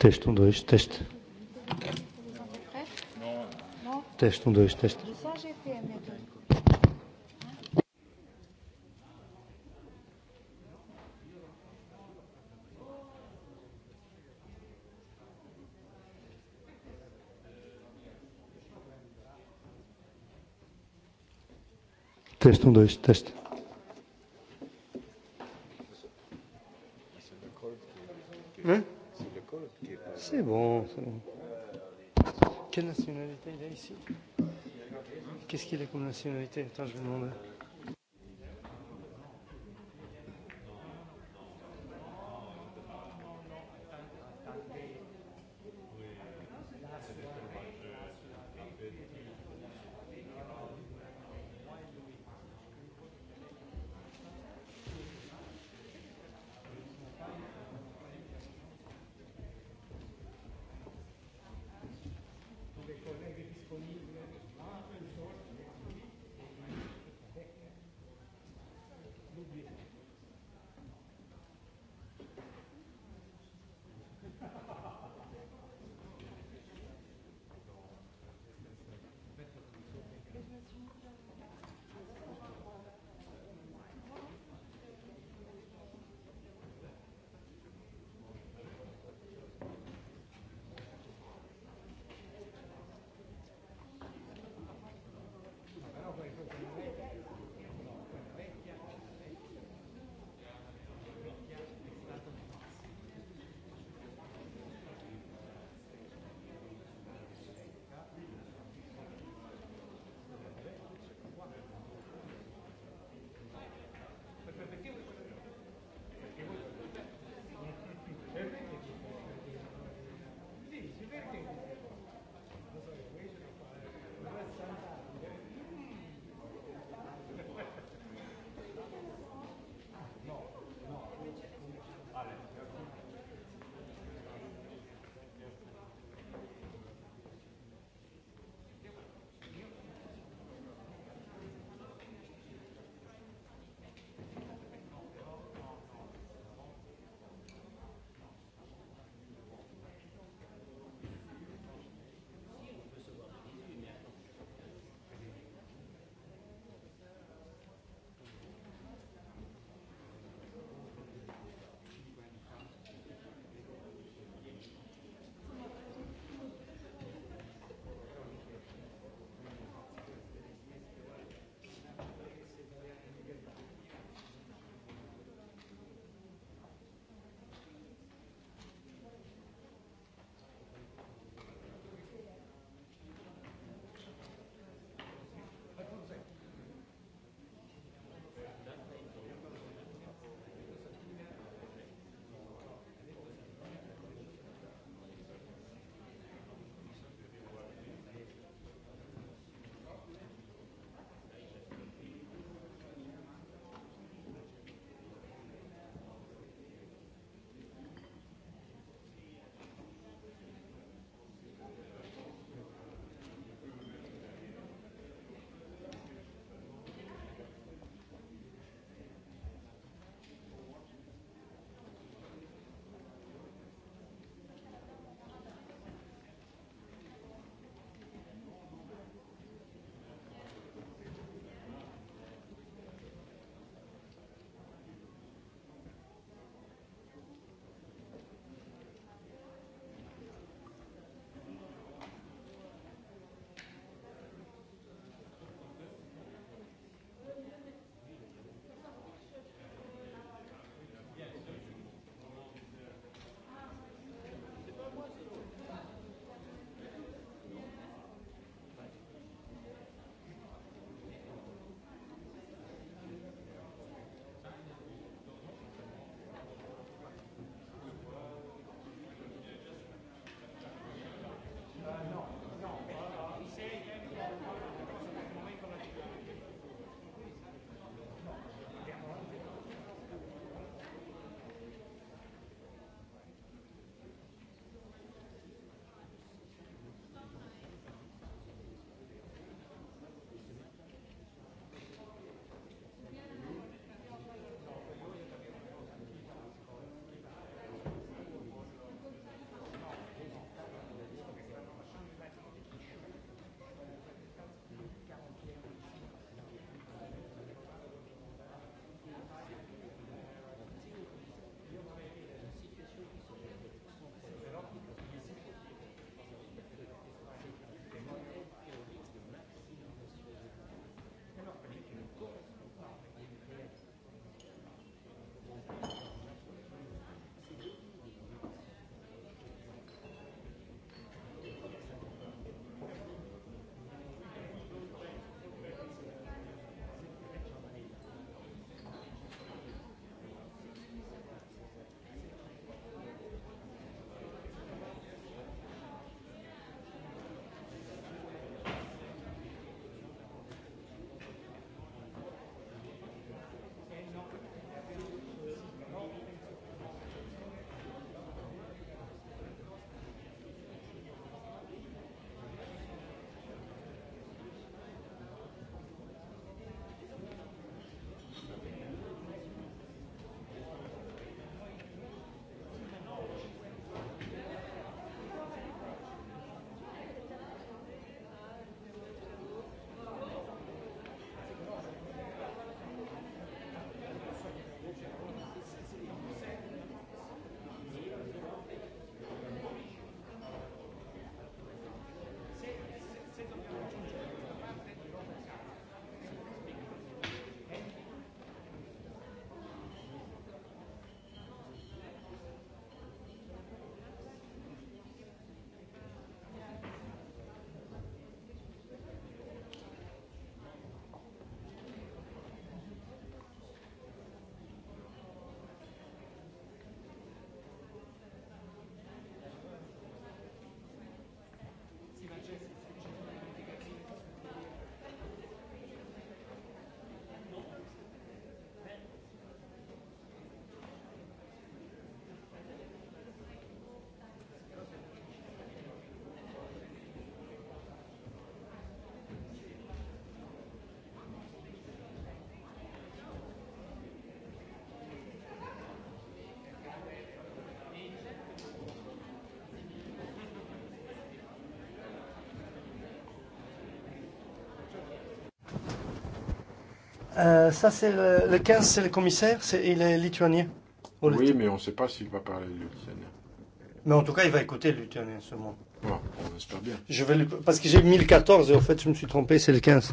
Teste, um, dois, teste. Teste, um, dois, teste. Teste, um, dois, teste. ici. Qu'est-ce qu'il est comme nationalité Attends, je vais demander. Euh, ça, c'est le, le 15, c'est le commissaire, c'est, il est lituanien. Oui, mais on ne sait pas s'il va parler lituanien. Mais en tout cas, il va écouter le lituanien, ce mot. Ouais, on espère bien. Je vais lui- Parce que j'ai mis le 14 et en fait, je me suis trompé, c'est le 15.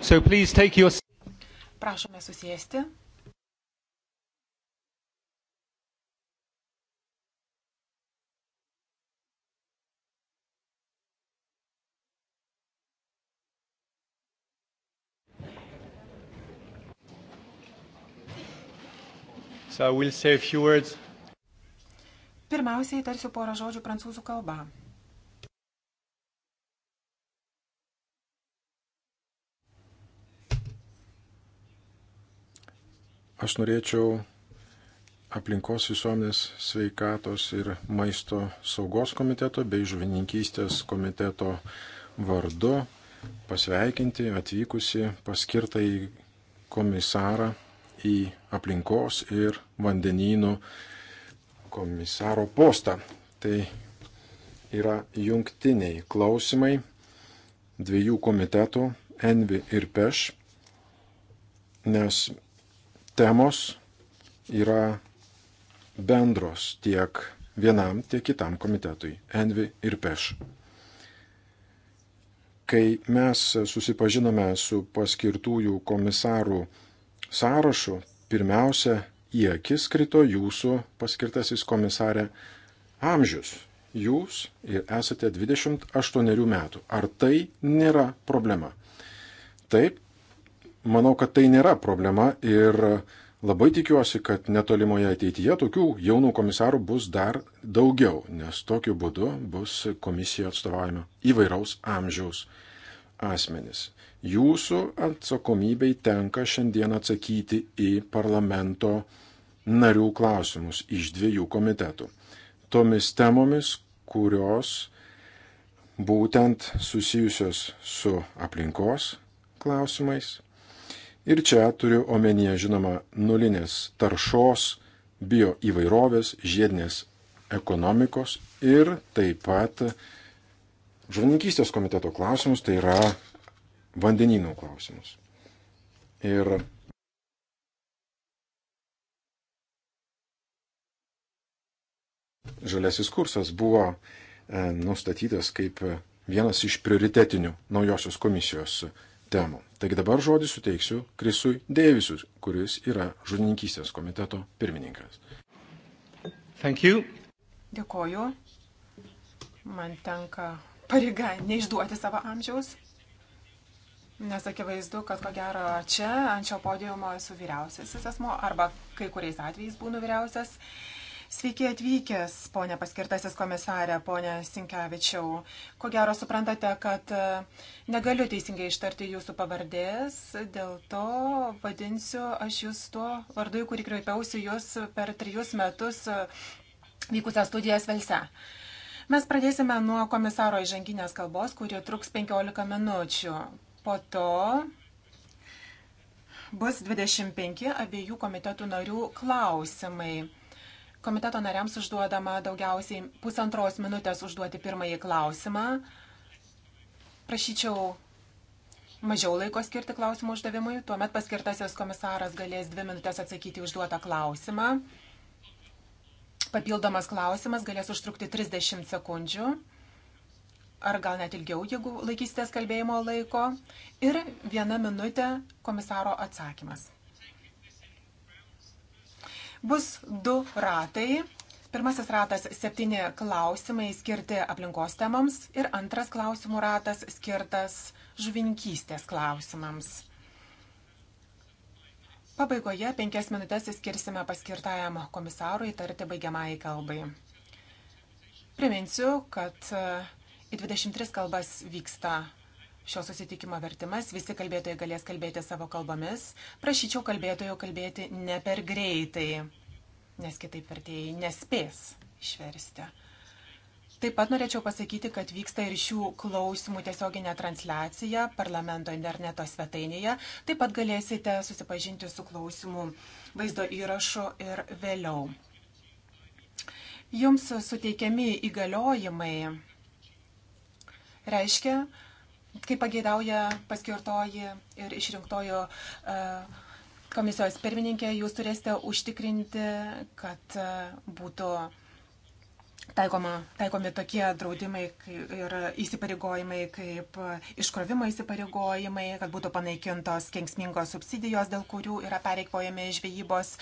So please take your... Prašome susėsti. So I will say a few words. Pirmiausiai tarsiu porą žodžių prancūzų kalba. Aš norėčiau aplinkos visuomenės sveikatos ir maisto saugos komiteto bei žuvininkystės komiteto vardu pasveikinti atvykusi paskirtai komisarą į aplinkos ir vandenynų komisaro postą. Tai yra jungtiniai klausimai dviejų komitetų Envi ir Peš, nes temos yra bendros tiek vienam, tiek kitam komitetui - Envi ir Peš. Kai mes susipažinome su paskirtųjų komisarų sąrašu, pirmiausia, į akis krito jūsų paskirtasis komisarė amžius. Jūs ir esate 28 metų. Ar tai nėra problema? Taip, manau, kad tai nėra problema ir labai tikiuosi, kad netolimoje ateityje tokių jaunų komisarų bus dar daugiau, nes tokiu būdu bus komisija atstovaujama įvairaus amžiaus asmenis. Jūsų atsakomybei tenka šiandien atsakyti į parlamento narių klausimus iš dviejų komitetų. Tomis temomis, kurios būtent susijusios su aplinkos klausimais Ir čia turiu omenyje, žinoma, nulinės taršos, bio įvairovės, žiedinės ekonomikos ir taip pat žuvininkystės komiteto klausimus, tai yra vandenynų klausimus. Ir žaliasis kursas buvo e, nustatytas kaip vienas iš prioritetinių naujosios komisijos temų. Taigi dabar žodį suteiksiu Krisui Deivisui, kuris yra žuvininkystės komiteto pirmininkas. Dėkoju. Man tenka pareiga neišduoti savo amžiaus, nes akivaizdu, kad ko gero čia ant šio podiumo esu vyriausiasis asmo arba kai kuriais atvejais būnu vyriausias. Uh, Sveiki atvykęs, ponė paskirtasis komisarė, ponė Sinkevičiau. Ko gero suprantate, kad e, negaliu teisingai ištarti jūsų pavardės, dėl to vadinsiu aš jūs tuo vardu, į kurį kreipiausi jūs per trijus metus e, vykusią studiją Svelse. Mes pradėsime nuo komisaro įžanginės kalbos, kuri truks 15 minučių. Po to bus 25 abiejų komitetų narių klausimai. Komiteto nariams užduodama daugiausiai pusantros minutės užduoti pirmąjį klausimą. Prašyčiau mažiau laiko skirti klausimų uždavimui, tuomet paskirtasis komisaras galės dvi minutės atsakyti užduotą klausimą. Papildomas klausimas galės užtrukti 30 sekundžių ar gal net ilgiau, jeigu laikysitės kalbėjimo laiko. Ir viena minutė komisaro atsakymas. Bus du ratai. Pirmasis ratas - septyni klausimai skirti aplinkos temams ir antras klausimų ratas skirtas žuvinkystės klausimams. Pabaigoje penkias minutės skirsime paskirtajam komisarui tarti baigiamai kalbai. Priminsiu, kad į 23 kalbas vyksta šio susitikimo vertimas. Visi kalbėtojai galės kalbėti savo kalbomis. Prašyčiau kalbėtojų kalbėti ne per greitai, nes kitaip vertėjai nespės išversti. Taip pat norėčiau pasakyti, kad vyksta ir šių klausimų tiesioginė transliacija parlamento interneto svetainėje. Taip pat galėsite susipažinti su klausimų vaizdo įrašu ir vėliau. Jums suteikiami įgaliojimai reiškia, kaip pageidauja paskirtoji ir išrinktojo e, komisijos pirmininkė, jūs turėsite užtikrinti, kad e, būtų taikoma, taikomi tokie draudimai ir įsipareigojimai kaip iškrovimo įsipareigojimai, kad būtų panaikintos kengsmingos subsidijos, dėl kurių yra pareikvojami žvejybos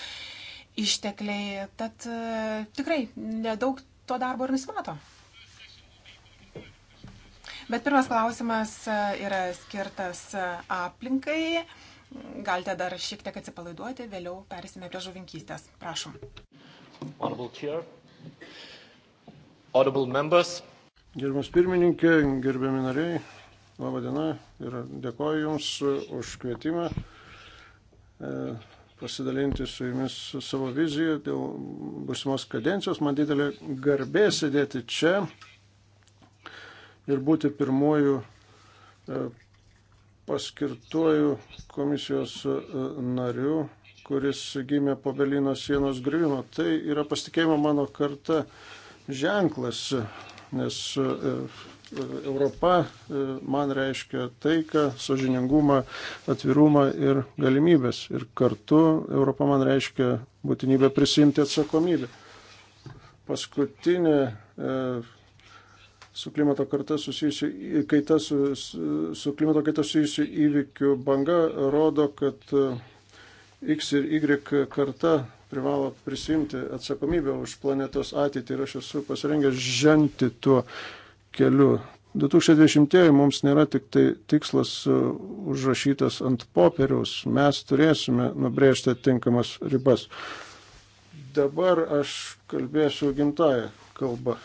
ištekliai. Tad e, tikrai nedaug to darbo ir nusimato. Bet pirmas klausimas e, yra skirtas e, aplinkai. Galite dar šiek tiek atsipalaiduoti, vėliau persime prie žuvinkystės. Prašom. Honorable Chair, Audible Members. Gerbiamas pirmininkė, gerbiami nariai, laba diena ir dėkoju Jums e, už kvietimą pasidalinti su Jumis savo viziją dėl būsimos kadencijos. Man didelė garbė sėdėti čia ir būti pirmuoju e, paskirtuoju komisijos e, nariu, kuris gimė po Berlyno sienos griuvimo. Tai yra pasitikėjimo mano karta ženklas, nes e, Europa man reiškia taiką, sažiningumą, atvirumą ir galimybės. Ir kartu Europa man reiškia būtinybę prisimti atsakomybę. Paskutinė su klimato kaita susijusių, kaita su, su klimato kaita susijusių įvykių banga rodo, kad e, X ir Y karta privalo prisimti atsakomybę už planetos ateitį ir aš esu pasirengęs žengti tuo keliu. 2020-ieji mums nėra tik tai tikslas e, užrašytas ant popieriaus, mes turėsime nubrėžti tinkamas ribas. Dabar aš kalbėsiu gimtają kalbą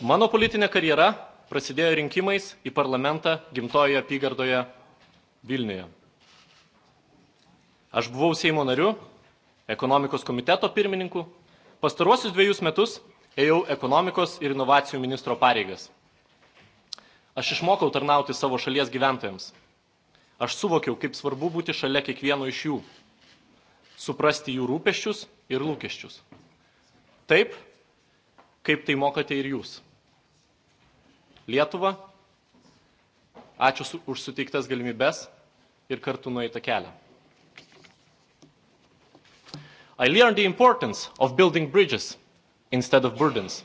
mano politinė karjera prasidėjo rinkimais į parlamentą gimtojoje apygardoje Vilniuje. Aš buvau Seimo nariu, ekonomikos komiteto pirmininku, pastaruosius dviejus metus ėjau ekonomikos ir inovacijų ministro pareigas. Aš išmokau tarnauti savo šalies gyventojams. Aš suvokiau, kaip svarbu būti šalia kiekvieno iš jų, suprasti jų rūpeščius ir lūkesčius. Taip, kaip tai mokate ir jūs. Lietuvą. Ačiū su, už suteiktas galimybės ir kartu nueitą kelią. I learned the importance of building bridges instead of burdens.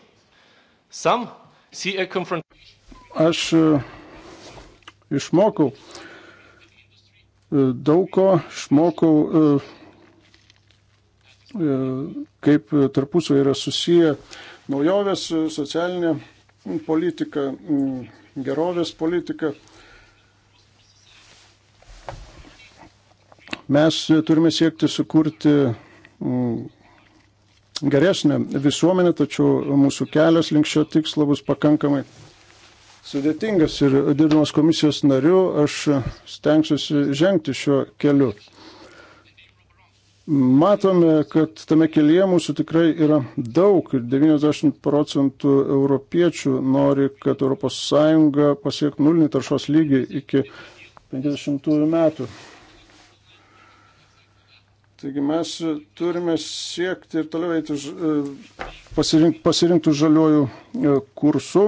Some see a confrontation. Aš e, išmokau e, daug ko, išmokau, e, kaip tarpusavai yra susiję naujovės, socialinė politika, mm, gerovės politika. Mes turime siekti sukurti mm, geresnę visuomenę, tačiau mūsų kelias link šio tikslo bus pakankamai sudėtingas ir dirbdamas komisijos nariu aš stengsiuosi žengti šiuo keliu. Matome, kad tame kelyje mūsų tikrai yra daug ir 90 procentų europiečių nori, kad ES pasiektų nulinį taršos lygį iki 50 metų. Taigi mes turime siekti ir toliau eiti e, pasirink, pasirinktų žaliojų e, kursų,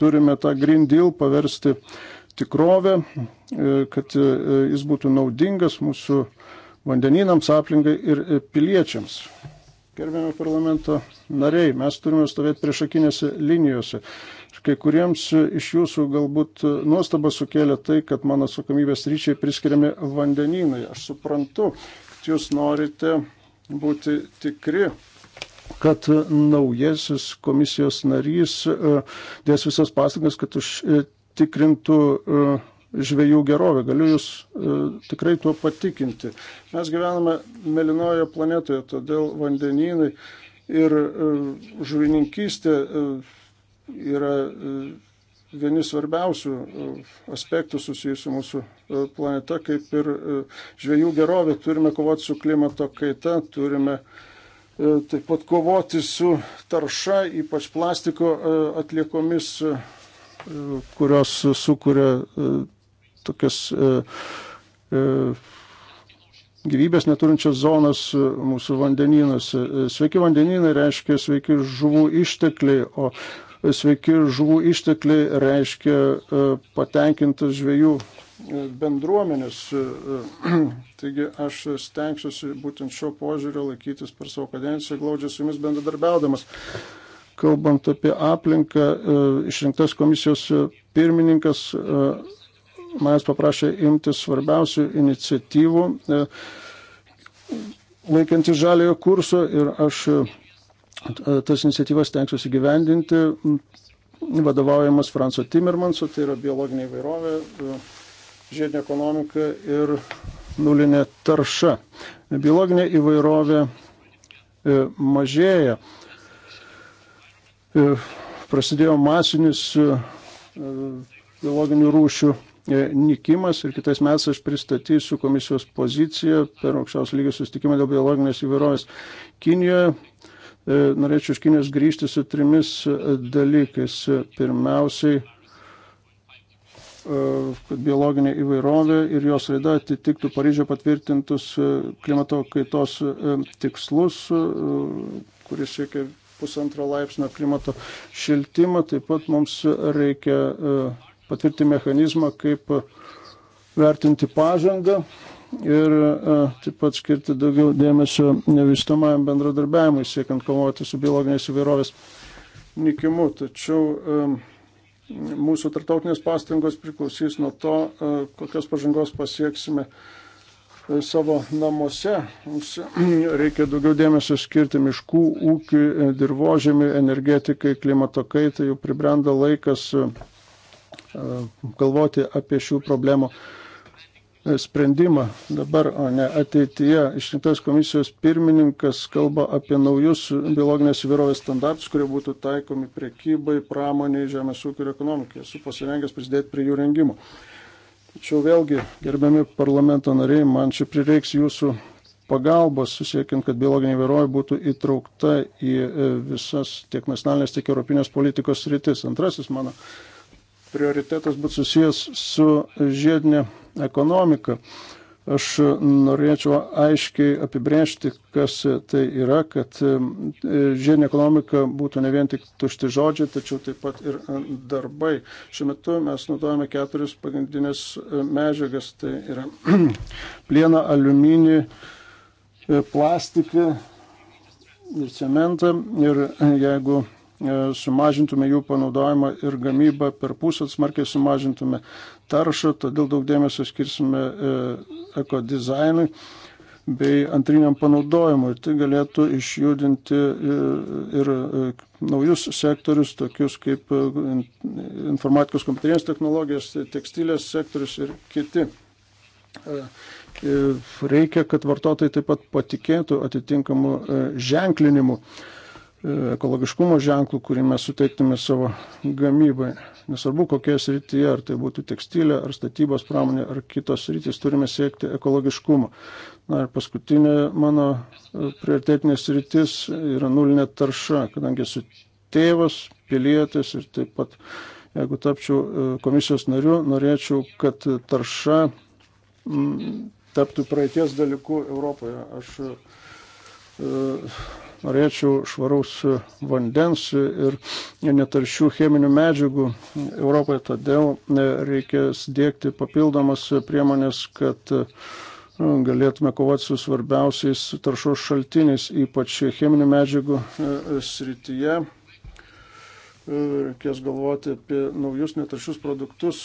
turime tą Green Deal paversti tikrovę, e, kad jis būtų naudingas mūsų vandeninams, aplinkai ir piliečiams. Gerbėme parlamento nariai, mes turime stovėti prieš akinėse linijose. Kai kuriems iš jūsų galbūt nuostaba sukėlė tai, kad mano atsakomybės ryčiai priskiriami vandeninai. Aš suprantu, kad jūs norite būti tikri, kad naujasis komisijos narys e, dės visas pastangas, kad užtikrintų e, e, žvėjų gerovę. Galiu Jūs e, tikrai tuo patikinti. Mes gyvename melinoje planetoje, todėl vandenynai ir e, žuvininkystė e, yra e, vieni svarbiausių e, aspektų susijusių mūsų e, planeta, kaip ir e, žvėjų gerovė. Turime kovoti su klimato kaita, turime e, taip pat kovoti su tarša, ypač plastiko e, atliekomis, e, kurios sukuria e, tokias e, e, gyvybės neturinčias zonas e, mūsų vandenynuose. E, sveiki vandenynai reiškia sveiki žuvų ištekliai, o e, sveiki žuvų ištekliai reiškia e, patenkintas žvėjų bendruomenės. Taigi aš stengsiuosi būtent šio požiūrio laikytis per savo kadenciją, glaudžiai su jumis bendradarbiaudamas. Kalbant apie aplinką, išrinktas komisijos pirmininkas manęs paprašė imti svarbiausių iniciatyvų e, laikantį žaliojo kurso ir aš e, tas iniciatyvas tenksiuosi gyvendinti, vadovaujamas Franco Timmermanso, tai yra biologinė įvairovė, e, žiedinė ekonomika ir nulinė tarša. Biologinė įvairovė mažėja. Prasidėjo masinis biologinių rūšių E, nikimas ir kitais metais aš pristatysiu komisijos poziciją per aukščiausio lygio sustikimą dėl biologinės įvairovės Kinijoje. E, norėčiau iš Kinijos grįžti su trimis e, dalykais. Pirmiausiai, kad biologinė įvairovė ir jos raida atitiktų Paryžio patvirtintus klimato kaitos tikslus, kuris siekia pusantro laipsnio klimato šiltimą. Taip pat mums reikia patvirti mechanizmą, kaip e, vertinti pažangą ir e, taip pat skirti daugiau dėmesio nevystamajam bendradarbiavimui, siekiant kovoti su biologinės įvairovės nikimu. Tačiau e, mūsų tartautinės pastangos priklausys nuo to, kokios pažangos pasieksime savo namuose. Mums reikia daugiau dėmesio skirti miškų, ūkiui, dirbožėmiui, energetikai, klimato kaitai. Jau pribrenda laikas galvoti apie šių problemų sprendimą dabar, o ne ateityje. Išrinktas komisijos pirmininkas kalba apie naujus biologinės įvairovės standartus, kurie būtų taikomi priekybai, pramoniai, žemės ūkio ir ekonomikai. Esu pasirengęs prisidėti prie jų rengimo. Tačiau vėlgi, gerbiami parlamento nariai, man čia prireiks jūsų pagalbos, susiekiant, kad biologinė įvairovė būtų įtraukta į visas tiek nacionalinės, tiek europinės politikos rytis. Antrasis mano prioritetas būtų susijęs su žiedinė ekonomika. Aš norėčiau aiškiai apibrėžti, kas tai yra, kad e, žiedinė ekonomika būtų ne vien tik tušti žodžiai, tačiau taip pat ir e, darbai. Šiuo metu mes naudojame keturis pagrindinės e, medžiagas, tai yra plieną, aliuminį, plastiką ir cementą. Ir jeigu E, sumažintume jų panaudojimą ir gamybą, per pusę smarkiai sumažintume taršą, todėl daug dėmesio skirsime e, ekodizainui bei antriniam panaudojimui. Ir tai galėtų išjudinti e, ir naujus sektorius, tokius kaip informatikos kompiuterinės technologijos, tekstilės sektorius ir kiti reikia, kad vartotojai taip pat patikėtų atitinkamu ženklinimu ekologiškumo ženklų, kurį mes suteiktume savo gamybai. Nesvarbu, kokie srityje, ar tai būtų tekstilė, ar statybos pramonė, ar kitos srityjas, turime siekti ekologiškumo. Na ir paskutinė mano e, prioritetinė sritis yra nulinė tarša, kadangi esu tėvas, pilietis ir taip pat, jeigu tapčiau e, komisijos nariu, norėčiau, kad tarša taptų praeities dalykų Europoje. Aš e, norėčiau švaraus vandens ir netaršių cheminių medžiagų Europoje. Todėl e, reikės dėkti papildomas priemonės, kad e, galėtume kovoti su svarbiausiais taršos šaltiniais, ypač cheminių medžiagų e, srityje. Reikės galvoti apie naujus netaršius produktus,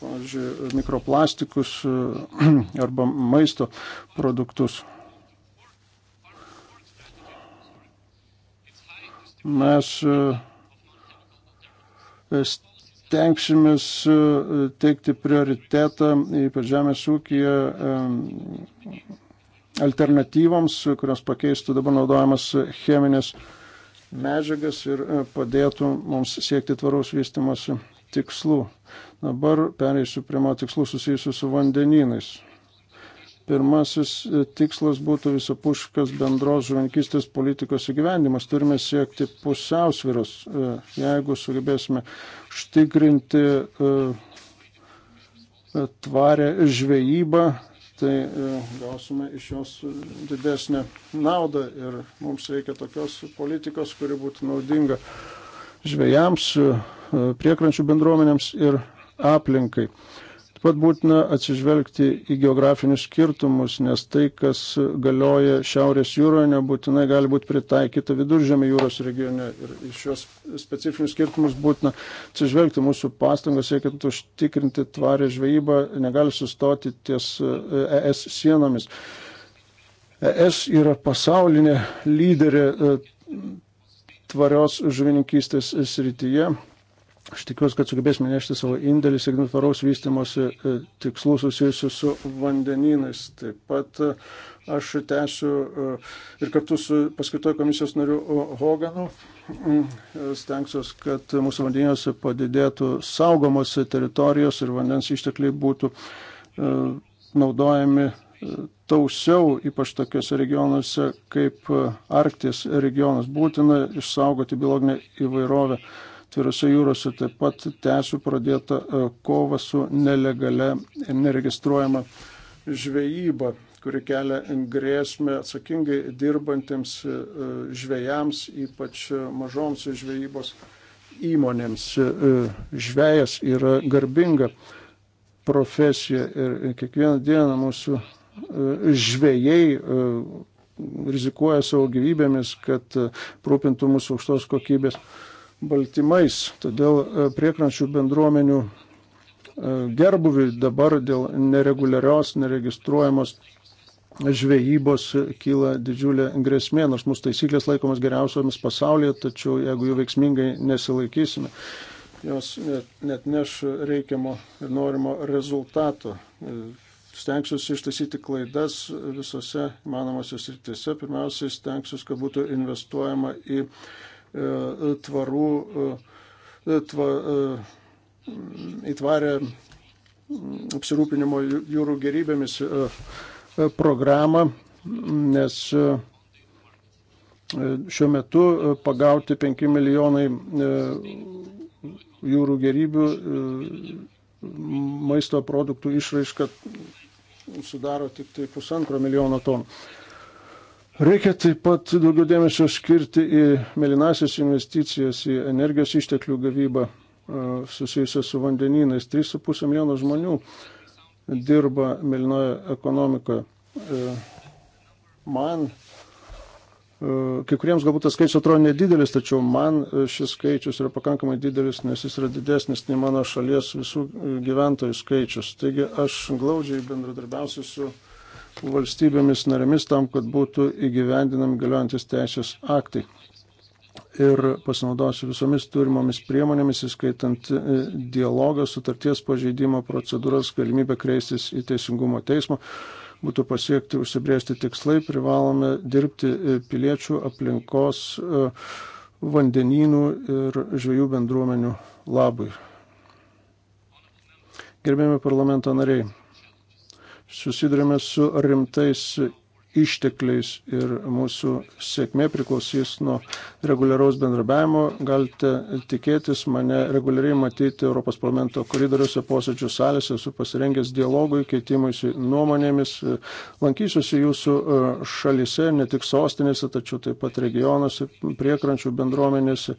pavyzdžiui, mikroplastikus arba maisto produktus. mes e, stengsimės e, teikti prioritetą, ypač žemės ūkija, e, alternatyvoms, kurios pakeistų dabar naudojamas cheminės medžiagas ir padėtų mums siekti tvaraus vystimosi tikslų. Dabar pereisiu prie mano tikslų susijusių su vandenynais. Pirmasis e, tikslas būtų visapuškas bendros žuvinkistės politikos įgyvendimas. Turime siekti pusiausviros, e, jeigu sugebėsime štikrinti e, tvarę žvejybą, tai gausime iš jos didesnę naudą ir mums reikia tokios politikos, kuri būtų naudinga žvejams, priekrančių bendruomenėms ir aplinkai. Taip pat būtina atsižvelgti į geografinius skirtumus, nes tai, kas galioja Šiaurės jūroje, nebūtinai gali būti pritaikyta Viduržėmio jūros regione. Ir į šios specifinius skirtumus būtina atsižvelgti mūsų pastangos, siekiant užtikrinti tvarę žvejybą, negali sustoti ties ES e sienomis. ES yra pasaulinė lyderė e, tvarios žuvininkystės srityje Aš tikiuosi, kad sugebėsime nešti savo indėlį siekiant tvaraus vystimosi e, tikslų susijusių su vandenynais. Taip pat e, aš tęsiu e, ir kartu su paskaitoju komisijos nariu Hoganu mm, stengsiuos, kad mūsų vandenynose padidėtų saugomos teritorijos ir vandens ištekliai būtų naudojami tausiau, ypač tokiuose regionuose kaip Arktis regionas. Būtina išsaugoti biologinę įvairovę tvirose jūrose taip pat tęsiu pradėtą e, kovą su nelegale ir neregistruojama žvejyba, kuri kelia grėsmę atsakingai dirbantiems e, e, žvejams, ypač mažoms žvejybos įmonėms. Žvejas yra garbinga profesija ir kiekvieną dieną mūsų žvėjai rizikuoja savo gyvybėmis, kad rūpintų mūsų aukštos kokybės baltymais. Todėl e, priekrančių bendruomenių e, gerbuvi dabar dėl nereguliarios, neregistruojamos žvejybos kyla didžiulė grėsmė, nors mūsų taisyklės laikomas geriausiomis pasaulyje, tačiau jeigu jų veiksmingai nesilaikysime, jos net, net neš reikiamo ir norimo rezultato. E, stengsiuosi ištaisyti klaidas visose manomose srityse. Pirmiausiai stengsiuosi, kad būtų investuojama į uh, E, tvarų, e, tva, e, įtvarę apsirūpinimo jūrų gerybėmis programą, nes šiuo metu pagauti 5 milijonai jūrų gerybių maisto produktų išraiška sudaro tik tai pusantro milijono tonų. Reikia taip pat daugiau dėmesio skirti į melinasias investicijas, į energijos išteklių gavybą susijusią su vandenynais. 3,5 milijono žmonių dirba melinoje ekonomikoje. E, man, e, kai kuriems galbūt tas skaičius atrodo nedidelis, tačiau man e, šis skaičius yra pakankamai didelis, nes jis yra didesnis nei mano šalies visų gyventojų skaičius. Taigi aš glaudžiai bendradarbiausiu su valstybėmis narėmis tam, kad būtų įgyvendinami galiojantis teisės aktai. Ir pasinaudosiu visomis turimomis priemonėmis, įskaitant e, dialogą, sutarties pažeidimo procedūras, galimybę kreistis į Teisingumo teismą, būtų pasiekti užsibriežti tikslai, privalome dirbti e, piliečių aplinkos e, vandenynų ir žvėjų bendruomenių labui. Gerbėjami parlamento nariai, susidurime su rimtais ištekliais ir mūsų sėkmė priklausys nuo reguliaraus bendrabiavimo. Galite tikėtis mane reguliariai matyti Europos parlamento koridoriuose, posėdžių salėse, esu pasirengęs dialogui, keitimuisi nuomonėmis, lankysiuosi jūsų e, šalise, ne tik sostinėse, tačiau taip pat regionuose, priekrančių bendruomenėse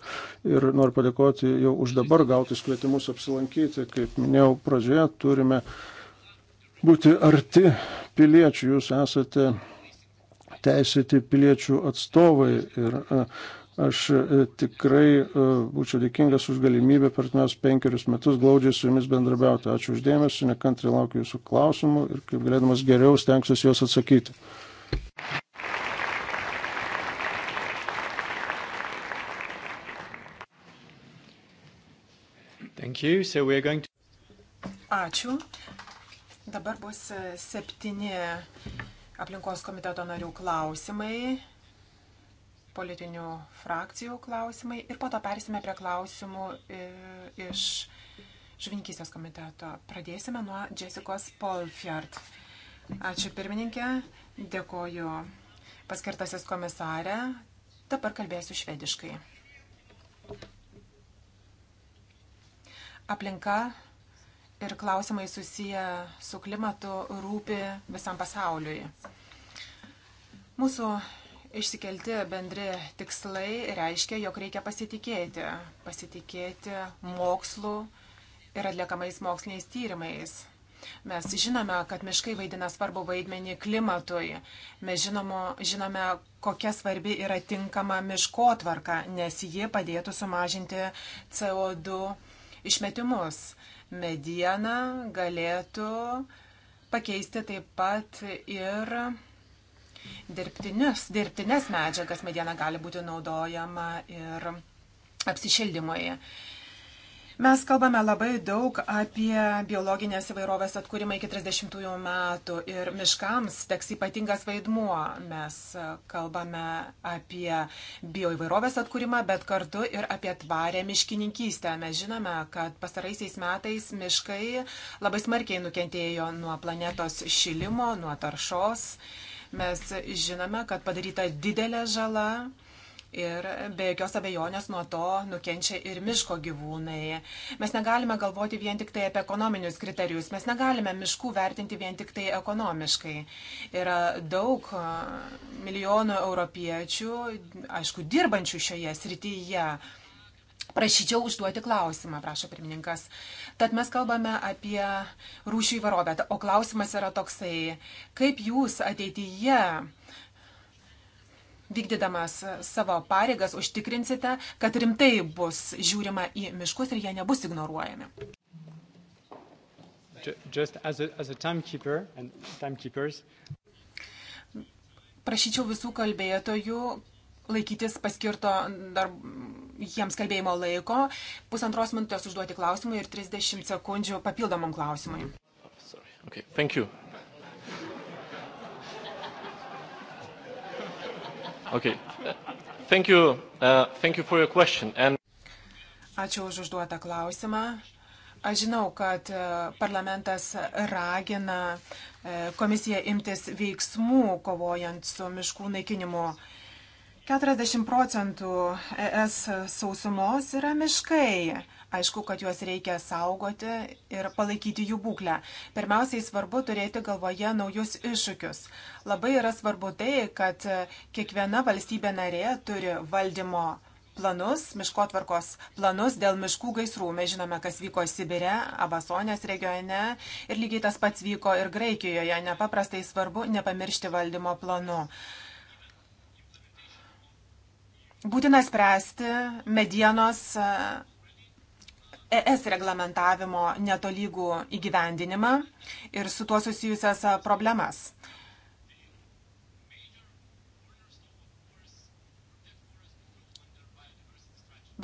ir noriu padėkoti jau už dabar gautus kvietimus apsilankyti. Kaip minėjau pradžioje, turime būti arti piliečių, jūs esate teisėti piliečių atstovai ir e, aš e, tikrai e, būčiau dėkingas už galimybę per mes penkerius metus glaudžiai su jumis bendrabiauti. Ačiū uždėmesi, nekantri laukiu jūsų klausimų ir kaip galėdamas geriau stengsiuosi juos atsakyti. Thank you. So we're going to... Ačiū. Dabar bus e, septyni aplinkos komiteto narių klausimai, politinių frakcijų klausimai ir po to persime prie klausimų e, iš žvinkysės komiteto. Pradėsime nuo Jessicos Polfjart. Ačiū pirmininkė, dėkoju paskirtasis komisarė. Dabar kalbėsiu švediškai. Aplinka ir klausimai susiję su klimatu rūpi visam pasauliui. Mūsų išsikelti bendri tikslai reiškia, jog reikia pasitikėti, pasitikėti mokslu ir atliekamais moksliniais tyrimais. Mes žinome, kad miškai vaidina svarbu vaidmenį klimatui. Mes žinomo, žinome, kokia svarbi yra tinkama miškotvarka, nes ji padėtų sumažinti CO2 išmetimus mediena galėtų pakeisti taip pat ir dirbtinius, dirbtines medžiagas. Mediena gali būti naudojama ir apsišildymui. Mes kalbame labai daug apie biologinės įvairovės atkūrimą iki 30-ųjų metų ir miškams teks ypatingas vaidmuo. Mes kalbame apie bioįvairovės atkūrimą, bet kartu ir apie tvarę miškininkystę. Mes žinome, kad pastaraisiais metais miškai labai smarkiai nukentėjo nuo planetos šilimo, nuo taršos. Mes žinome, kad padaryta didelė žala Ir be jokios abejonės nuo to nukenčia ir miško gyvūnai. Mes negalime galvoti vien tik tai apie ekonominius kriterijus, mes negalime miškų vertinti vien tik tai ekonomiškai. Yra daug milijonų europiečių, aišku, dirbančių šioje srityje. Prašyčiau užduoti klausimą, prašo pirmininkas. Tad mes kalbame apie rūšių įvarovę, o klausimas yra toksai, kaip jūs ateityje vykdydamas savo pareigas užtikrinsite, kad rimtai bus žiūrima į miškus ir jie nebus ignoruojami. Just as a, as a timekeeper and timekeepers. Prašyčiau visų kalbėtojų laikytis paskirto dar jiems kalbėjimo laiko, pusantros minutės užduoti klausimui ir 30 sekundžių papildomam klausimui. Oh, sorry. okay. Thank you. Okay. Thank you. Uh, thank you for your question. And... Ačiū už užduotą klausimą. Aš žinau, kad uh, parlamentas ragina uh, komisiją imtis veiksmų kovojant su miškų naikinimu. 40 procentų ES sausumos yra miškai. Aišku, kad juos reikia saugoti ir palaikyti jų būklę. Pirmiausiai svarbu turėti galvoje naujus iššūkius. Labai yra svarbu tai, kad kiekviena valstybė narė turi valdymo planus, miškotvarkos planus dėl miškų gaisrų. Mes žinome, kas vyko Sibire, Abasonės regione ir lygiai tas pats vyko ir Graikijoje. Nepaprastai svarbu nepamiršti valdymo planų. Būtina spręsti medienos ES reglamentavimo netolygų įgyvendinimą ir su tuo susijusias problemas.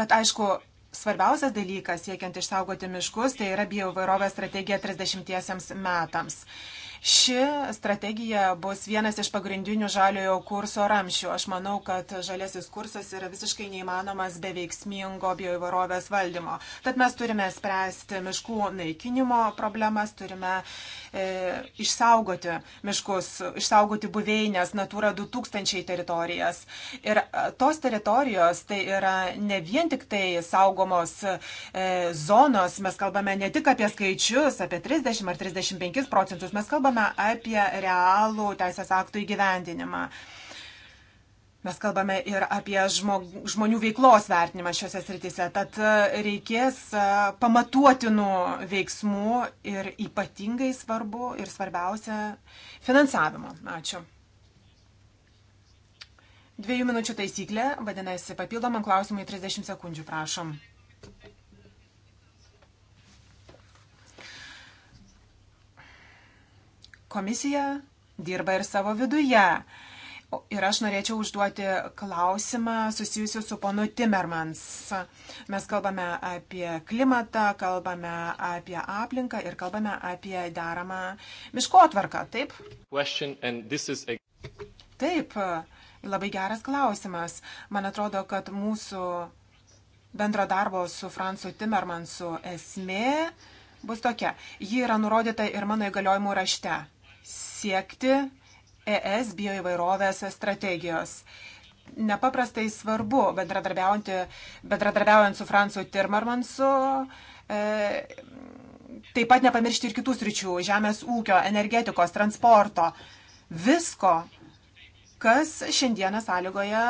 Bet aišku, svarbiausias dalykas, siekiant išsaugoti miškus, tai yra bioįvairovės strategija 30 metams. Ši strategija bus vienas iš pagrindinių žaliojo kurso ramšių. Aš manau, kad žaliasis kursas yra visiškai neįmanomas be veiksmingo bioįvairovės valdymo. Tad mes turime spręsti miškų naikinimo problemas, turime e, išsaugoti miškus, išsaugoti buveinės, Natura 2000 teritorijas. Ir e, tos teritorijos tai yra ne vien tik tai saugomos e, zonos, mes kalbame ne tik apie skaičius, apie 30 ar 35 procentus, mes kalbame kalbame apie realų teisės aktų įgyvendinimą. Mes kalbame ir apie žmog, žmonių veiklos vertinimą šiuose srityse. Tad e, reikės e, pamatuotinų veiksmų ir ypatingai svarbu ir svarbiausia finansavimo. Ačiū. Dviejų minučių taisyklė, vadinasi, papildomam klausimui 30 sekundžių prašom. Komisija dirba ir savo viduje. Ir aš norėčiau užduoti klausimą susijusiu su ponu Timmermans. Mes kalbame apie klimatą, kalbame apie aplinką ir kalbame apie deramą miškotvarką, taip? Taip, labai geras klausimas. Man atrodo, kad mūsų bendro darbo su Francu Timmermansu esmė bus tokia. Ji yra nurodyta ir mano įgaliojimų rašte siekti ES bioįvairovės strategijos. Nepaprastai svarbu bendradarbiaujant su Francu Tirmarmansu. E, taip pat nepamiršti ir kitų sričių - žemės ūkio, energetikos, transporto, visko, kas šiandieną sąlygoja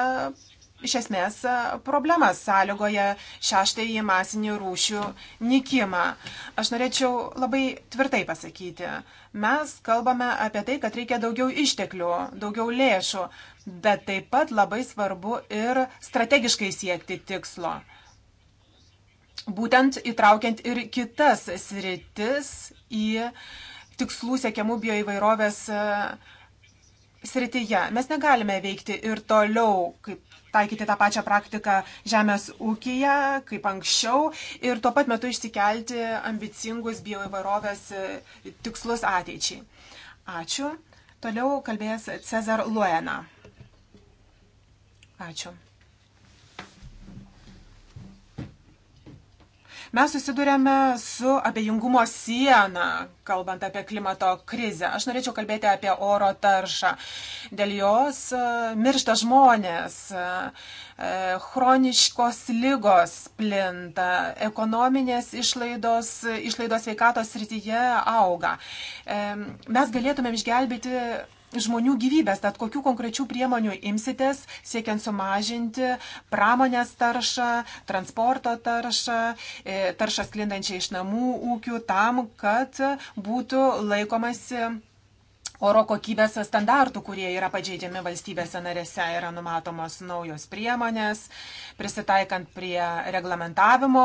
iš esmės e, problemas sąlygoja šeštąjį masinį rūšių nikimą. Aš norėčiau labai tvirtai pasakyti, mes kalbame apie tai, kad reikia daugiau išteklių, daugiau lėšų, bet taip pat labai svarbu ir strategiškai siekti tikslo. Būtent įtraukiant ir kitas sritis į tikslų siekiamų bioįvairovės e, srityje. Mes negalime veikti ir toliau, kaip taikyti tą pačią praktiką žemės ūkija kaip anksčiau ir tuo pat metu išsikelti ambicingus bioįvairovės e, tikslus ateičiai. Ačiū. Toliau kalbės Cezar Luena. Ačiū. Mes susidurėme su abejingumo siena, kalbant apie klimato krizę. Aš norėčiau kalbėti apie oro taršą. Dėl jos e, miršta žmonės, e, e, chroniškos lygos plinta, ekonominės išlaidos, išlaidos sveikatos srityje auga. Mes galėtumėm išgelbėti žmonių gyvybės. Tad kokių konkrečių priemonių imsitės, siekiant sumažinti pramonės taršą, transporto taršą, e, taršą sklindančią iš namų ūkių, tam, kad būtų laikomasi oro kokybės standartų, kurie yra pažeidžiami valstybėse narėse, yra numatomos naujos priemonės, prisitaikant prie reglamentavimo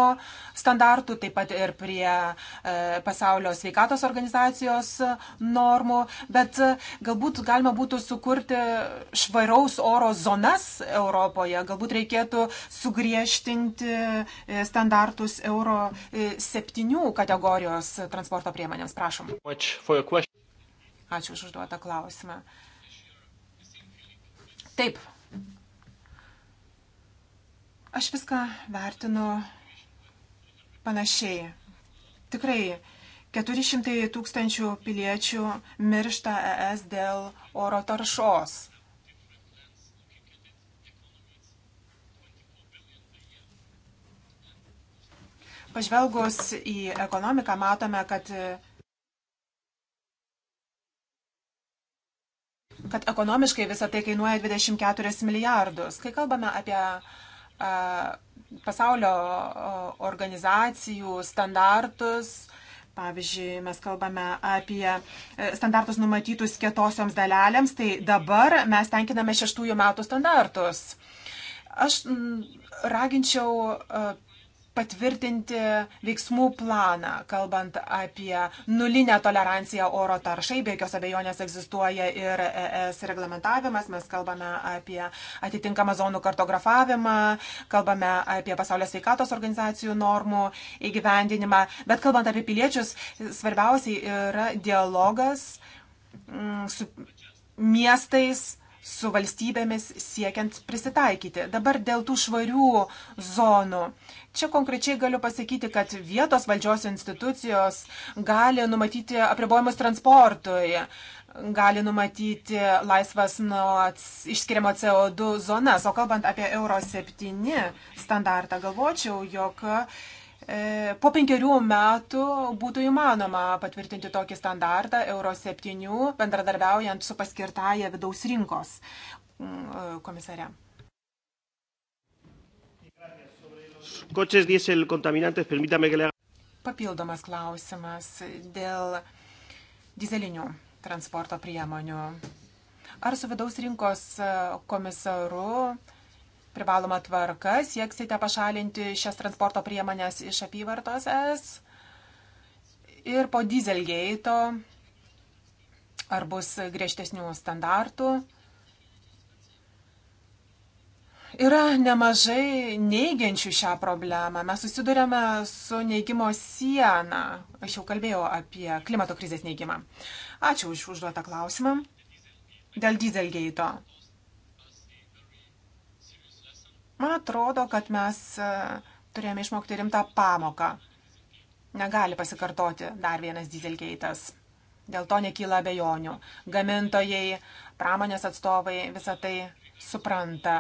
standartų, taip pat ir prie e, pasaulio sveikatos organizacijos normų, bet e, galbūt galima būtų sukurti švaraus oro zonas Europoje, galbūt reikėtų sugriežtinti e, standartus euro 7 e, kategorijos transporto priemonėms. Prašom. Much for your question. Ačiū už užduotą klausimą. Taip. Aš viską vertinu panašiai. Tikrai 400 tūkstančių piliečių miršta ES dėl oro taršos. Pažvelgus į ekonomiką matome, kad kad ekonomiškai visą tai kainuoja 24 milijardus. Kai kalbame apie a, pasaulio organizacijų standartus, pavyzdžiui, mes kalbame apie e, standartus numatytus kietosioms dalelėms, tai dabar mes tenkiname šeštųjų metų standartus. Aš raginčiau patvirtinti veiksmų planą, kalbant apie nulinę toleranciją oro taršai, be jokios abejonės egzistuoja ir ES reglamentavimas, mes kalbame apie atitinkamą zonų kartografavimą, kalbame apie pasaulio sveikatos organizacijų normų įgyvendinimą, bet kalbant apie piliečius, svarbiausiai yra dialogas mm, su miestais, su valstybėmis siekiant prisitaikyti. Dabar dėl tų švarių zonų. Čia konkrečiai galiu pasakyti, kad vietos valdžios institucijos gali numatyti apribojimus transportui, gali numatyti laisvas nuo išskiriamo CO2 zonas. O kalbant apie Euro 7 standartą, galvočiau, jog E, po penkerių metų būtų įmanoma patvirtinti tokį standartą Euro 7, bendradarbiaujant su paskirtaja vidaus rinkos mm, e, komisare. Papildomas klausimas dėl dizelinių transporto priemonių. Ar su vidaus rinkos e, komisaru privaloma tvarka sieksite pašalinti šias transporto priemonės iš apyvartos S ir po Dieselgate ar bus griežtesnių standartų. Yra nemažai neigiančių šią problemą. Mes susidurėme su neigimo siena. Aš jau kalbėjau apie klimato krizės neigimą. Ačiū už užduotą klausimą. Dėl Dieselgate. -o Man atrodo, kad mes e, turėjome išmokti rimtą pamoką. Negali pasikartoti dar vienas dizelgeitas. Dėl to nekyla abejonių. Gamintojai, pramonės atstovai visą tai supranta.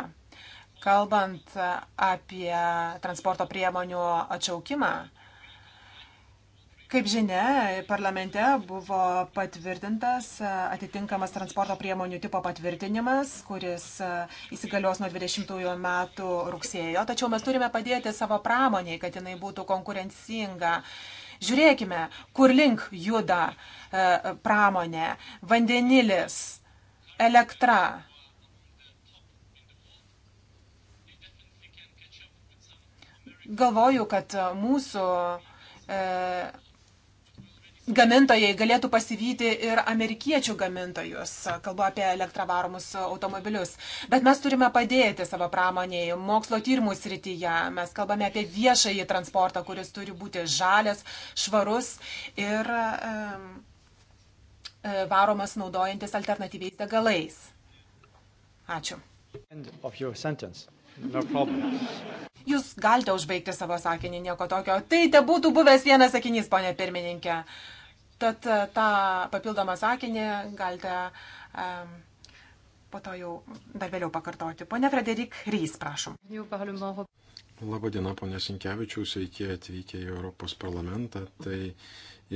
Kalbant e, apie transporto priemonių atšaukimą, Kaip žinia, parlamente buvo patvirtintas e, atitinkamas transporto priemonių tipo patvirtinimas, kuris e, įsigalios nuo 20 metų rugsėjo. Tačiau mes turime padėti savo pramoniai, kad jinai būtų konkurencinga. Žiūrėkime, kur link juda e, pramonė, vandenilis, elektra, galvoju, kad mūsų e, gamintojai galėtų pasivyti ir amerikiečių gamintojus, kalbu apie elektravaromus automobilius. Bet mes turime padėti savo pramonėje, mokslo tyrimų srityje, mes kalbame apie viešąjį transportą, kuris turi būti žalės, švarus ir e, varomas naudojantis alternatyviais degalais. Ačiū. End of your sentence. No problem. Jūs galite užbaigti savo sakinį, nieko tokio. Tai te būtų buvęs vienas sakinys, ponė pirmininkė. Tad e, tą papildomą sakinį galite um, po to jau dar vėliau pakartoti. Pone Frederik Rys, prašom. Labadiena, ponė Sinkevičių, sveiki atvykę į Europos parlamentą. Tai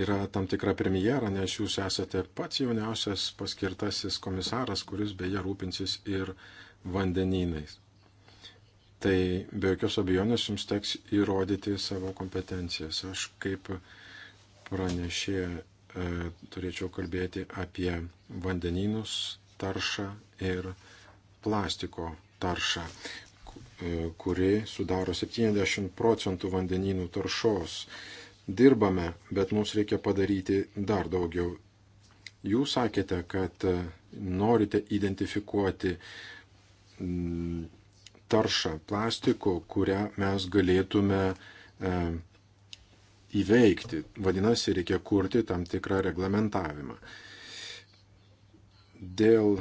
yra tam tikra premjera, nes jūs esate pats jauniausias paskirtasis komisaras, kuris beje rūpinsis ir vandenynais tai be jokios abejonės jums teks įrodyti savo kompetencijas. Aš kaip pranešė e, turėčiau kalbėti apie vandenynus, taršą ir plastiko taršą, e, kuri sudaro 70 procentų vandenynų taršos. Dirbame, bet mums reikia padaryti dar daugiau. Jūs sakėte, kad e, norite identifikuoti taršą plastiko, kurią mes galėtume e, įveikti. Vadinasi, reikia kurti tam tikrą reglamentavimą. Dėl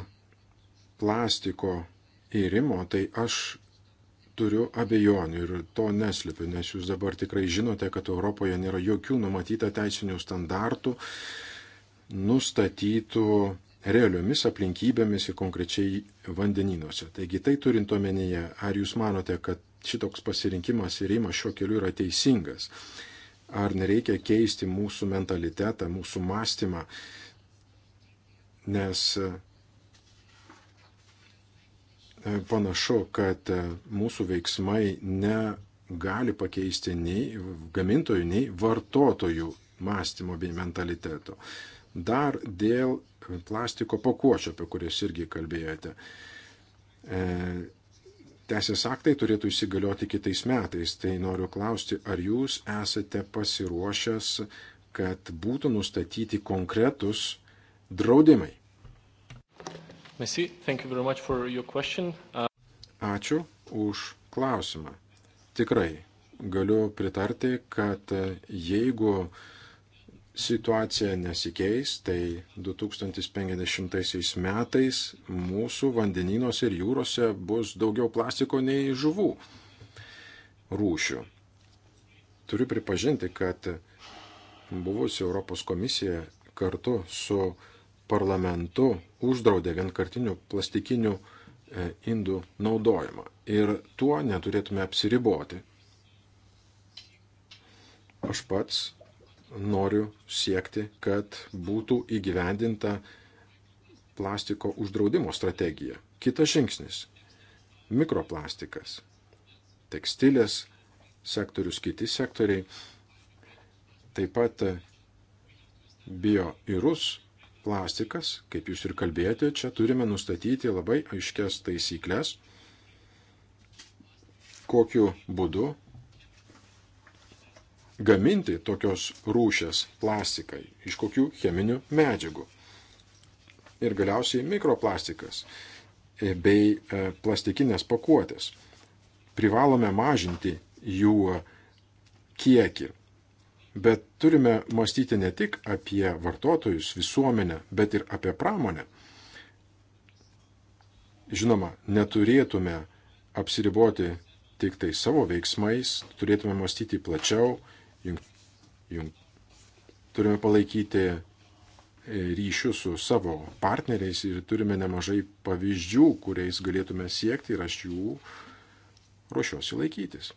plastiko įrimo, tai aš turiu abejonių ir to neslipiu, nes jūs dabar tikrai žinote, kad Europoje nėra jokių numatyta teisinių standartų nustatytų realiomis aplinkybėmis ir konkrečiai vandenynuose. Taigi tai turint omenyje, ar jūs manote, kad šitoks pasirinkimas ir įmas šiuo keliu yra teisingas? Ar nereikia keisti mūsų mentalitetą, mūsų mąstymą? Nes e, panašu, kad e, mūsų veiksmai negali pakeisti nei gamintojų, nei vartotojų mąstymo bei mentaliteto. Dar dėl plastiko pakuočio, apie kurias irgi kalbėjote. E, Teisės aktai turėtų įsigalioti kitais metais, tai noriu klausti, ar jūs esate pasiruošęs, kad būtų nustatyti konkretus draudimai? Merci, uh... Ačiū už klausimą. Tikrai galiu pritarti, kad jeigu uh, situacija nesikeis, tai 2050 metais mūsų vandenynuose ir jūrose bus daugiau plastiko nei žuvų rūšių. Turiu pripažinti, kad buvusi Europos komisija kartu su parlamentu uždraudė vienkartinių plastikinių e, indų naudojimą. Ir tuo neturėtume apsiriboti. Aš pats noriu siekti, kad būtų įgyvendinta plastiko uždraudimo strategija. Kitas žingsnis - mikroplastikas, tekstilės sektorius, kiti sektoriai, taip pat bioirus plastikas, kaip jūs ir kalbėjote, čia turime nustatyti labai aiškias taisyklės, kokiu būdu gaminti tokios rūšės plastikai, iš kokių cheminių medžiagų. Ir galiausiai mikroplastikas e, bei e, plastikinės pakuotės. Privalome mažinti jų kiekį. Bet turime mąstyti ne tik apie vartotojus, visuomenę, bet ir apie pramonę. Žinoma, neturėtume apsiriboti tik tai savo veiksmais, turėtume mąstyti plačiau, Jung, jung, turime palaikyti e, ryšių su savo partneriais ir turime nemažai pavyzdžių, kuriais galėtume siekti ir aš jų ruošiuosi laikytis.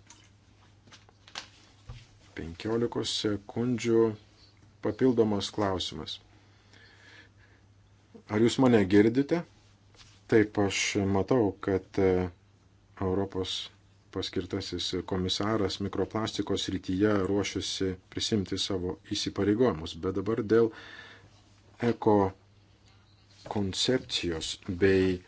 15 sekundžių papildomas klausimas. Ar jūs mane girdite? Taip, aš matau, kad e, Europos paskirtasis komisaras mikroplastikos rytyje ruošiasi prisimti savo įsipareigojimus, bet dabar dėl eko koncepcijos bei e,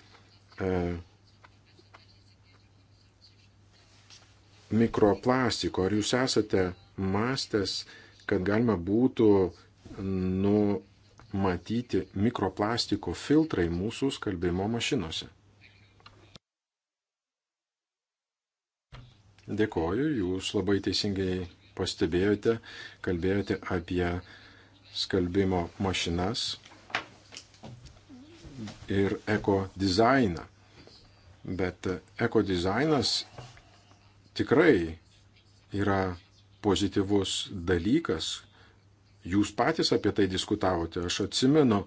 mikroplastiko. Ar jūs esate mąstęs, kad galima būtų numatyti mikroplastiko filtrai mūsų skalbimo mašinose? Dėkoju, jūs labai teisingai pastebėjote, kalbėjote apie skalbimo mašinas ir eko dizainą. Bet eko dizainas tikrai yra pozityvus dalykas. Jūs patys apie tai diskutavote. Aš atsimenu,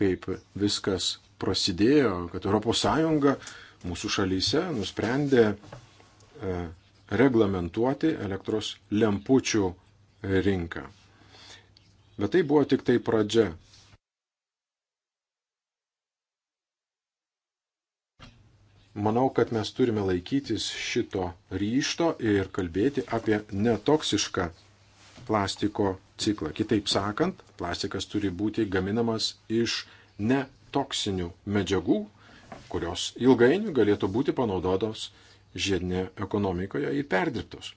kaip viskas prasidėjo, kad ES mūsų šalyse nusprendė E, reglamentuoti elektros lempučių rinką. Bet tai buvo tik tai pradžia. Manau, kad mes turime laikytis šito ryšto ir kalbėti apie netoksišką plastiko ciklą. Kitaip sakant, plastikas turi būti gaminamas iš netoksinių medžiagų, kurios ilgainiui galėtų būti panaudotos žiedinėje ekonomikoje į perdirbtus.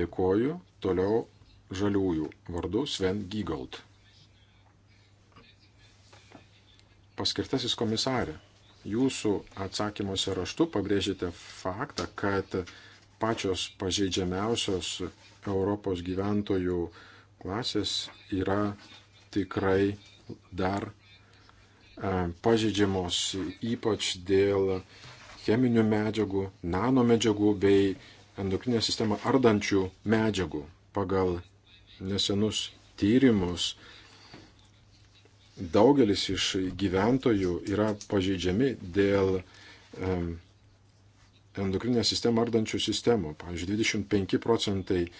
Dėkoju. Toliau žaliųjų vardu Sven Gygold. Paskirtasis komisarė, jūsų atsakymuose raštu pabrėžite faktą, kad pačios pažeidžiamiausios Europos gyventojų klasės yra tikrai dar E, pažydžiamos ypač dėl cheminių medžiagų, nanomedžiagų bei endokrinę sistemą ardančių medžiagų. Pagal nesenus tyrimus daugelis iš gyventojų yra pažeidžiami dėl e, endokrinę sistemą ardančių sistemų. Pavyzdžiui, 25 procentai e,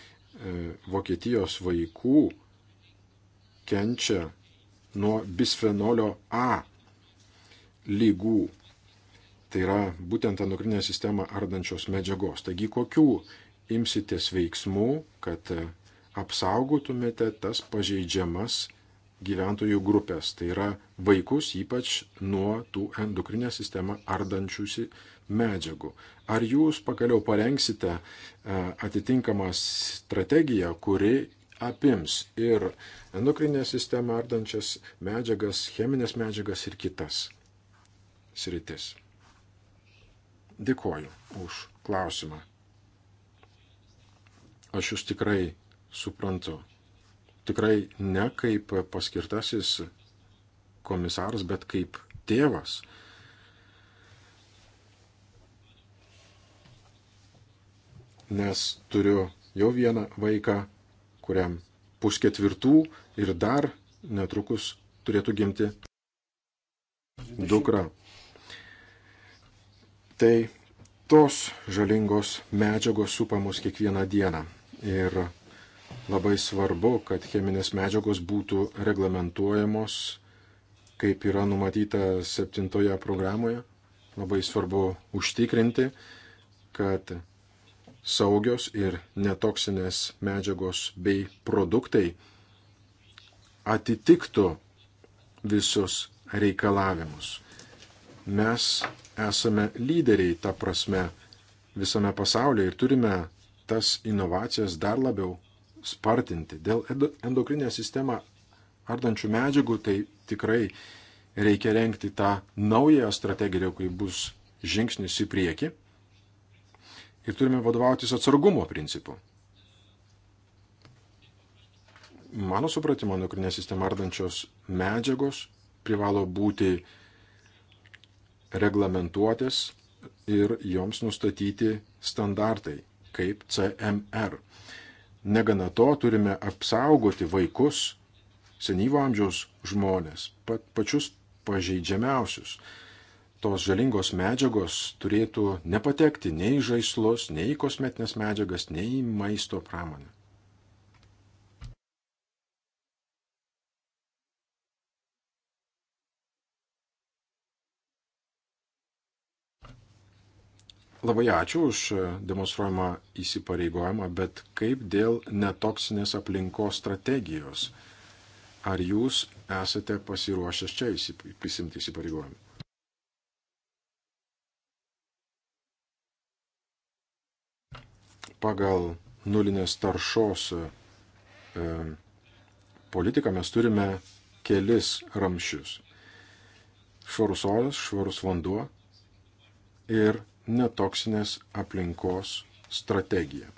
Vokietijos vaikų kenčia nuo bisfenolio A lygų. Tai yra būtent endokrininę sistemą ardančios medžiagos. Taigi kokių imsitės veiksmų, kad apsaugotumėte tas pažeidžiamas gyventojų grupės, tai yra vaikus ypač nuo tų endokrinę sistemą ardančiųsi medžiagų. Ar jūs pagaliau parengsite e, atitinkamą strategiją, kuri apims ir endokrinę sistemą ardančias medžiagas, cheminės medžiagas ir kitas sritis. Dėkoju už klausimą. Aš jūs tikrai suprantu. Tikrai ne kaip paskirtasis komisaras, bet kaip tėvas. Nes turiu jau vieną vaiką kuriam pusketvirtų ir dar netrukus turėtų gimti dukra. Tai tos žalingos medžiagos supamos kiekvieną dieną. Ir labai svarbu, kad cheminės medžiagos būtų reglamentuojamos, kaip yra numatyta septintoje programoje. Labai svarbu užtikrinti, kad saugios ir netoksinės medžiagos bei produktai atitiktų visus reikalavimus. Mes esame lyderiai ta prasme visame pasaulyje ir turime tas inovacijas dar labiau spartinti. Dėl endokrinę sistemą ardančių medžiagų tai tikrai reikia renkti tą naują strategiją, kuri bus žingsnis į priekį ir turime vadovautis atsargumo principu. Mano supratimo, endokrinė sistema ardančios medžiagos privalo būti reglamentuotės ir joms nustatyti standartai, kaip CMR. Negana to turime apsaugoti vaikus, senyvo amžiaus žmonės, pat pačius pažeidžiamiausius tos žalingos medžiagos turėtų nepatekti nei į žaislus, nei į kosmetinės medžiagas, nei į maisto pramonę. Labai ačiū už demonstruojamą įsipareigojimą, bet kaip dėl netoksinės aplinkos strategijos? Ar jūs esate pasiruošęs čia prisimti įsipareigojimą? pagal nulinės taršos e, politiką mes turime kelis ramšius. Švarus oras, švarus vanduo ir netoksinės aplinkos strategija.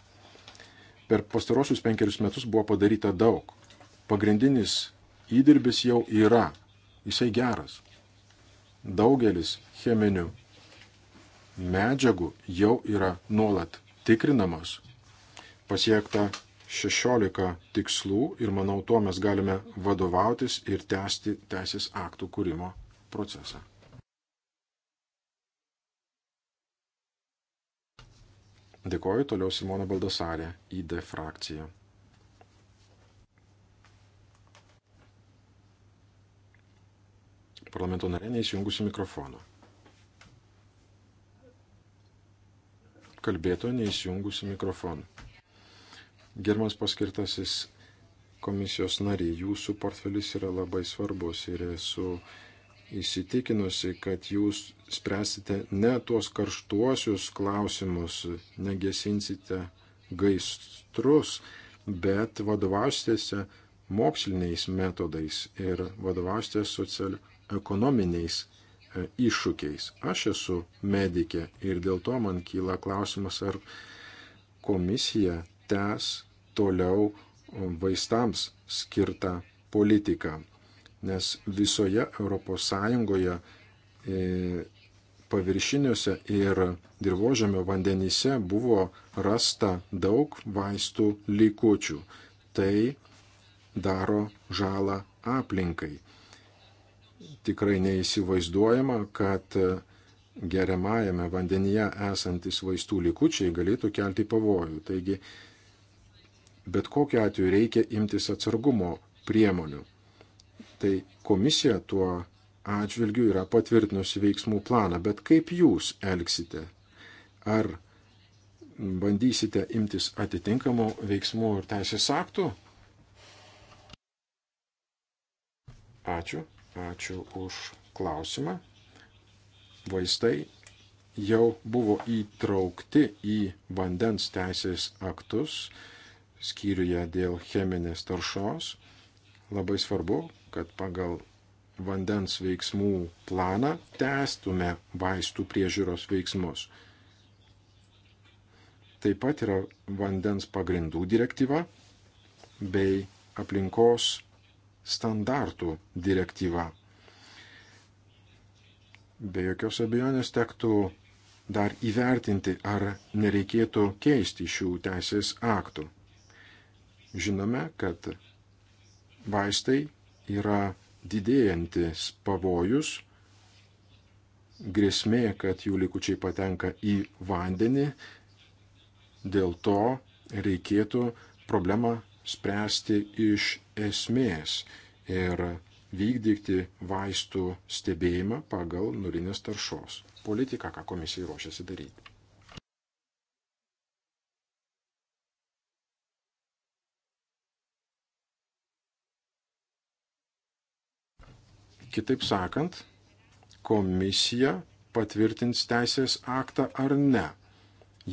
Per pastarosius penkerius metus buvo padaryta daug. Pagrindinis įdirbis jau yra. Jisai geras. Daugelis cheminių medžiagų jau yra nuolat tikrinamos. Pasiekta 16 tikslų ir manau tuo mes galime vadovautis ir tęsti teisės aktų kūrimo procesą. Dėkoju toliau Simona Baldasarė, ID frakcija. Parlamento narė neįsijungusi mikrofono. kalbėto neįsijungusi mikrofoną. Germas paskirtasis komisijos nariai, jūsų portfelis yra labai svarbus ir esu įsitikinusi, kad jūs spręsite ne tuos karštuosius klausimus, negesinsite gaistrus, bet vadovausitėse moksliniais metodais ir vadovausitės socioekonominiais E, iššūkiais. Aš esu medikė ir dėl to man kyla klausimas, ar komisija tęs toliau e, vaistams skirtą politiką, nes visoje ES e, paviršiniuose ir dirbožėmio vandenyse buvo rasta daug vaistų likučių. Tai daro žalą aplinkai tikrai neįsivaizduojama, kad geriamajame vandenyje esantis vaistų likučiai galėtų kelti pavojų. Taigi, bet kokiu atveju reikia imtis atsargumo priemonių. Tai komisija tuo atžvilgiu yra patvirtinusi veiksmų planą, bet kaip jūs elgsite? Ar bandysite imtis atitinkamų veiksmų ir teisės aktų? Ačiū. Ačiū už klausimą. Vaistai jau buvo įtraukti į vandens teisės aktus skyriuje dėl cheminės taršos. Labai svarbu, kad pagal vandens veiksmų planą tęstume vaistų priežiūros veiksmus. Taip pat yra vandens pagrindų direktyva bei aplinkos standartų direktyva. Be jokios abejonės tektų dar įvertinti, ar nereikėtų keisti šių teisės aktų. Žinome, kad vaistai yra didėjantis pavojus, grėsmė, kad jų likučiai patenka į vandenį, dėl to reikėtų problemą spręsti iš esmės ir vykdyti vaistų stebėjimą pagal nulinės taršos politiką, ką komisija ruošiasi daryti. Kitaip sakant, komisija patvirtins teisės aktą ar ne.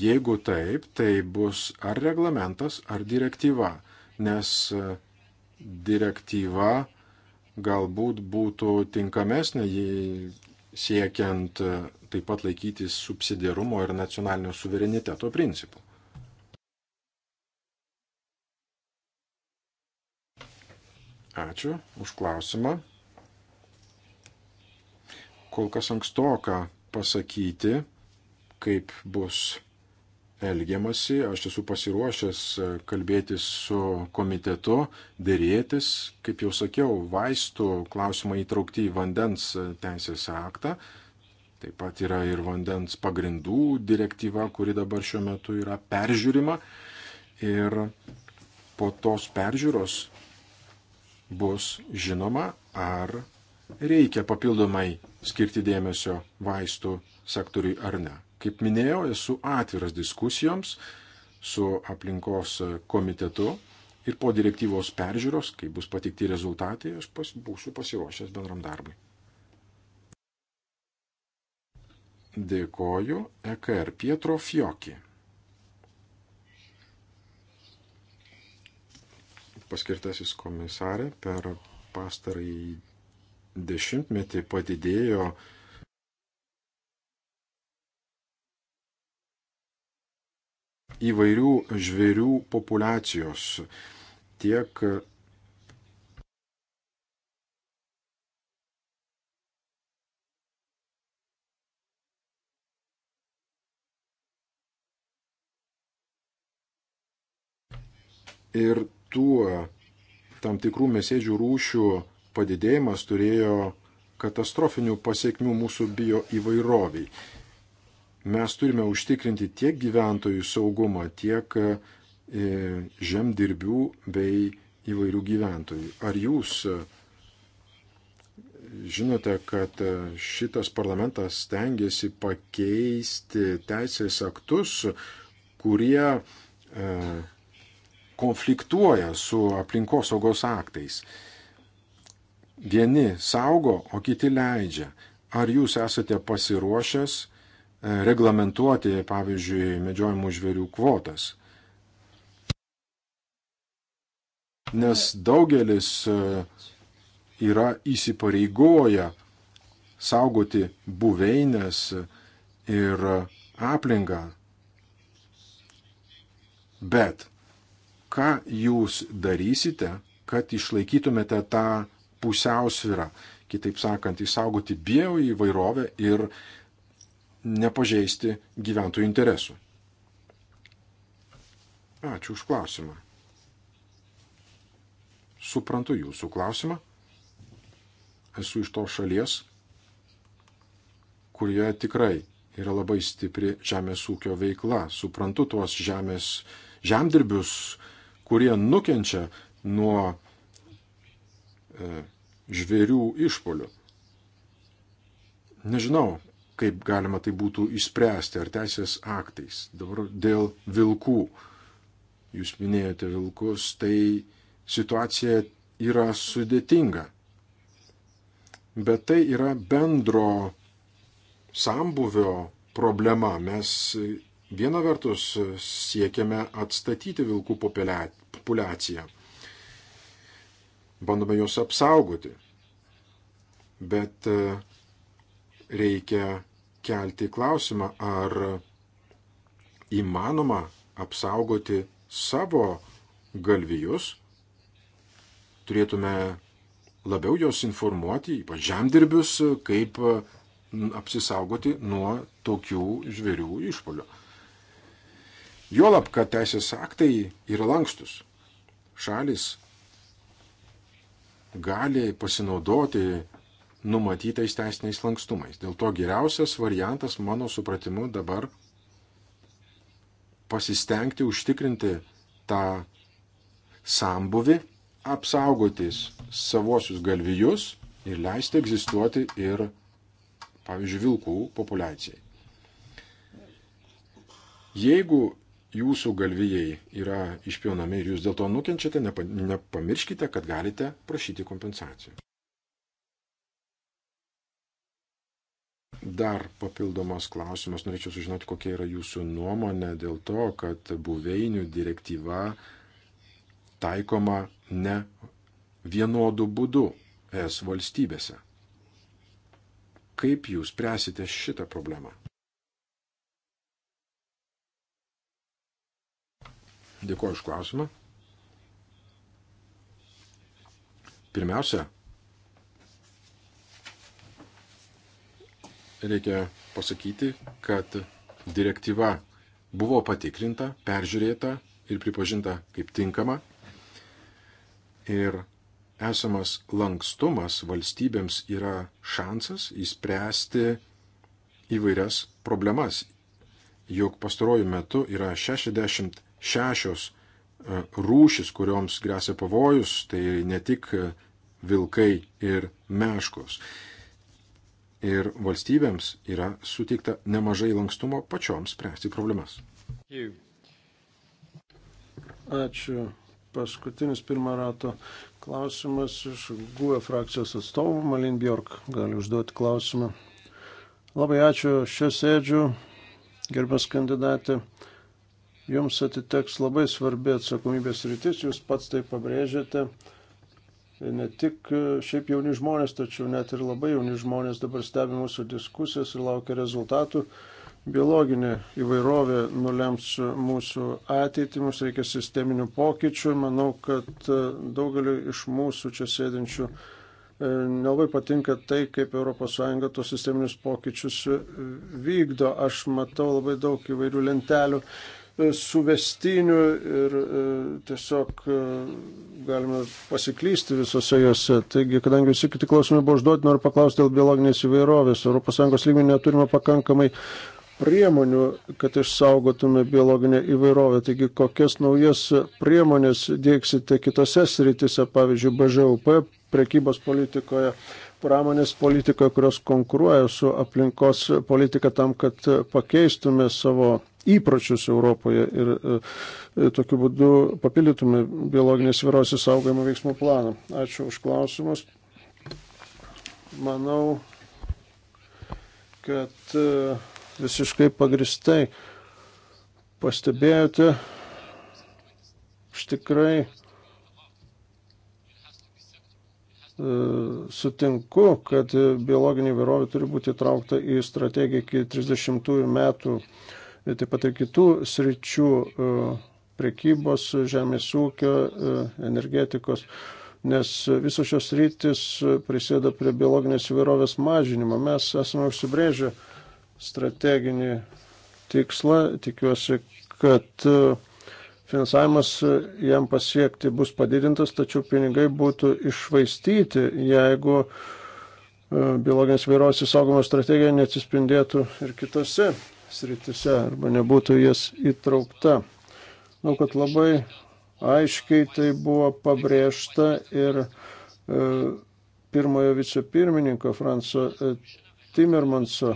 Jeigu taip, tai bus ar reglamentas, ar direktyva nes e, direktyva galbūt būtų tinkamesnė, jei siekiant e, taip pat laikytis subsidiarumo ir nacionalinio suvereniteto principų. Ačiū už klausimą. Kol kas ankstoka pasakyti, kaip bus elgiamasi. Aš esu pasiruošęs e, kalbėtis su komitetu, dėrėtis. Kaip jau sakiau, vaistų klausimai įtraukti į vandens e, teisės aktą. Taip pat yra ir vandens pagrindų direktyva, kuri dabar šiuo metu yra peržiūrima. Ir po tos peržiūros bus žinoma, ar reikia papildomai skirti dėmesio vaistų sektoriui ar ne. Kaip minėjau, esu atviras diskusijoms su aplinkos komitetu ir po direktyvos peržiūros, kai bus patikti rezultatai, aš pas, būsiu pasiruošęs bendram darbui. Dėkoju EKR Pietro Fioki. Paskirtasis komisarė per pastarąjį dešimtmetį padidėjo įvairių žvėrių populacijos tiek ir tuo tam tikrų mesėdžių rūšių padidėjimas turėjo katastrofinių pasiekmių mūsų bio įvairoviai. Mes turime užtikrinti tiek gyventojų saugumą, tiek e, žemdirbių bei įvairių gyventojų. Ar jūs e, žinote, kad e, šitas parlamentas stengiasi pakeisti teisės aktus, kurie konfliktuoja su aplinkosaugos aktais. Vieni saugo, o kiti leidžia. Ar jūs esate pasiruošęs reglamentuoti, pavyzdžiui, medžiojimų žvėrių kvotas. Nes daugelis e, yra įsipareigoję saugoti buveinės ir aplinką. Bet ką jūs darysite, kad išlaikytumėte tą pusiausvyrą, kitaip sakant, išsaugoti bioįvairovę ir nepažeisti gyventojų interesų. Ačiū už klausimą. Suprantu jūsų klausimą. Esu iš tos šalies, kurioje tikrai yra labai stipri žemės ūkio veikla. Suprantu tuos žemės žemdirbius, kurie nukenčia nuo e, žvėrių išpolių. Nežinau, kaip galima tai būtų išspręsti, ar teisės aktais. Dabar dėl vilkų. Jūs minėjote vilkus, tai situacija yra sudėtinga. Bet tai yra bendro sambuvio problema. Mes viena vertus siekiame atstatyti vilkų populiaciją. Bandome juos apsaugoti. Bet e, reikia kelti klausimą, ar įmanoma apsaugoti savo galvijus, turėtume labiau jos informuoti, ypač žemdirbius, kaip apsisaugoti nuo tokių žvėrių išpolių. Juolab, kad teisės aktai yra lankstus. Šalis gali pasinaudoti numatytais teisiniais lankstumais. Dėl to geriausias variantas, mano supratimu, dabar pasistengti užtikrinti tą sambuvi, apsaugotis savosius galvijus ir leisti egzistuoti ir, pavyzdžiui, vilkų populiacijai. Jeigu jūsų galvijai yra išpjaunami ir jūs dėl to nukenčiate, nepamirškite, kad galite prašyti kompensacijų. Dar papildomas klausimas, norėčiau sužinoti, kokia yra jūsų nuomonė dėl to, kad buveinių direktyva taikoma ne vienodu būdu es valstybėse. Kaip jūs presite šitą problemą? Dėkuoju už klausimą. Pirmiausia, reikia pasakyti, kad direktyva buvo patikrinta, peržiūrėta ir pripažinta kaip tinkama. Ir esamas lankstumas valstybėms yra šansas įspręsti įvairias problemas. Juk pastaruoju metu yra 66 e, rūšis, kurioms grėsia pavojus, tai ne tik vilkai ir meškos ir valstybėms yra suteikta nemažai lankstumo pačioms spręsti problemas. Ačiū. Paskutinis pirmo rato klausimas iš GUE frakcijos atstovų. Malin Bjork gali užduoti klausimą. Labai ačiū, aš čia sėdžiu, gerbės kandidatė. Jums atiteks labai svarbi atsakomybės rytis, jūs pats tai pabrėžėte ne tik e, šiaip jauni žmonės, tačiau net ir labai jauni žmonės dabar stebi mūsų diskusijas ir laukia rezultatų. Biologinė įvairovė nulems mūsų ateitį, mums reikia sisteminių pokyčių. Manau, kad e, daugeliu iš mūsų čia sėdinčių e, nelabai patinka tai, kaip ES tos sisteminius pokyčius vykdo. Aš matau labai daug įvairių lentelių E, suvestinių ir e, tiesiog e, galime pasiklysti visose jose. Taigi, kadangi visi kiti klausimai buvo užduoti, noriu paklausti dėl biologinės įvairovės. ES lygmenį neturime pakankamai priemonių, kad išsaugotume biologinę įvairovę. Taigi, kokias naujas priemonės dėksite kitose sritise, pavyzdžiui, BŽUP, prekybos politikoje, pramonės politikoje, kurios konkuruoja su aplinkos politika tam, kad pakeistume savo įpročius Europoje ir e, e, tokiu būdu papildytume biologinės vyros įsaugojimo veiksmų planą. Ačiū už klausimus. Manau, kad e, visiškai pagristai pastebėjote, aš tikrai sutinku, kad biologinė įvairovė turi būti įtraukta į strategiją iki 30 metų taip pat ir kitų sričių e, prekybos, žemės ūkio, e, energetikos, nes visos šios rytis prisėda prie biologinės įvairovės mažinimo. Mes esame užsibrėžę strateginį tikslą, tikiuosi, kad e, finansavimas jam pasiekti bus padidintas, tačiau pinigai būtų išvaistyti, jeigu biologinės įvairovės įsaugomos strategija neatsispindėtų ir kitose sritise arba nebūtų jas įtraukta. Manau, kad labai aiškiai tai buvo pabrėžta ir e, pirmojo vicepirmininko Franco e, Timmermanso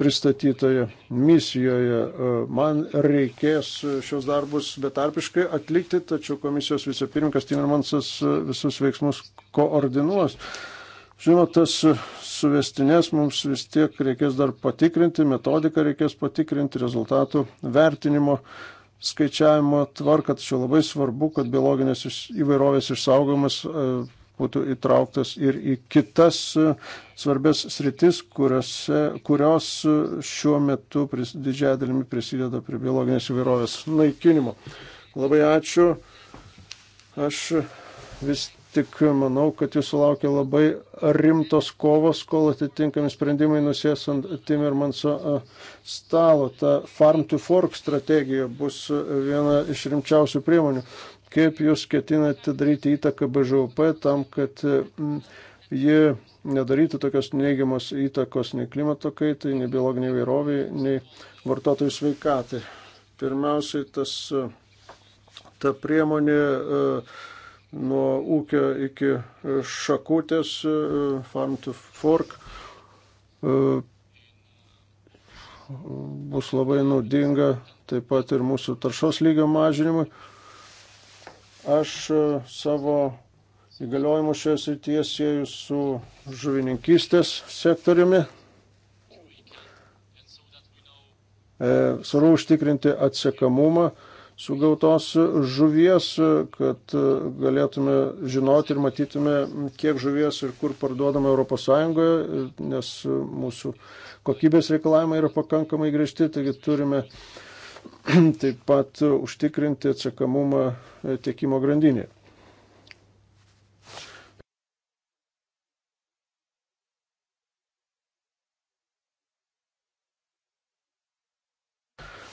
pristatytoje misijoje. E, man reikės šios darbus betarpiškai atlikti, tačiau komisijos vicepirmininkas Timermansas visus veiksmus koordinuos. Žinoma, tas suvestinės mums vis tiek reikės dar patikrinti, metodiką reikės patikrinti, rezultatų vertinimo skaičiavimo tvarką, tačiau labai svarbu, kad biologinės įvairovės išsaugomas e, būtų įtrauktas ir į kitas e, svarbės sritis, kuriuose, kurios e, šiuo metu pris, didžiąją dalimi prisideda prie biologinės įvairovės naikinimo. Labai ačiū. Aš vis tik manau, kad jūsų laukia labai rimtos kovos, kol atitinkami sprendimai nusės ant Timmermanso stalo. Ta farm to fork strategija bus viena iš rimčiausių priemonių. Kaip jūs ketinate daryti įtaką BŽUP tam, kad ji nedarytų tokios neigiamos įtakos nei klimato kaitai, nei biologiniai vairoviai, nei vartotojų sveikatai. Pirmiausiai tas, ta priemonė uh, nuo ūkio iki šakutės, e, farm to fork, e, bus labai naudinga taip pat ir mūsų taršos lygio mažinimui. Aš e, savo įgaliojimus šioje srityje sieju su žuvininkystės sektoriumi. Svarbu užtikrinti atsekamumą sugautos žuvies, kad galėtume žinoti ir matytume, kiek žuvies ir kur parduodama ES, nes mūsų kokybės reikalavimai yra pakankamai griežti, taigi turime taip pat užtikrinti atsakamumą tiekimo grandinėje.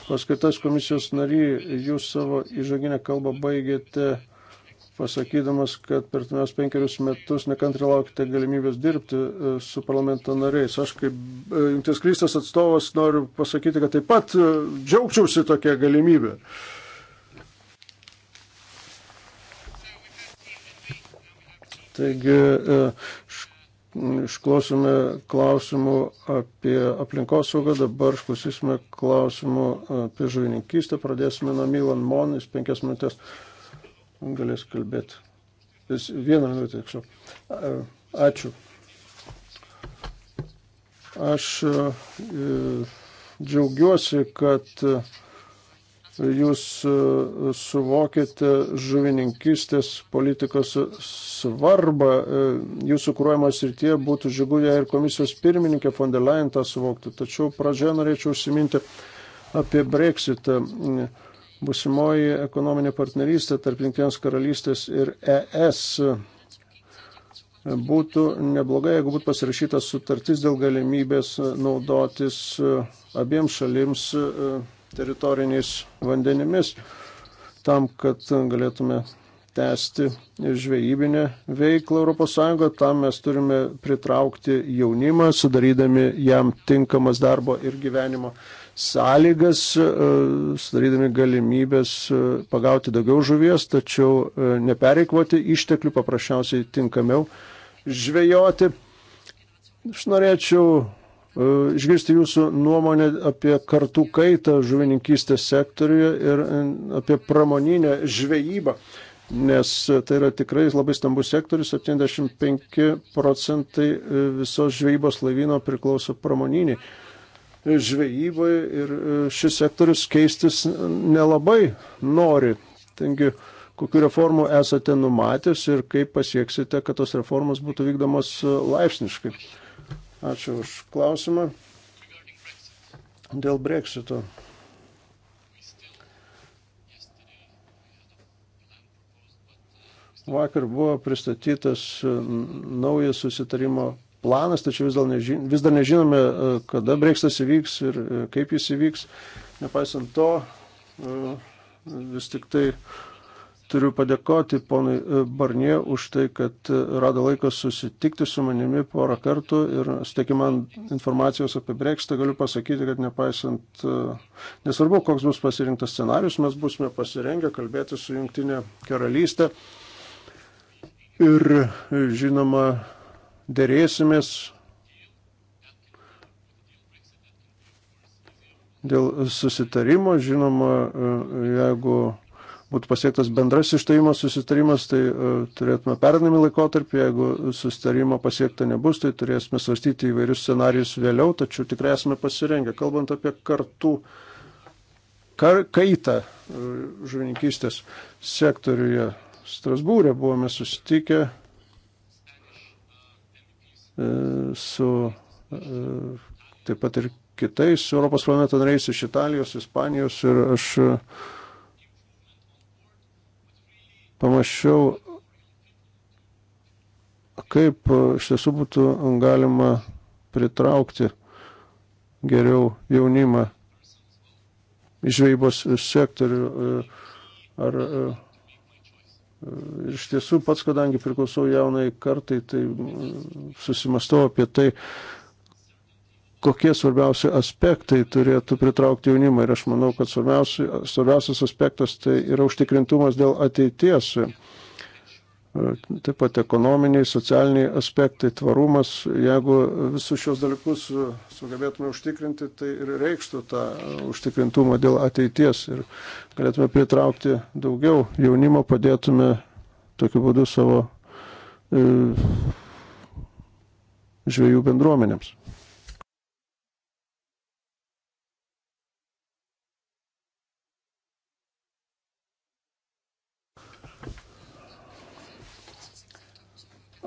paskaitas komisijos nary, jūs savo įžaginę kalbą baigėte pasakydamas, kad per tuos penkerius metus nekantri laukite galimybės dirbti e, su parlamento nariais. Aš kaip e, Junktis Kristės atstovas noriu pasakyti, kad taip pat e, džiaugčiausi tokia galimybė. Taigi, išklausome klausimų apie aplinkosaugą, dabar išklausysime klausimų apie žuvininkystę. Pradėsime nuo Milan Mon, jis penkias minutės galės kalbėti. Jis vieną minutę, tiksliau. Ačiū. Aš e, džiaugiuosi, kad jūs e, suvokite žuvininkistės politikos svarbą e, jūsų kūruojamos rytie būtų žiguja ir komisijos pirmininkė Fondelain tą suvoktų. Tačiau pradžioje norėčiau užsiminti apie Brexitą. Busimoji ekonominė partnerystė tarp Junktinės karalystės ir ES būtų neblogai, jeigu būtų pasirašytas sutartis dėl galimybės naudotis e, abiems šalims teritoriniais vandenimis, tam, kad galėtume tęsti žvejybinę veiklą ES, tam mes turime pritraukti jaunimą, sudarydami jam tinkamas darbo ir gyvenimo sąlygas, e, sudarydami galimybės e, pagauti daugiau žuvies, tačiau e, nepereikvoti išteklių paprasčiausiai tinkamiau žvejoti. Aš norėčiau E, išgirsti jūsų nuomonę apie kartų kaitą žuvininkystės sektoriuje ir e, apie pramoninę žvejybą, nes tai yra tikrai labai stambus sektorius, 75 procentai e, visos žvejybos laivyno priklauso pramoniniai žvejybai ir šis sektorius keistis nelabai nori. Tengi, kokiu reformu esate numatęs ir kaip pasieksite, kad tos reformos būtų vykdomos laipsniškai. Ačiū už klausimą. Dėl breksito. Vakar buvo pristatytas e, naujas susitarimo planas, tačiau vis dar, nežin, vis dar nežinome, e, kada breksitas įvyks ir e, kaip jis įvyks. Nepaisant to, vis tik tai uh, Turiu padėkoti ponui e, Barnie už tai, kad e, rado laiko susitikti su manimi porą kartų ir suteikė man informacijos apie Brexitą. Galiu pasakyti, kad nepaisant, e, nesvarbu, koks bus pasirinktas scenarius, mes busime pasirengę kalbėti su Junktinė karalystė. Ir žinoma, dėrėsimės dėl susitarimo, žinoma, jeigu būtų pasiektas bendras išstojimo susitarimas, tai e, turėtume pernami laikotarpį, jeigu susitarimo pasiekta nebus, tai turėsime svarstyti įvairius scenarius vėliau, tačiau tikrai esame pasirengę. Kalbant apie kartų kar, kaitą e, žuvininkystės sektoriuje, Strasbūrė buvome susitikę e, su taip pat ir kitais Europos parlamento nariais iš Italijos, Ispanijos ir aš pamačiau, kaip e, iš tiesų būtų galima pritraukti geriau jaunimą žvejybos sektorių. E, ar e, iš tiesų pats, kadangi priklausau jaunai kartai, tai mm, susimastau apie tai, kokie svarbiausi aspektai turėtų pritraukti jaunimą. Ir aš manau, kad svarbiausias aspektas tai yra užtikrintumas dėl ateities. Taip pat ekonominiai, socialiniai aspektai, tvarumas. Jeigu visus šios dalykus sugebėtume užtikrinti, tai ir reikštų tą užtikrintumą dėl ateities. Ir galėtume pritraukti daugiau jaunimo, padėtume tokiu būdu savo e, žvėjų bendruomenėms.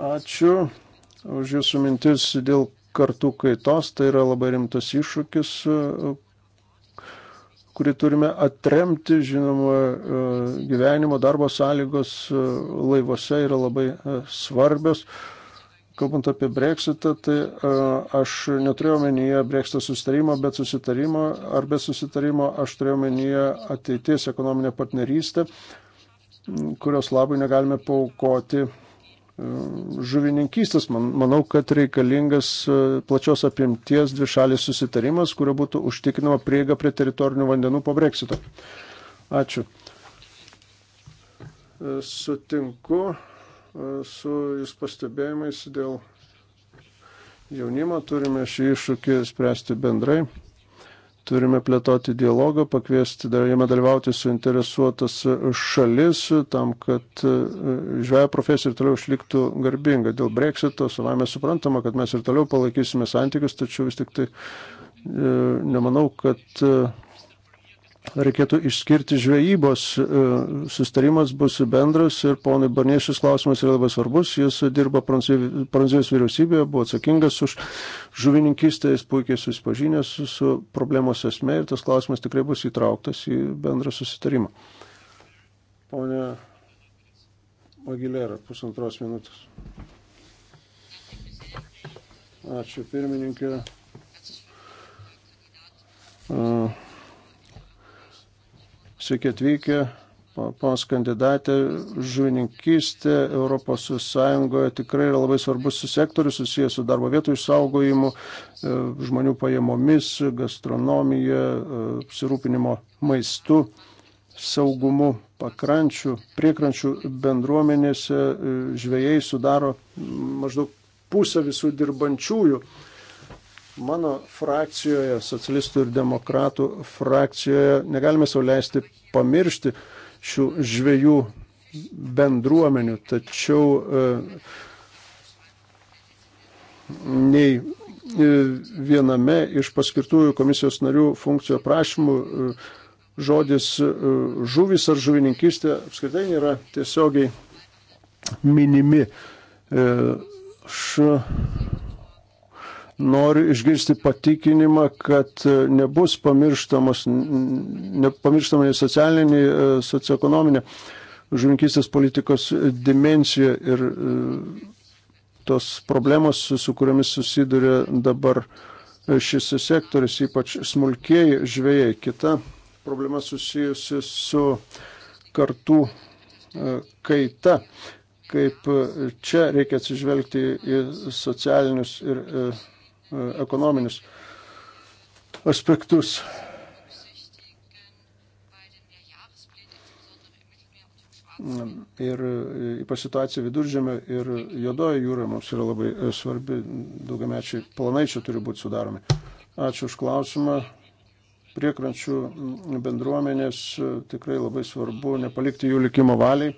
Ačiū už Jūsų mintis dėl kartų kaitos. Tai yra labai rimtas iššūkis, kurį turime atremti. Žinoma, gyvenimo darbo sąlygos laivuose yra labai svarbios. Kalbant apie breksitą, tai e, aš neturėjau menyje breksito susitarimo, bet susitarimo ar be susitarimo aš turėjau menyje ateities ekonominę partnerystę, kurios labai negalime paukoti žuvininkystas. Man, manau, kad reikalingas e, plačios apimties dvišalis susitarimas, kurio būtų užtikrinama prieiga prie teritorinių vandenų po breksito. Ačiū. E, sutinku e, su jūs pastebėjimais dėl jaunimo. Turime šį iššūkį spręsti bendrai. Turime plėtoti dialogą, pakviesti jame dalyvauti suinteresuotas šalis, tam, kad e, žvėjo profesija ir toliau išliktų garbinga. Dėl breksito savame suprantama, kad mes ir toliau palaikysime santykius, tačiau vis tik tai e, nemanau, kad e, reikėtų išskirti žvejybos. E, sustarimas bus bendras ir ponui Barnie šis klausimas yra labai svarbus. Jis dirba Prancūzijos vyriausybėje, buvo atsakingas už žuvininkystę, jis puikiai susipažinęs su problemos esmė ir tas klausimas tikrai bus įtrauktas į bendrą susitarimą. Pone Magilera, pusantros minutės. Ačiū pirmininkė. Uh. Sveiki atvykę, ponas kandidatė, žuvininkystė Europos Sąjungoje tikrai yra labai svarbus sektorius susijęs su darbo vietų išsaugojimu, e, žmonių pajamomis, gastronomija, e, apsirūpinimo maistu, saugumu pakrančių, priekrančių bendruomenėse e, žvėjai sudaro maždaug pusę visų dirbančiųjų Mano frakcijoje, socialistų ir demokratų frakcijoje, negalime sauliaisti pamiršti šių žviejų bendruomenių, tačiau e, nei e, viename iš paskirtųjų komisijos narių funkcijų aprašymų e, žodis žuvis ar žuvininkistė apskritai nėra tiesiogiai minimi. Aš noriu išgirsti patikinimą, kad e, nebus pamirštamos, nepamirštama nei socialinė, nei e, socioekonominė žuvinkistės politikos dimensija ir e, tos problemos, su kuriomis susiduria dabar šis sektoris, ypač smulkiai žvėjai. Kita problema susijusi su kartų kaita, kaip čia reikia atsižvelgti į socialinius ir E, ekonominius aspektus. Ir e, ypač situacija viduržėme ir juodoje jūroje mums yra labai e, svarbi, daugiamečiai planai čia turi būti sudaromi. Ačiū už klausimą. Priekrančių bendruomenės tikrai labai svarbu nepalikti jų likimo valiai.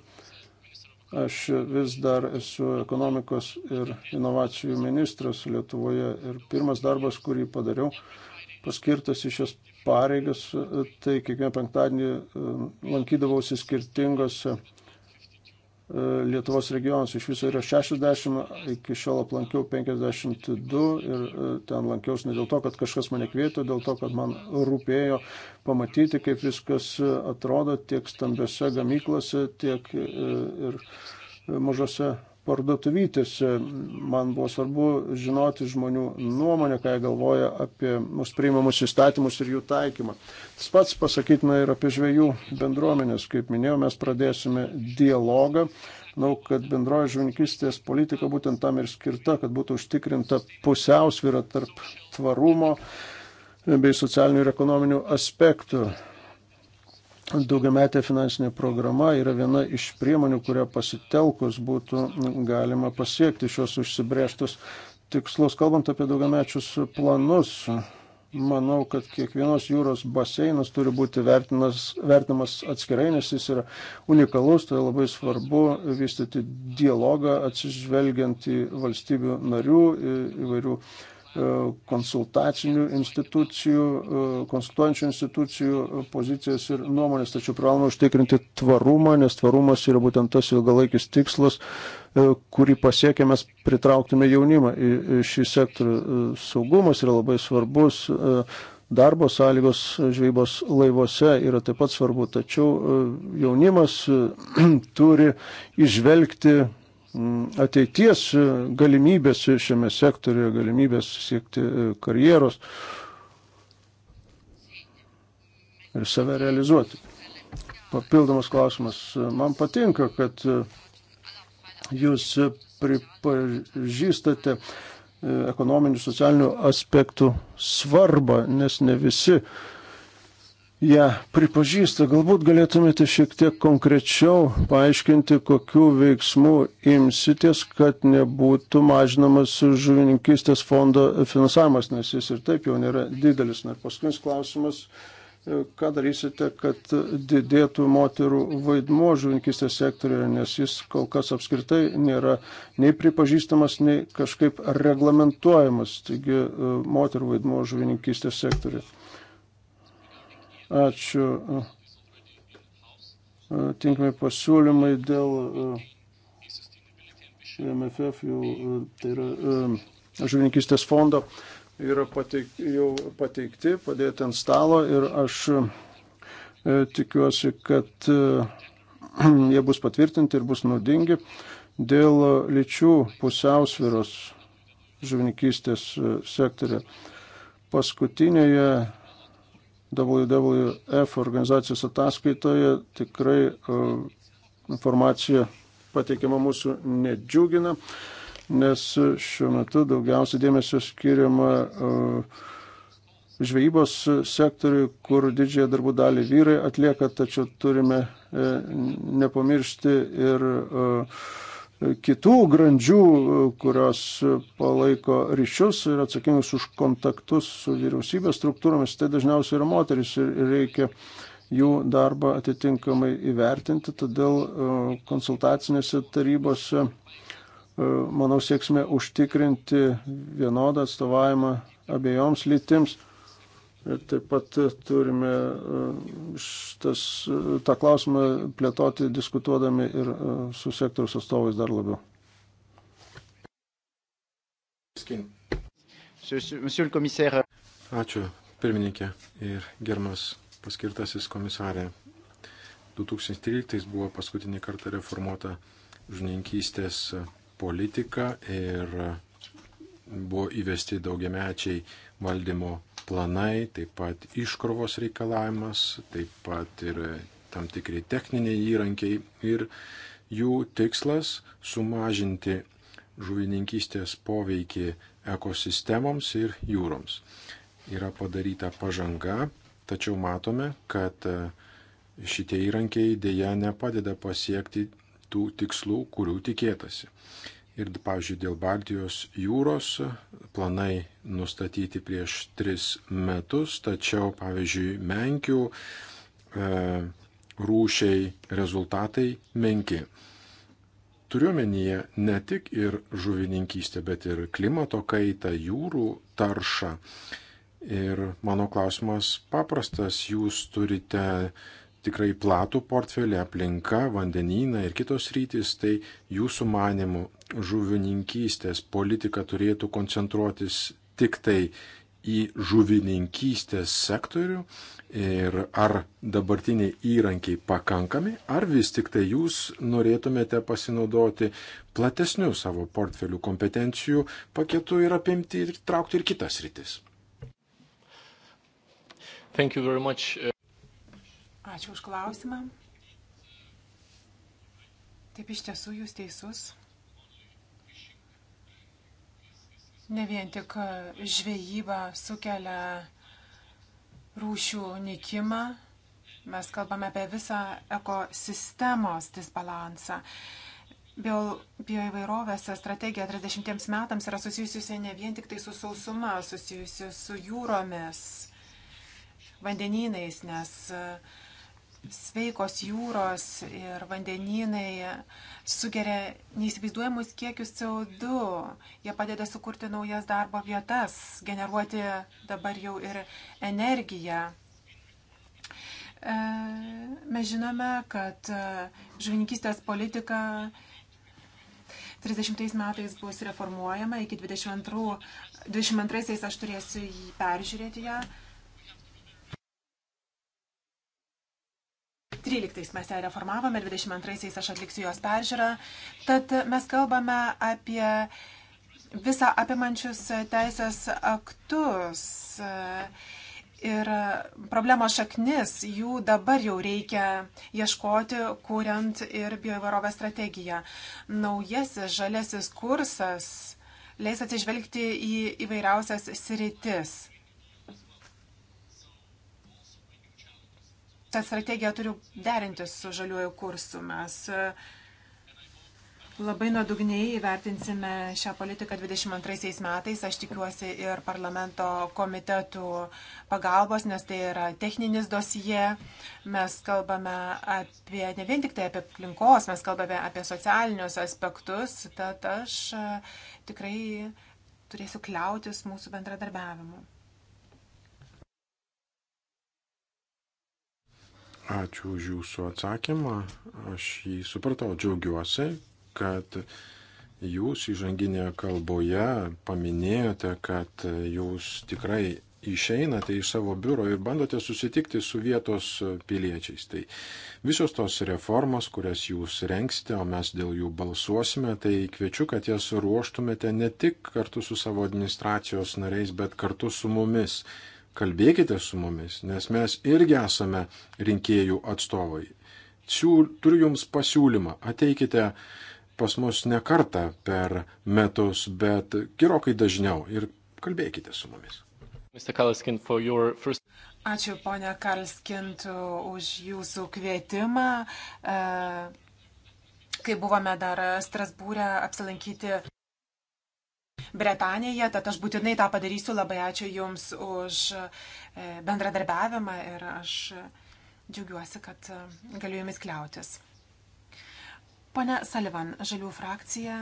Aš vis dar esu ekonomikos ir inovacijų ministras Lietuvoje ir pirmas darbas, kurį padariau, paskirtas į šias pareigas, tai kiekvieną penktadienį e, lankydavausi skirtingose Lietuvos regionus. Iš viso yra 60, iki šiol aplankiau 52 ir e, ten lankiausi ne dėl to, kad kažkas mane kvietė, dėl to, kad man rūpėjo pamatyti, kaip viskas e, atrodo tiek stambiose gamyklose, tiek e, ir mažose parduotuvytėse. Man buvo svarbu žinoti žmonių nuomonę, ką jie galvoja apie mūsų priimamus įstatymus ir jų taikymą. Tas pats pasakytina ir apie žvėjų bendruomenės. Kaip minėjau, mes pradėsime dialogą. Manau, kad bendroji žvinkistės politika būtent tam ir skirta, kad būtų užtikrinta pusiausvyrą tarp tvarumo bei socialinių ir ekonominių aspektų daugiametė finansinė programa yra viena iš priemonių, kurią pasitelkus būtų galima pasiekti šios užsibrėžtus tikslus. Kalbant apie daugiamečius planus, manau, kad kiekvienos jūros baseinas turi būti vertinas, vertinamas atskirai, nes jis yra unikalus, tai labai svarbu vystyti dialogą atsižvelgiant į valstybių narių įvairių. Ir, E, konsultacinių institucijų, e, konsultuojančių institucijų pozicijas ir nuomonės, tačiau privaloma užtikrinti tvarumą, nes tvarumas yra būtent tas ilgalaikis tikslas, e, kurį pasiekę mes pritrauktume jaunimą į šį sektorių. Saugumas yra labai svarbus, darbo sąlygos žvejybos laivuose yra taip pat svarbu, tačiau jaunimas turi išvelgti Mm, ateities e, galimybės šiame sektoriuje, galimybės siekti e, karjeros ir save realizuoti. Papildomas klausimas. Man patinka, kad e, jūs pripažįstate ekonominių, socialinių aspektų svarbą, nes ne visi uh, ją ja, pripažįsta. Galbūt galėtumėte šiek tiek konkrečiau paaiškinti, kokiu veiksmu imsitės, kad nebūtų mažinamas žuvininkistės fondo finansavimas, nes jis ir taip jau nėra didelis. Na ir paskutinis klausimas, ką darysite, kad didėtų moterų vaidmuo žuvininkistės sektoriuje, nes jis kol kas apskritai nėra nei pripažįstamas, nei kažkaip reglamentuojamas, taigi moterų vaidmuo žuvininkistės sektoriuje. Ačiū. Tinkamai pasiūlymai dėl MFF, jau, tai yra žuvininkistės fondo, yra pateik, jau pateikti, padėti ant stalo ir aš tikiuosi, kad jie bus patvirtinti ir bus naudingi dėl lyčių pusiausviros žuvininkystės sektorė. Paskutinėje WWF organizacijos ataskaitoje tikrai e, informacija pateikiama mūsų nedžiugina, nes šiuo metu daugiausia dėmesio skiriama e, žvejybos sektoriui, kur didžiąją darbų dalį vyrai atlieka, tačiau turime e, nepamiršti ir uh, kitų grandžių, kurios palaiko ryšius ir atsakingus už kontaktus su vyriausybės struktūromis, tai dažniausiai yra moteris ir reikia jų darbą atitinkamai įvertinti, todėl e, konsultacinėse tarybose, e, manau, sieksime užtikrinti vienodą atstovavimą abiejoms lytims. Taip pat turime e, šitas, e, tą klausimą plėtoti, diskutuodami ir e, su sektoriaus atstovais dar labiau. Ačiū, pirmininkė ir germas paskirtasis komisarė. 2013 buvo paskutinį kartą reformuota žininkystės politika ir buvo įvesti daugiamečiai valdymo planai, taip pat iškrovos reikalavimas, taip pat ir tam tikri techniniai įrankiai ir jų tikslas sumažinti žuvininkystės poveikį ekosistemoms ir jūroms. Yra padaryta pažanga, tačiau matome, kad e, šitie įrankiai dėja nepadeda pasiekti tų tikslų, kurių tikėtasi. Ir, pavyzdžiui, dėl Baltijos jūros planai nustatyti prieš tris metus, tačiau, pavyzdžiui, menkių e, rūšiai rezultatai menki. Turiuomenyje ne tik ir žuvininkystė, bet ir klimato kaitą, jūrų taršą. Ir mano klausimas paprastas, jūs turite tikrai platų portfelį, aplinka, vandenynai ir kitos rytis, tai jūsų manimų žuvininkystės politika turėtų koncentruotis tik tai į žuvininkystės sektorių ir ar dabartiniai įrankiai pakankami, ar vis tik tai jūs norėtumėte pasinaudoti platesniu savo portfelių kompetencijų paketu ir apimti ir traukti ir kitas rytis. Ačiū už klausimą. Taip iš tiesų jūs teisus. Ne vien tik e, žvejyba sukelia rūšių nikimą, mes kalbame apie visą ekosistemos disbalansą. Bioįvairovės bio strategija 30 metams yra susijusiusi ne vien tik tai su sausuma, susijusi su jūromis, vandenynais, nes uh, sveikos jūros ir vandenynai sugeria neįsivaizduojamus kiekius CO2. Jie padeda sukurti naujas darbo vietas, generuoti dabar jau ir energiją. E, mes žinome, kad e, žuvininkystės politika 30 metais bus reformuojama, iki 22, 22 aš turėsiu jį peržiūrėti ją. Ja 13 mes ją reformavome, 22-aisiais aš atliksiu jos peržiūrą. Tad mes kalbame apie visą apimančius teisės aktus ir problemos šaknis, jų dabar jau reikia ieškoti, kuriant ir bioįvairovę strategiją. Naujasis žalesis kursas leis atsižvelgti į įvairiausias sritis. ta strategija turi derinti su žaliuoju kursu. Mes e, labai nuodugniai įvertinsime šią politiką 22 metais. Aš tikiuosi ir parlamento komitetų pagalbos, nes tai yra techninis dosije. Mes kalbame apie, ne vien tik tai apie aplinkos, mes kalbame apie socialinius aspektus. Tad aš e, tikrai turėsiu kliautis mūsų bendradarbiavimu. Ačiū už jūsų atsakymą. Aš jį supratau. Džiaugiuosi, kad jūs įžanginėje kalboje paminėjote, kad jūs tikrai išeinate iš savo biuro ir bandote susitikti su vietos piliečiais. Tai visos tos reformos, kurias jūs renksite, o mes dėl jų balsuosime, tai kviečiu, kad jas ruoštumėte ne tik kartu su savo administracijos nariais, bet kartu su mumis kalbėkite su mumis, nes mes irgi esame rinkėjų atstovai. Turiu Jums pasiūlymą, ateikite pas mus ne kartą per metus, bet gerokai dažniau ir kalbėkite su mumis. Ačiū ponia Karlskint už jūsų kvietimą. E, kai buvome dar Strasbūrė apsilankyti Bretanėje, tad aš būtinai tą padarysiu. Labai ačiū Jums už e, bendradarbiavimą ir aš džiaugiuosi, kad e, galiu Jumis kliautis. Pane Salivan, Žalių frakcija,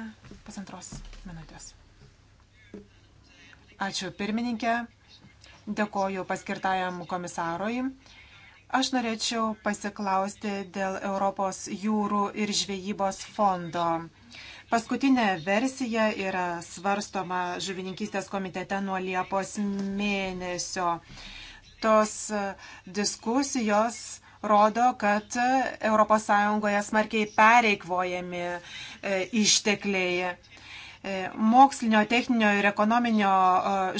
pusantros minutės. Ačiū pirmininkė, dėkoju paskirtajam komisarui. Aš norėčiau pasiklausti dėl Europos jūrų ir žvejybos fondo. Paskutinė versija yra svarstoma žuvininkystės komitete nuo Liepos mėnesio. Tos e, diskusijos rodo, kad ES smarkiai pereikvojami e, ištekliai e, mokslinio, techninio ir ekonominio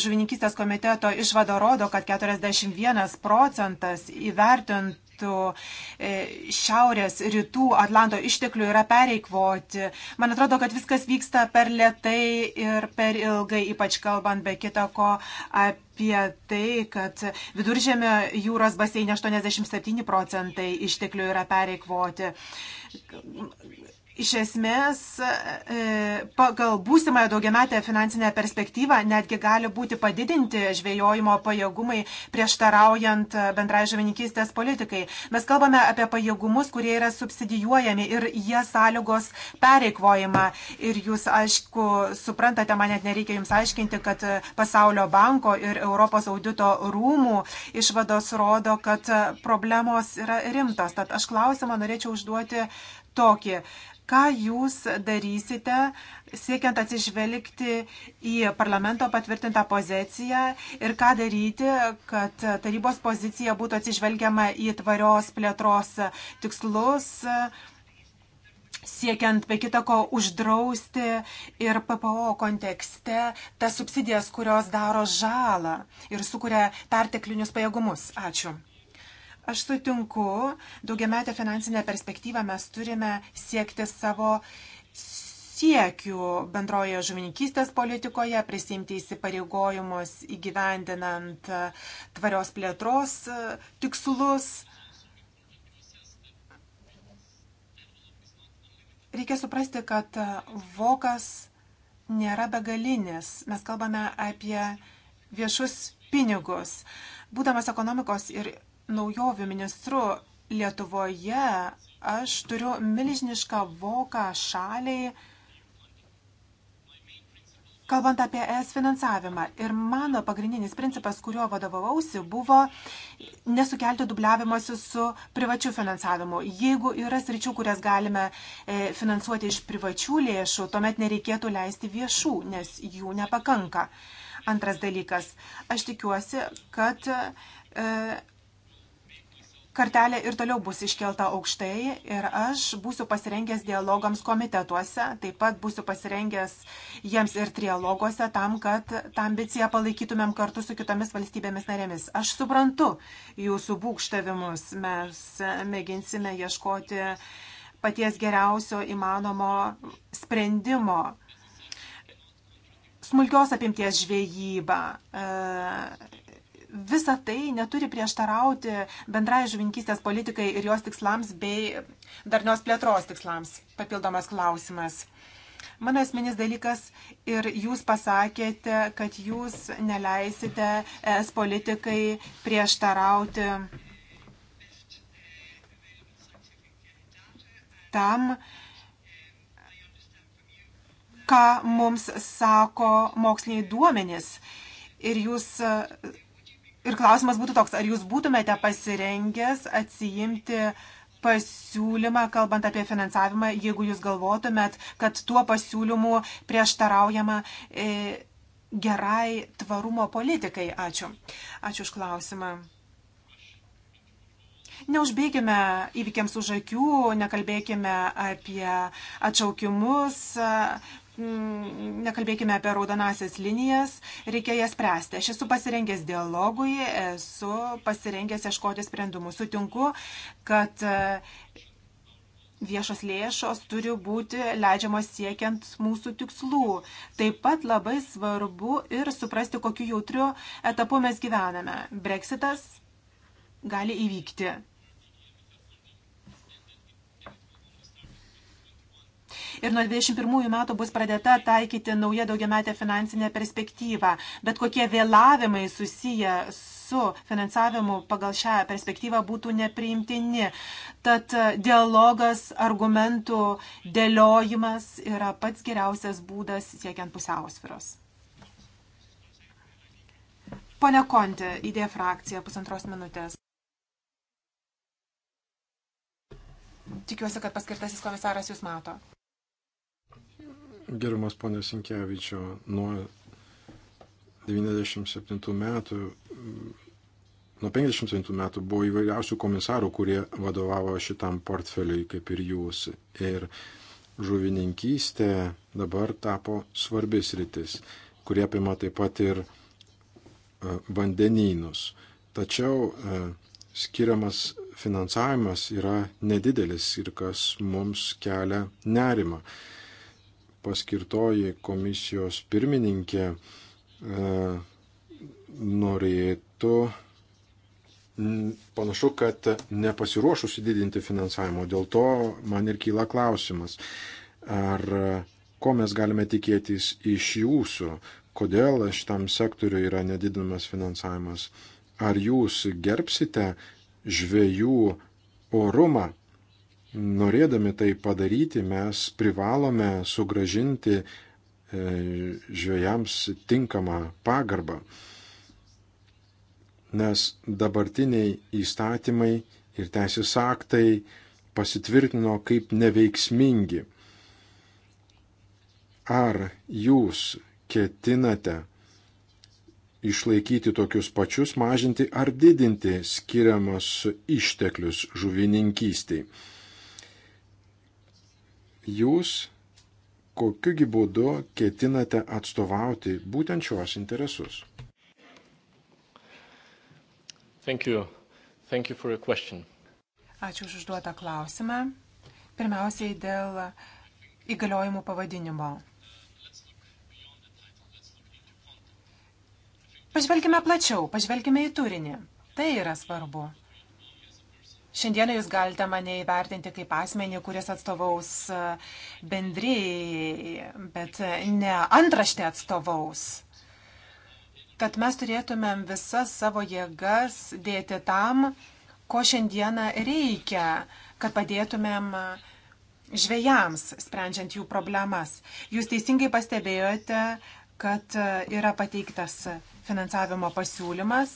žuvininkistės komiteto išvada rodo, kad 41 procentas įvertint procentų e, šiaurės rytų Atlanto išteklių yra pereikvoti. Man atrodo, kad viskas vyksta per lietai ir per ilgai, ypač kalbant be kita ko apie tai, kad viduržėmio jūros baseine 87 procentai išteklių yra pereikvoti iš esmės e, e, pagal būsimąją daugiametę finansinę perspektyvą netgi gali būti padidinti žvejojimo pajėgumai prieštaraujant e, bendrai žuvininkystės politikai. Mes kalbame apie pajėgumus, kurie yra subsidijuojami ir jie sąlygos pereikvojimą. Ir jūs, aišku, suprantate, man net nereikia jums aiškinti, kad Pasaulio banko ir Europos audito rūmų išvados rodo, kad problemos yra rimtos. Tad aš klausimą norėčiau užduoti tokį. Ką jūs darysite, siekiant atsižvelgti į parlamento patvirtintą poziciją ir ką daryti, kad tarybos pozicija būtų atsižvelgiama į tvarios plėtros tikslus, siekiant be kitako uždrausti ir PPO kontekste tas subsidijas, kurios daro žalą ir sukuria perteklinius pajėgumus. Ačiū. Aš sutinku, daugiametę finansinę perspektyvą mes turime siekti savo siekių bendroje žuvininkystės politikoje, prisimti įsipareigojimus įgyvendinant tvarios plėtros tikslus. Reikia suprasti, kad vokas nėra begalinis. Mes kalbame apie viešus pinigus. Būdamas ekonomikos ir naujovių ministru Lietuvoje aš turiu milžinišką voką šaliai, kalbant apie ES finansavimą. Ir mano pagrindinis principas, kuriuo vadovavausi, buvo nesukelti dubliavimuose su privačiu finansavimu. Jeigu yra sričių, kurias galime e, finansuoti iš privačių lėšų, tuomet nereikėtų leisti viešų, nes jų nepakanka. Antras dalykas. Aš tikiuosi, kad e, kartelė ir toliau bus iškelta aukštai ir aš būsiu pasirengęs dialogams komitetuose, taip pat būsiu pasirengęs jiems ir trialoguose tam, kad tą ambiciją palaikytumėm kartu su kitomis valstybėmis narėmis. Aš suprantu jūsų būkštavimus, mes mėginsime ieškoti paties geriausio įmanomo sprendimo. Smulkios apimties žvejyba. E, visa tai neturi prieštarauti bendrai žuvinkystės politikai ir jos tikslams bei darnios plėtros tikslams. Papildomas klausimas. Mano esminis dalykas ir jūs pasakėte, kad jūs neleisite es politikai prieštarauti tam, ką mums sako moksliniai duomenys. Ir jūs Ir klausimas būtų toks, ar jūs būtumėte pasirengęs atsijimti pasiūlymą, kalbant apie finansavimą, jeigu jūs galvotumėt, kad tuo pasiūlymu prieštaraujama e, gerai tvarumo politikai. Ačiū. Ačiū už klausimą. Neužbėgime įvykiams už akių, nekalbėkime apie atšaukimus, Mm, nekalbėkime apie raudonasias linijas, reikia jas spręsti. Aš esu pasirengęs dialogui, esu pasirengęs ieškoti sprendimų. Sutinku, kad e, viešos lėšos turi būti leidžiamos siekiant mūsų tikslų. Taip pat labai svarbu ir suprasti, kokiu jautriu etapu mes gyvename. Brexitas gali įvykti. ir nuo 21 metų bus pradėta taikyti nauja daugiametė finansinė perspektyva. Bet kokie vėlavimai susiję su finansavimu pagal šią perspektyvą būtų nepriimtini. Tad e, dialogas, argumentų dėliojimas yra pats geriausias būdas siekiant pusiausviros. Pone Konti, idėja frakcija, pusantros minutės. Tikiuosi, kad paskirtasis komisaras jūs mato. Gerbiamas ponė Sinkevičio, nuo 97 metų, nuo 57 metų buvo įvairiausių komisarų, kurie vadovavo šitam portfeliui, kaip ir jūs. Ir žuvininkystė dabar tapo svarbis rytis, kurie apima taip pat ir e, vandenynus. Tačiau e, skiriamas finansavimas yra nedidelis ir kas mums kelia nerimą paskirtoji komisijos pirmininkė e, norėtų, panašu, kad nepasiruošusi didinti finansavimo. Dėl to man ir kyla klausimas, ar ko mes galime tikėtis iš jūsų, kodėl šitam sektoriu yra nedidinamas finansavimas. Ar jūs gerbsite žvėjų orumą norėdami tai padaryti, mes privalome sugražinti e, žvėjams tinkamą pagarbą, nes dabartiniai įstatymai ir teisės aktai pasitvirtino kaip neveiksmingi. Ar jūs ketinate išlaikyti tokius pačius, mažinti ar didinti skiriamas išteklius žuvininkystiai? jūs kokiugi būdu ketinate atstovauti būtent šios interesus? Thank you. Thank you Ačiū už užduotą klausimą. Pirmiausiai dėl įgaliojimų pavadinimo. Pažvelkime plačiau, pažvelkime į turinį. Tai yra svarbu. Šiandieną jūs galite mane įvertinti kaip asmenį, kuris atstovaus e, bendryjai, bet ne antraštė atstovaus. Kad mes turėtumėm visas savo jėgas dėti tam, ko šiandieną reikia, kad padėtumėm žvėjams, sprendžiant jų problemas. Jūs teisingai pastebėjote, kad yra pateiktas finansavimo pasiūlymas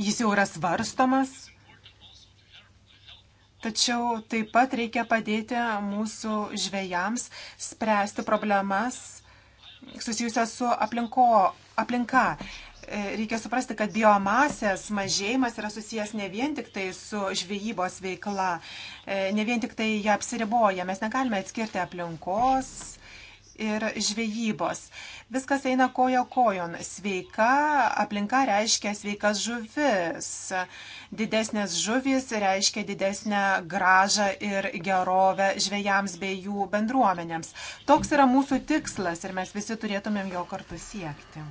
jis jau yra svarstomas. Tačiau taip pat reikia padėti mūsų žvėjams spręsti problemas susijusias su aplinko, aplinka. E, reikia suprasti, kad biomasės mažėjimas yra susijęs ne vien tik tai su žvėjybos veikla, e, ne vien tik tai ją apsiriboja. Mes negalime atskirti aplinkos ir žvejybos. Viskas eina kojo kojon. Sveika aplinka reiškia sveikas žuvis. Didesnės žuvis reiškia didesnę gražą ir gerovę žvejams bei jų bendruomenėms. Toks yra mūsų tikslas ir mes visi turėtumėm jo kartu siekti.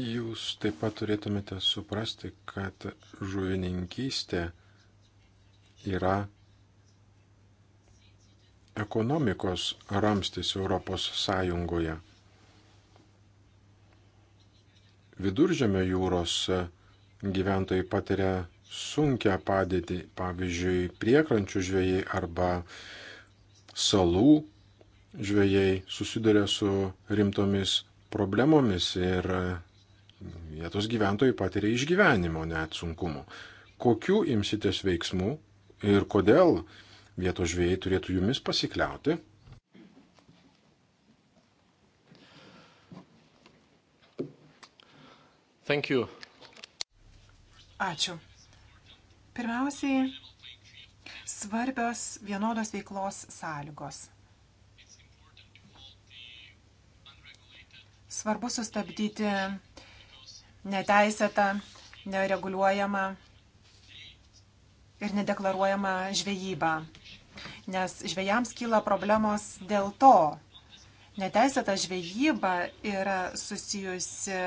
Jūs taip pat turėtumėte suprasti, kad žuvininkystė yra ekonomikos ramstis Europos Sąjungoje. Viduržėmio jūros gyventojai patiria sunkia padėtį, pavyzdžiui, priekrančių žvėjai arba salų žvėjai susiduria su rimtomis problemomis ir vietos gyventojai patiria išgyvenimo net sunkumų. Kokių imsitės veiksmų ir kodėl vietos žvėjai turėtų jumis pasikliauti? Thank you. Ačiū. Pirmiausiai, svarbios vienodos veiklos sąlygos. Svarbu sustabdyti neteisėtą, nereguliuojamą ir nedeklaruojamą žvejybą. Nes žvėjams kyla problemos dėl to. Neteisėta žvejyba yra susijusi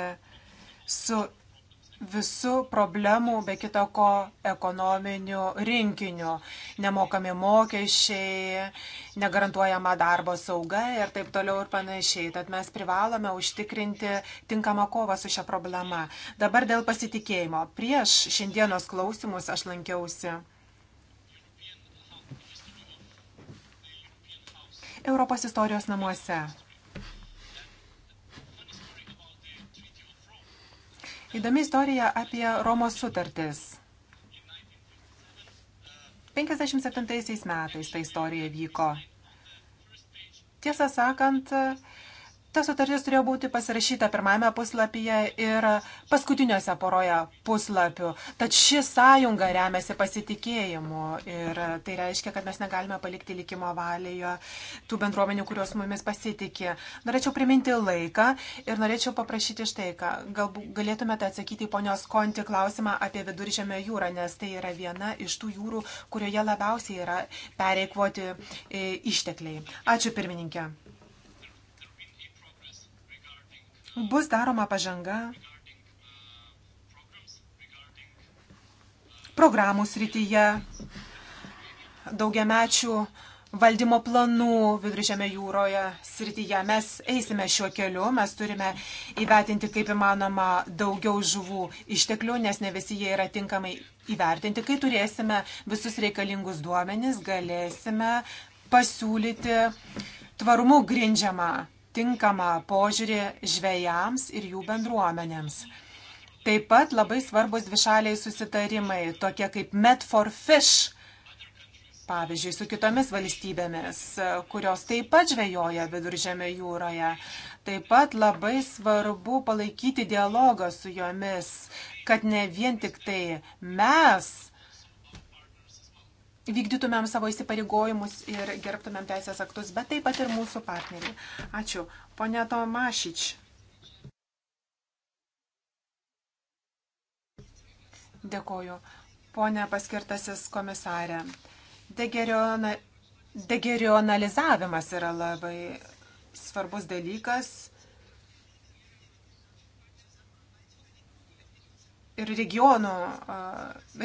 su visų problemų, be kita ko, ekonominių rinkinių. Nemokami mokesčiai, negarantuojama darbo sauga ir taip toliau ir panašiai. Tad mes privalome užtikrinti tinkamą kovą su šia problema. Dabar dėl pasitikėjimo. Prieš šiandienos klausimus aš lankiausi. Europos istorijos namuose. Įdomi istorija apie Romos sutartis. 57 metais ta istorija vyko. Tiesą sakant, Ta sutartis turėjo būti pasirašyta pirmame puslapyje ir paskutiniuose poroje puslapių. Tad ši sąjunga remiasi pasitikėjimu ir tai reiškia, kad mes negalime palikti likimo valioje tų bendruomenių, kurios mumis pasitikė. Norėčiau priminti laiką ir norėčiau paprašyti štai, ką galbūt galėtumėte atsakyti į ponios Konti klausimą apie viduržėmę jūrą, nes tai yra viena iš tų jūrų, kurioje labiausiai yra pereikvoti e, ištekliai. Ačiū pirmininkė. bus daroma pažanga programų srityje, daugiamečių valdymo planų viduržėme jūroje srityje. Mes eisime šiuo keliu, mes turime įvertinti kaip įmanoma daugiau žuvų išteklių, nes ne visi jie yra tinkamai įvertinti. Kai turėsime visus reikalingus duomenis, galėsime pasiūlyti tvarumu grindžiamą tinkamą požiūrį žvejams ir jų bendruomenėms. Taip pat labai svarbus dvišaliai susitarimai, tokie kaip Met for Fish, pavyzdžiui, su kitomis valstybėmis, kurios taip pat žvejoja viduržėme jūroje. Taip pat labai svarbu palaikyti dialogą su jomis, kad ne vien tik tai mes vykdytumėm savo įsipareigojimus ir gerbtumėm teisės aktus, bet taip pat ir mūsų partneriai. Ačiū. Pone Tomašič. Dėkoju. Pone paskirtasis komisarė. Degerionalizavimas yra labai svarbus dalykas ir regionų,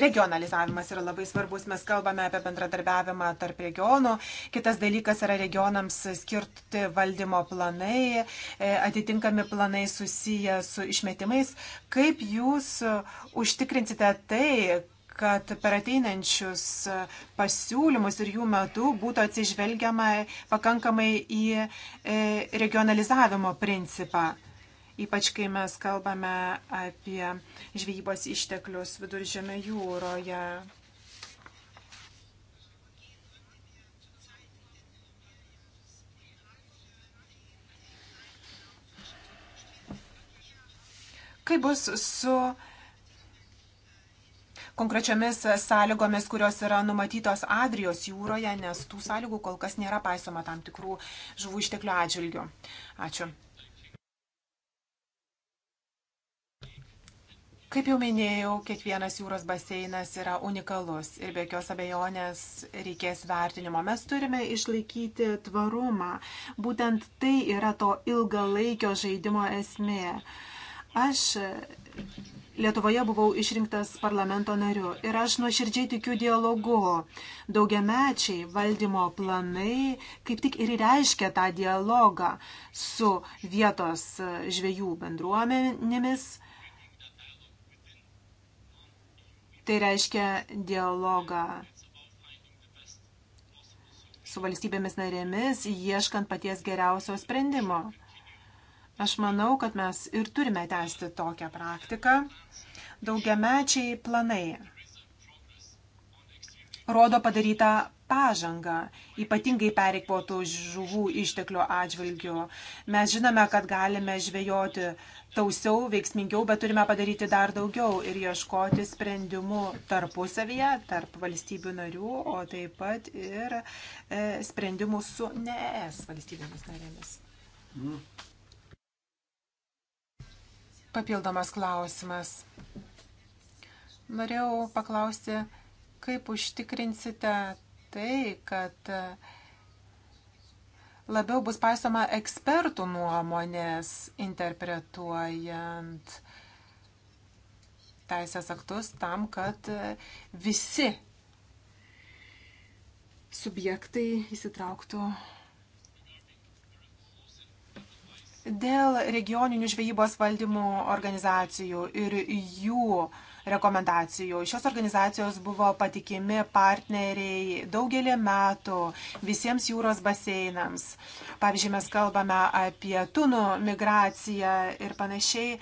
regionalizavimas yra labai svarbus. Mes kalbame apie bendradarbiavimą tarp regionų. Kitas dalykas yra regionams skirti valdymo planai, e, atitinkami planai susiję su išmetimais. Kaip jūs užtikrinsite tai, kad per ateinančius pasiūlymus ir jų metu būtų atsižvelgiama pakankamai į e, regionalizavimo principą? ypač kai mes kalbame apie žvejybos išteklius viduržėme jūroje. Kaip bus su konkrečiomis sąlygomis, kurios yra numatytos Adrijos jūroje, nes tų sąlygų kol kas nėra paisoma tam tikrų žuvų išteklių atžvilgių. Ačiū. Kaip jau minėjau, kiekvienas jūros baseinas yra unikalus ir be jokios abejonės reikės vertinimo. Mes turime išlaikyti tvarumą. Būtent tai yra to ilgalaikio žaidimo esmė. Aš Lietuvoje buvau išrinktas parlamento nariu ir aš nuoširdžiai tikiu dialogu. Daugiamečiai valdymo planai kaip tik ir reiškia tą dialogą su vietos žvėjų bendruomenėmis Tai reiškia dialogą su valstybėmis narėmis, ieškant paties geriausio sprendimo. Aš manau, kad mes ir turime tęsti tokią praktiką. Daugiamečiai planai rodo padarytą pažangą, ypatingai pereikvotų žuvų išteklių atžvilgių. Mes žinome, kad galime žvejoti tausiau, veiksmingiau, bet turime padaryti dar daugiau ir ieškoti sprendimų tarpusavyje, tarp valstybių narių, o taip pat ir e, sprendimų su NES valstybėmis narėmis. Mm. Papildomas klausimas. Norėjau paklausti, kaip užtikrinsite tai, kad e, labiau bus paisoma ekspertų nuomonės interpretuojant teisės aktus tam, kad visi subjektai įsitrauktų dėl regioninių žvejybos valdymo organizacijų ir jų uh, rekomendacijų. Šios organizacijos buvo patikimi partneriai daugelį metų visiems jūros baseinams. Pavyzdžiui, mes kalbame apie tunų migraciją ir panašiai.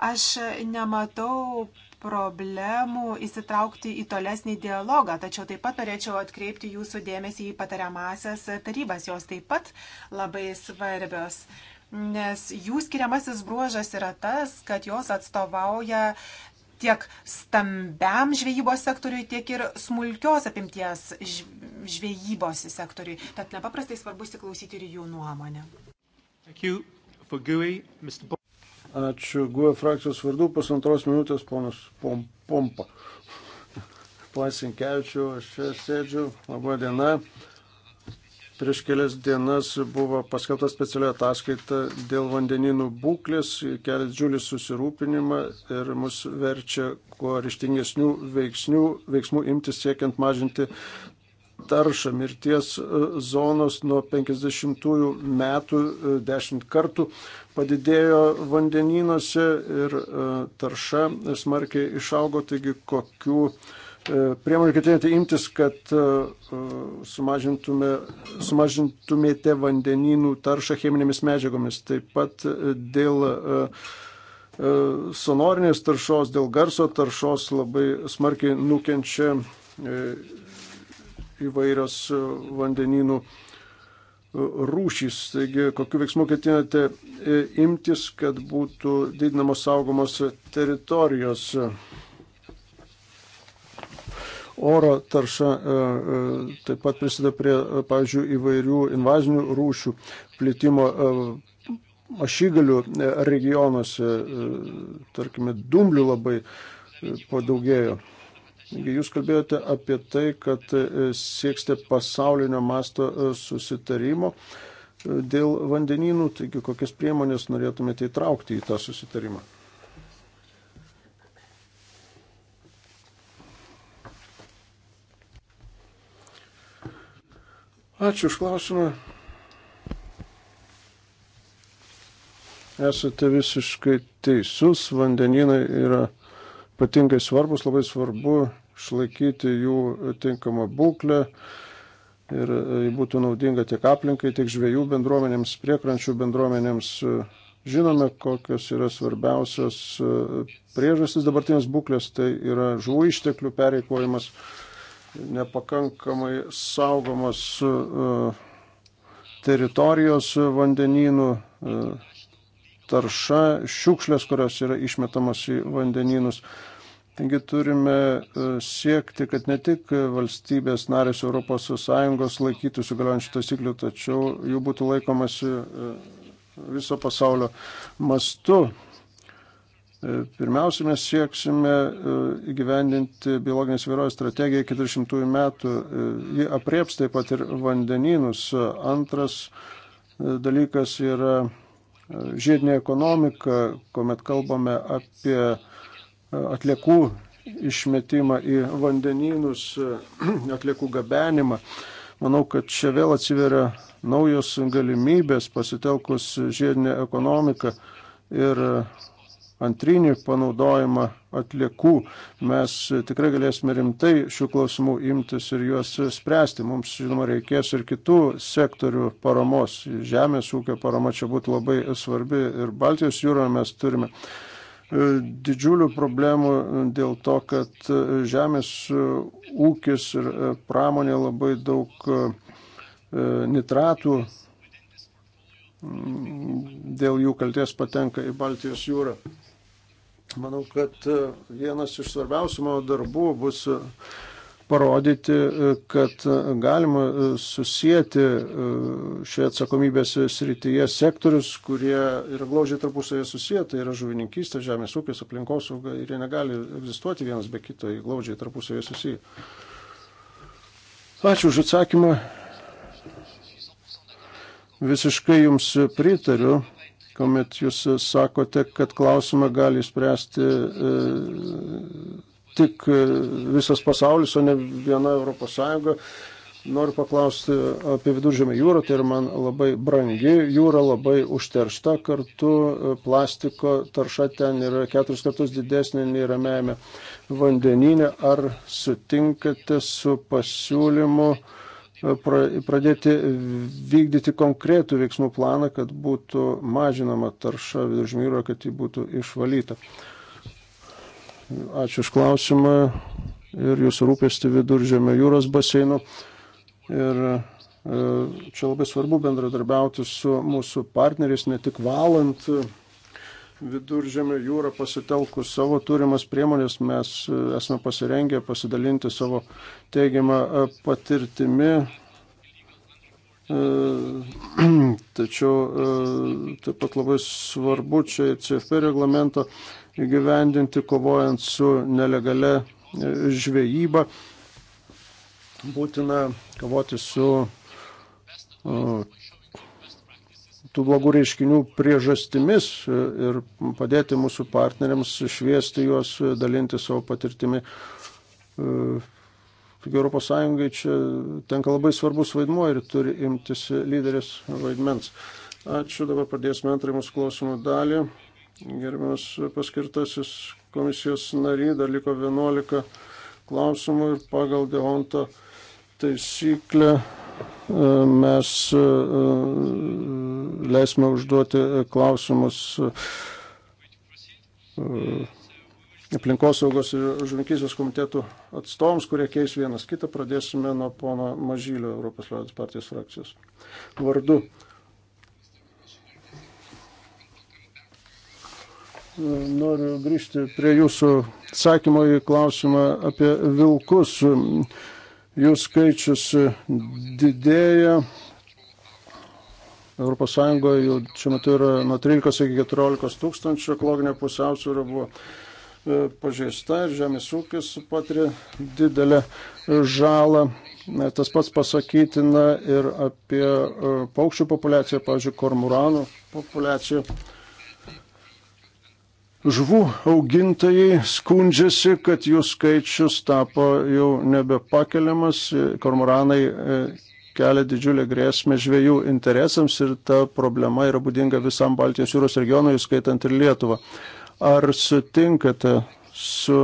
Aš nematau problemų įsitraukti į tolesnį dialogą, tačiau taip pat norėčiau atkreipti jūsų dėmesį į patariamasias tarybas, jos taip pat labai svarbios. Nes jų skiriamasis bruožas yra tas, kad jos atstovauja tiek stambiam žvejybos sektoriui, tiek ir smulkios apimties žvejybos sektoriui. Tad nepaprastai svarbu įsiklausyti ir jų nuomonę. Ačiū GUE frakcijos vardu, pusantros minutės ponas pom, Pompa. Pasinkevičiu, aš čia sėdžiu, laba diena. Prieš kelias dienas buvo paskelbta speciali ataskaita dėl vandeninų būklės, kelia didžiulį susirūpinimą ir mus verčia kuo ryštingesnių veiksnių, veiksmų imtis siekiant mažinti taršą. Mirties e, zonos nuo 50-ųjų metų 10 e, kartų padidėjo vandenynuose ir e, tarša smarkiai išaugo, taigi kokių E, priemonių ketinate imtis, kad e, e, sumažintume, sumažintumėte vandenynų taršą cheminėmis medžiagomis. Taip pat dėl sonorinės taršos, dėl garso taršos labai smarkiai nukenčia įvairios vandenynų rūšys. Taigi, kokiu veiksmu ketinate imtis, kad būtų didinamos saugomos teritorijos Oro tarša e, e, taip pat prisideda prie, e, pavyzdžiui, įvairių invazinių rūšių plitimo ašygalių regionuose, tarkime, dumblių labai padaugėjo. Jūs kalbėjote apie tai, kad sieksite pasaulinio masto susitarimo dėl vandenynų, taigi kokias priemonės norėtumėte įtraukti į tą susitarimą? Ačiū už klausimą. Esate visiškai teisus, vandeninai yra ypatingai svarbus, labai svarbu išlaikyti jų tinkamą būklę ir jį būtų naudinga tiek aplinkai, tiek žviejų bendruomenėms, priekrančių bendruomenėms. Žinome, kokios yra svarbiausios priežastys dabartinės būklės, tai yra žuvų išteklių pereikojimas nepakankamai saugomas e, teritorijos vandenynų e, tarša, šiukšlės, kurios yra išmetamas į vandenynus. Taigi turime e, siekti, kad ne tik valstybės narės ES laikytųsi galiojančių taisyklių, tačiau jų būtų laikomasi viso pasaulio mastu. E, pirmiausia, mes sieksime e, įgyvendinti biologinės vyros strategiją 400 metų. E, ji aprieps taip pat ir vandenynus. Antras dalykas yra žiedinė ekonomika, kuomet kalbame apie atliekų išmetimą į vandenynus, atliekų gabenimą. Manau, kad čia vėl atsiveria naujos galimybės pasitelkus žiedinę ekonomiką ir antrinį panaudojimą atliekų, mes tikrai galėsime rimtai šių klausimų imtis ir juos spręsti. Mums, žinoma, reikės ir kitų sektorių paramos. Žemės ūkio parama čia būtų labai svarbi ir Baltijos jūroje mes turime. Didžiulių problemų dėl to, kad žemės ūkis ir pramonė labai daug e, nitratų dėl jų kalties patenka į Baltijos jūrą. Manau, kad e, vienas iš svarbiausių mano darbų bus e, parodyti, e, kad galima susijęti šioje atsakomybės srityje sektorius, kurie yra glaužiai tarpusavėje susiję, tai yra žuvininkystė, žemės ūkis, aplinkosauga ir jie negali egzistuoti vienas be kito, jie glaužiai tarpusavėje susiję. Ačiū už atsakymą. Visiškai jums pritariu kuomet jūs e, sakote, kad klausimą gali spręsti e, tik e, visas pasaulis, o ne viena Europos Sąjunga. Noriu paklausti apie viduržėmę jūrą, tai yra man labai brangi jūra, labai užteršta, kartu e, plastiko tarša ten yra keturis kartus didesnė nei ramiajame vandenyne. Ar sutinkate su pasiūlymu uh, pradėti vykdyti konkretų veiksmų planą, kad būtų mažinama tarša viduržmio jūroje, kad ji būtų išvalyta. Ačiū už klausimą ir jūsų rūpestį viduržėmio jūros baseinu. Ir e, čia labai svarbu bendradarbiauti su mūsų partneriais, ne tik valant viduržėmio jūrą pasitelkus savo turimas priemonės mes e, esame pasirengę pasidalinti savo teigiamą e, patirtimi. E, tačiau taip pat labai svarbu čia ir CFP reglamento įgyvendinti, kovojant su nelegale žvejyba. Būtina kovoti su tų blogų reiškinių priežastimis ir padėti mūsų partneriams šviesti juos, dalinti savo patirtimi. Tik Europos Sąjungai čia tenka labai svarbus vaidmuo ir turi imtis lyderis vaidmens. Ačiū, dabar pradėsime antrąjį mūsų klausimų dalį. Gerbiamas paskirtasis komisijos nary, dar liko 11 klausimų ir pagal Dehonto taisyklę e, mes e, leisime užduoti klausimus e, aplinkosaugos ir žuvinkysės komitetų atstovams, kurie keis vienas kitą. Pradėsime nuo pono Mažylio Europos liaudės partijos frakcijos vardu. Noriu grįžti prie jūsų atsakymo į klausimą apie vilkus. Jų skaičius didėja, ES jau šiuo metu yra nuo 13 iki 14 tūkstančių, ekologinė pusiausvyrė buvo e, pažeista ir žemės ūkis patiria didelę e, žalą. E, tas pats pasakytina ir apie paukščių populiaciją, pavyzdžiui, kormoranų populiaciją. Žuvų augintojai skundžiasi, kad jų skaičius tapo jau nebepakeliamas, kormoranai kelia didžiulę grėsmę žvėjų interesams ir ta problema yra būdinga visam Baltijos jūros regionui, skaitant ir Lietuvą. Ar sutinkate su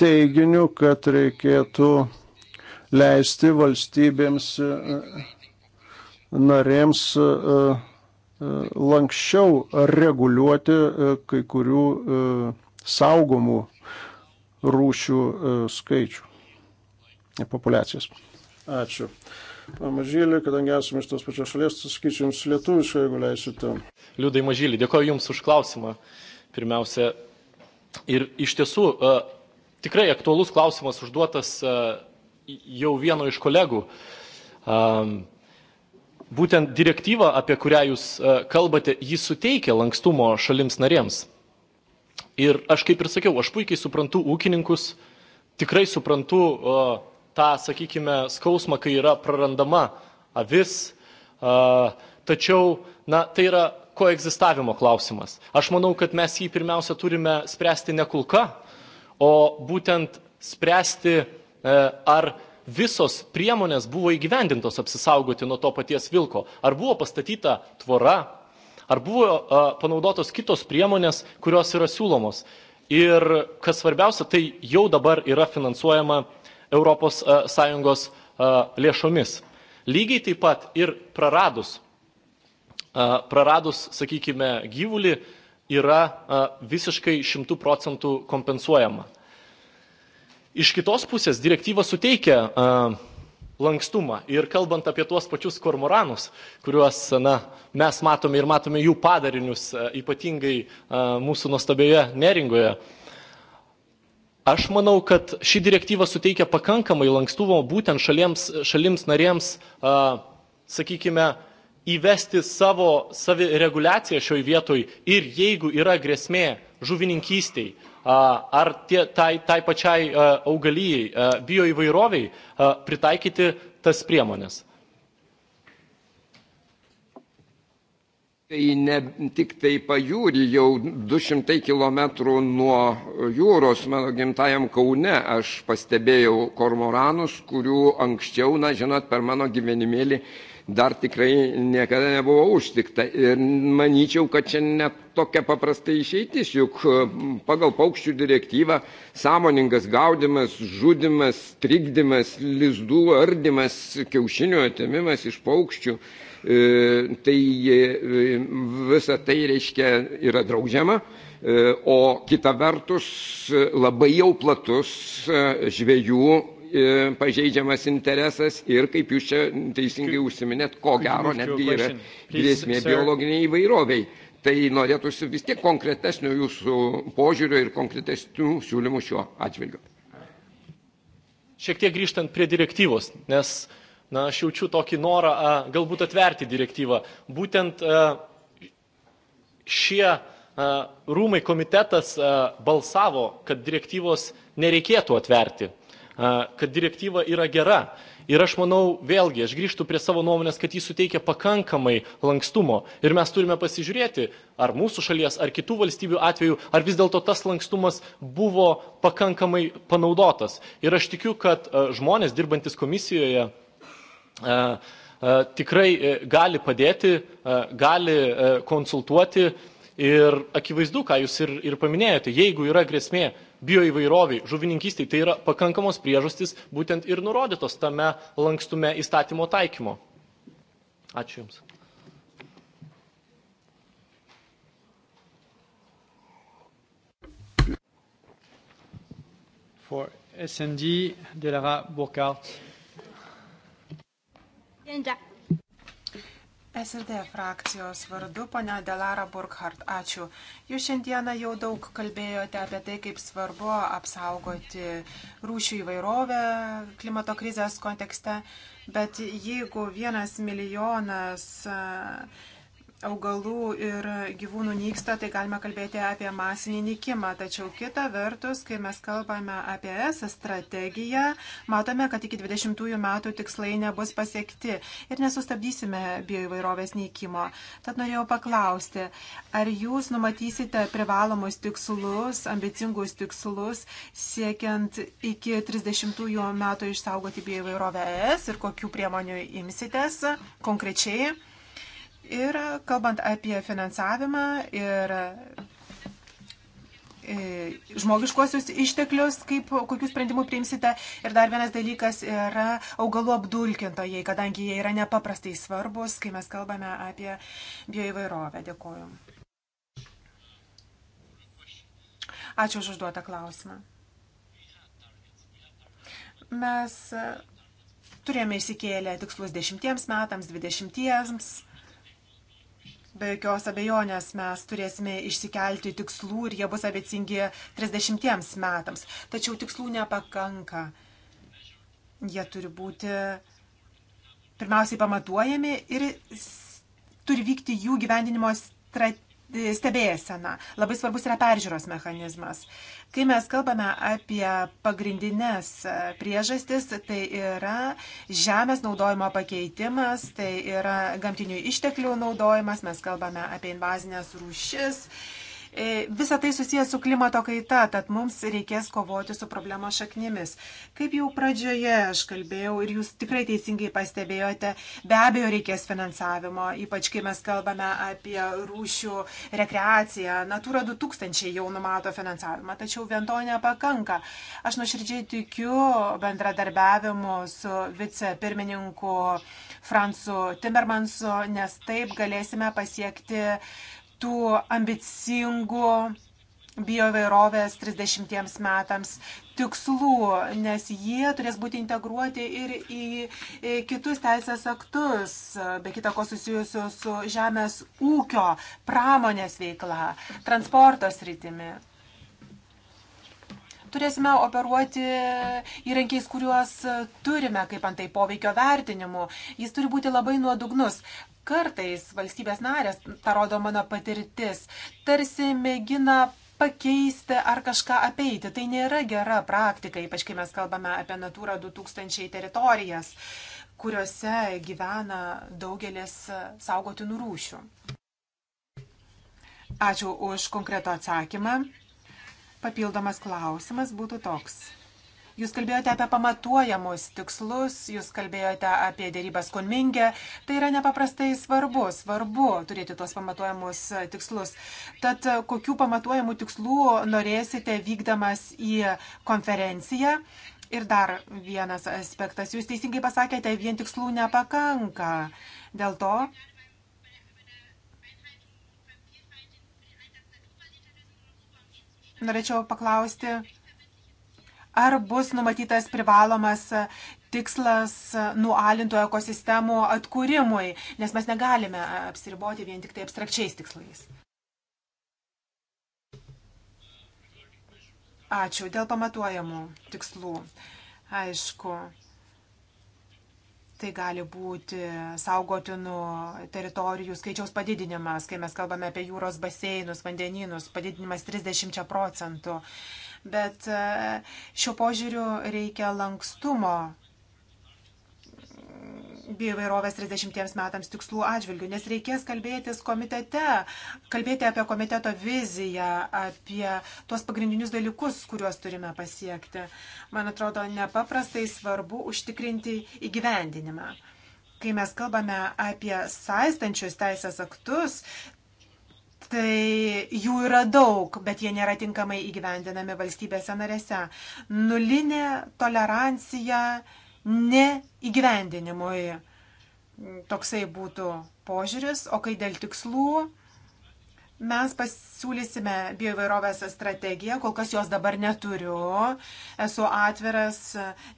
teiginiu, kad reikėtų leisti valstybėms e, e, narėms e, lankščiau reguliuoti kai kurių saugomų rūšių skaičių, populiacijos. Ačiū. Mažylį, kadangi esame iš tos pačios šalies, tai sakyčiau jums lietuviškai, jeigu leisite. Liūdai Mažylį, dėkoju Jums už klausimą. Pirmiausia, ir iš tiesų e, tikrai aktualus klausimas užduotas e, jau vieno iš kolegų. E, būtent direktyva, apie kurią jūs kalbate, ji suteikia lankstumo šalims narėms. Ir aš kaip ir sakiau, aš puikiai suprantu ūkininkus, tikrai suprantu uh, tą, sakykime, skausmą, kai yra prarandama avis. Tačiau, na, tai yra koegzistavimo klausimas. Aš manau, kad mes jį pirmiausia turime spręsti ne kulka, o būtent spręsti, e, ar visos priemonės buvo įgyvendintos apsisaugoti nuo to paties vilko, ar buvo pastatyta tvora, ar buvo panaudotos kitos priemonės, kurios yra siūlomos. Ir kas svarbiausia, tai jau dabar yra finansuojama ES e, e, lėšomis. Lygiai taip pat ir praradus, e, praradus sakykime, gyvulį yra visiškai šimtų procentų kompensuojama. Iš kitos pusės direktyva suteikia lankstumą. Ir kalbant apie tuos pačius kormoranus, kuriuos na, mes matome ir matome jų padarinius, ypatingai mūsų nuostabioje neringoje, aš manau kad ši direktyva suteikia pakankamai lankstumo būtent šaliems, šalims narėms, a, sakykime, įvesti savo savireguliaciją šioj vietoj ir jeigu yra grėsmė žuvininkystiai, ar tie, tai, tai pačiai augalyjai, bioįvairoviai, pritaikyti tas priemonės. Tai ne tik tai pajūri, jau 200 km nuo jūros, mano gimtajam Kaune, aš pastebėjau kormoranus, kurių anksčiau, na žinot, per mano gyvenimėlį dar tikrai niekada nebuvo užtikta. Ir manyčiau, kad čia net tokia paprastai išeitis, juk pagal paukščių direktyvą sąmoningas gaudimas, žudimas, trikdymas, lizdų ardymas, kiaušinių atėmimas iš paukščių E, tai e, visa tai reiškia yra draudžiama, e, o kita vertus labai jau platus žvėjų pažeidžiamas interesas ir, kaip jūs čia teisingai užsiminėt, ko gero netgi yra grėsmė biologiniai įvairoviai. Tai norėtųsi vis tiek konkretesnio jūsų požiūrio ir konkretesnių siūlymų šiuo atžvilgiu. Šiek tiek grįžtant prie direktyvos, nes uh, na, aš jaučiu tokį norą a, galbūt atverti direktyvą. Būtent a, šie a, rūmai komitetas a, balsavo, kad direktyvos nereikėtų atverti, a, kad direktyva yra gera. Ir aš manau, vėlgi, aš grįžtu prie savo nuomonės, kad jis suteikia pakankamai lankstumo. Ir mes turime pasižiūrėti, ar mūsų šalies, ar kitų valstybių atveju, ar vis dėlto tas lankstumas buvo pakankamai panaudotas. Ir aš tikiu, kad žmonės dirbantis komisijoje, tikrai e, gali padėti, gali e, konsultuoti ir akivaizdu, ką jūs ir, ir paminėjote, jeigu yra grėsmė bioįvairoviai, žuvininkystiai, tai yra pakankamos priežastys būtent ir nurodytos tame lankstume įstatymo taikymo. Ačiū Jums. For SND Delara Burkhardt. SLD frakcijos vardu, ponia Delara Burkhardt, ačiū. Jūs šiandieną jau daug kalbėjote apie tai, kaip svarbu apsaugoti rūšių įvairovę klimato krizės kontekste, bet jeigu vienas milijonas uh, augalų ir gyvūnų nyksta, tai galime kalbėti apie masinį nykimą. Tačiau kita vertus, kai mes kalbame apie ES strategiją, matome, kad iki 20 metų tikslai nebus pasiekti ir nesustabdysime bioįvairovės nykimo. Tad norėjau paklausti, ar jūs numatysite privalomus tikslus, ambicingus tikslus, siekiant iki 30 metų išsaugoti bioįvairovę ES ir kokių priemonių imsitės konkrečiai? Ir kalbant apie finansavimą ir e, žmogiškuosius išteklius, kaip, kokius sprendimus priimsite. Ir dar vienas dalykas yra augalų apdulkintojai, kadangi jie yra nepaprastai svarbus, kai mes kalbame apie bioįvairovę. Dėkuoju. Ačiū už užduotą klausimą. Mes turėjome išsikėlę tikslus dešimtiems metams, dvidešimtiems metams Be jokios abejonės mes turėsime išsikelti tikslų ir jie bus abecingi 30 metams. Tačiau tikslų nepakanka. Jie turi būti pirmiausiai pamatuojami ir turi vykti jų gyvendinimo strategija stebėsena. Labai svarbus yra peržiūros mechanizmas. Kai mes kalbame apie pagrindinės priežastis, tai yra žemės naudojimo pakeitimas, tai yra gamtinių išteklių naudojimas, mes kalbame apie invazinės rūšis. Uh, E, visa tai susijęs su klimato kaita, tad mums reikės kovoti su problemo šaknimis. Kaip jau pradžioje aš kalbėjau ir jūs tikrai teisingai pastebėjote, be abejo reikės finansavimo, ypač kai mes kalbame apie rūšių rekreaciją. Natūra 2000 jau numato finansavimą, tačiau vien to nepakanka. Aš nuoširdžiai tikiu bendradarbiavimu su vicepirmininku Francu Timmermansu, nes taip galėsime pasiekti tų ambicingų biovairovės 30 metams tikslų, nes jie turės būti integruoti ir į kitus teisės aktus, be kita ko susijusiu su žemės ūkio, pramonės veikla, transporto sritimi. Turėsime operuoti įrankiais, kuriuos turime, kaip antai poveikio vertinimu. Jis turi būti labai nuodugnus kartais valstybės narės, tą rodo mano patirtis, tarsi mėgina pakeisti ar kažką apeiti. Tai nėra gera praktika, ypač kai mes kalbame apie Natūra 2000 teritorijas, kuriuose gyvena daugelis saugotinų rūšių. Ačiū už konkretų atsakymą. Papildomas klausimas būtų toks. Jūs kalbėjote apie pamatuojamus tikslus, jūs kalbėjote apie dėrybas konmingę. Tai yra nepaprastai svarbu, svarbu turėti tuos pamatuojamus e, tikslus. Tad e, kokių pamatuojamų tikslų norėsite vykdamas į konferenciją? Ir dar vienas aspektas. Jūs teisingai pasakėte, vien tikslų nepakanka. Dėl to norėčiau paklausti, Ar bus numatytas privalomas tikslas nualintų ekosistemų atkūrimui, nes mes negalime apsiriboti vien tik tai abstrakčiais tikslais. Ačiū dėl pamatuojamų tikslų. Aišku, tai gali būti saugotinų teritorijų skaičiaus padidinimas, kai mes kalbame apie jūros baseinus, vandenynus, padidinimas 30 procentų. Uh, bet e, šio požiūriu reikia lankstumo bioįvairovės 30 metams tikslų atžvilgių, nes reikės kalbėtis komitete, kalbėti apie komiteto viziją, apie tuos pagrindinius dalykus, kuriuos turime pasiekti. Man atrodo, nepaprastai svarbu užtikrinti įgyvendinimą. Kai mes kalbame apie saistančius teisės aktus, tai jų yra daug, bet jie nėra tinkamai įgyvendinami valstybėse narėse. Nulinė tolerancija neįgyvendinimui. Toksai būtų požiūris, o kai dėl tikslų, mes pasiūlysime bioįvairovės strategiją, kol kas jos dabar neturiu, esu atviras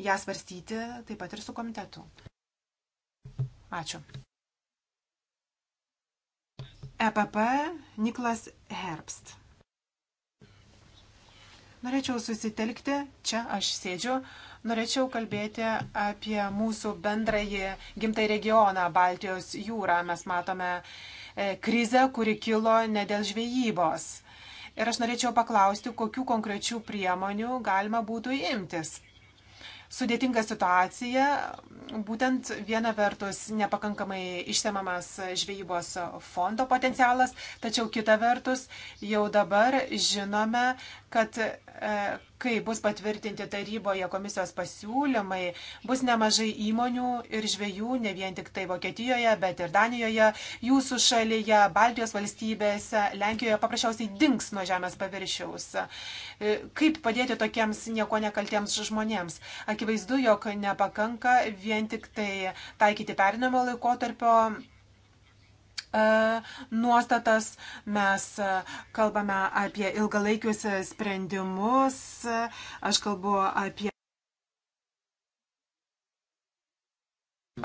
ją svarstyti taip pat ir su komitetu. Ačiū. EPP Niklas Herbst. Norėčiau susitelkti, čia aš sėdžiu, norėčiau kalbėti apie mūsų bendrąjį gimtai regioną Baltijos jūrą. Mes matome e, krizę, kuri kilo ne dėl žvejybos. Ir aš norėčiau paklausti, kokių konkrečių priemonių galima būtų imtis sudėtinga situacija. Būtent viena vertus nepakankamai išsiamamas žvejybos fondo potencialas, tačiau kita vertus jau dabar žinome, kad e, kai bus patvirtinti taryboje komisijos pasiūlymai, bus nemažai įmonių ir žvėjų, ne vien tik tai Vokietijoje, bet ir Danijoje, jūsų šalyje, Baltijos valstybėse, Lenkijoje paprasčiausiai dinks nuo žemės paviršiaus. E, kaip padėti tokiems nieko nekaltiems žmonėms? Akivaizdu, jog nepakanka vien tik tai taikyti perinamo laikotarpio E, nuostatas, mes e, kalbame apie ilgalaikius sprendimus, aš kalbu apie.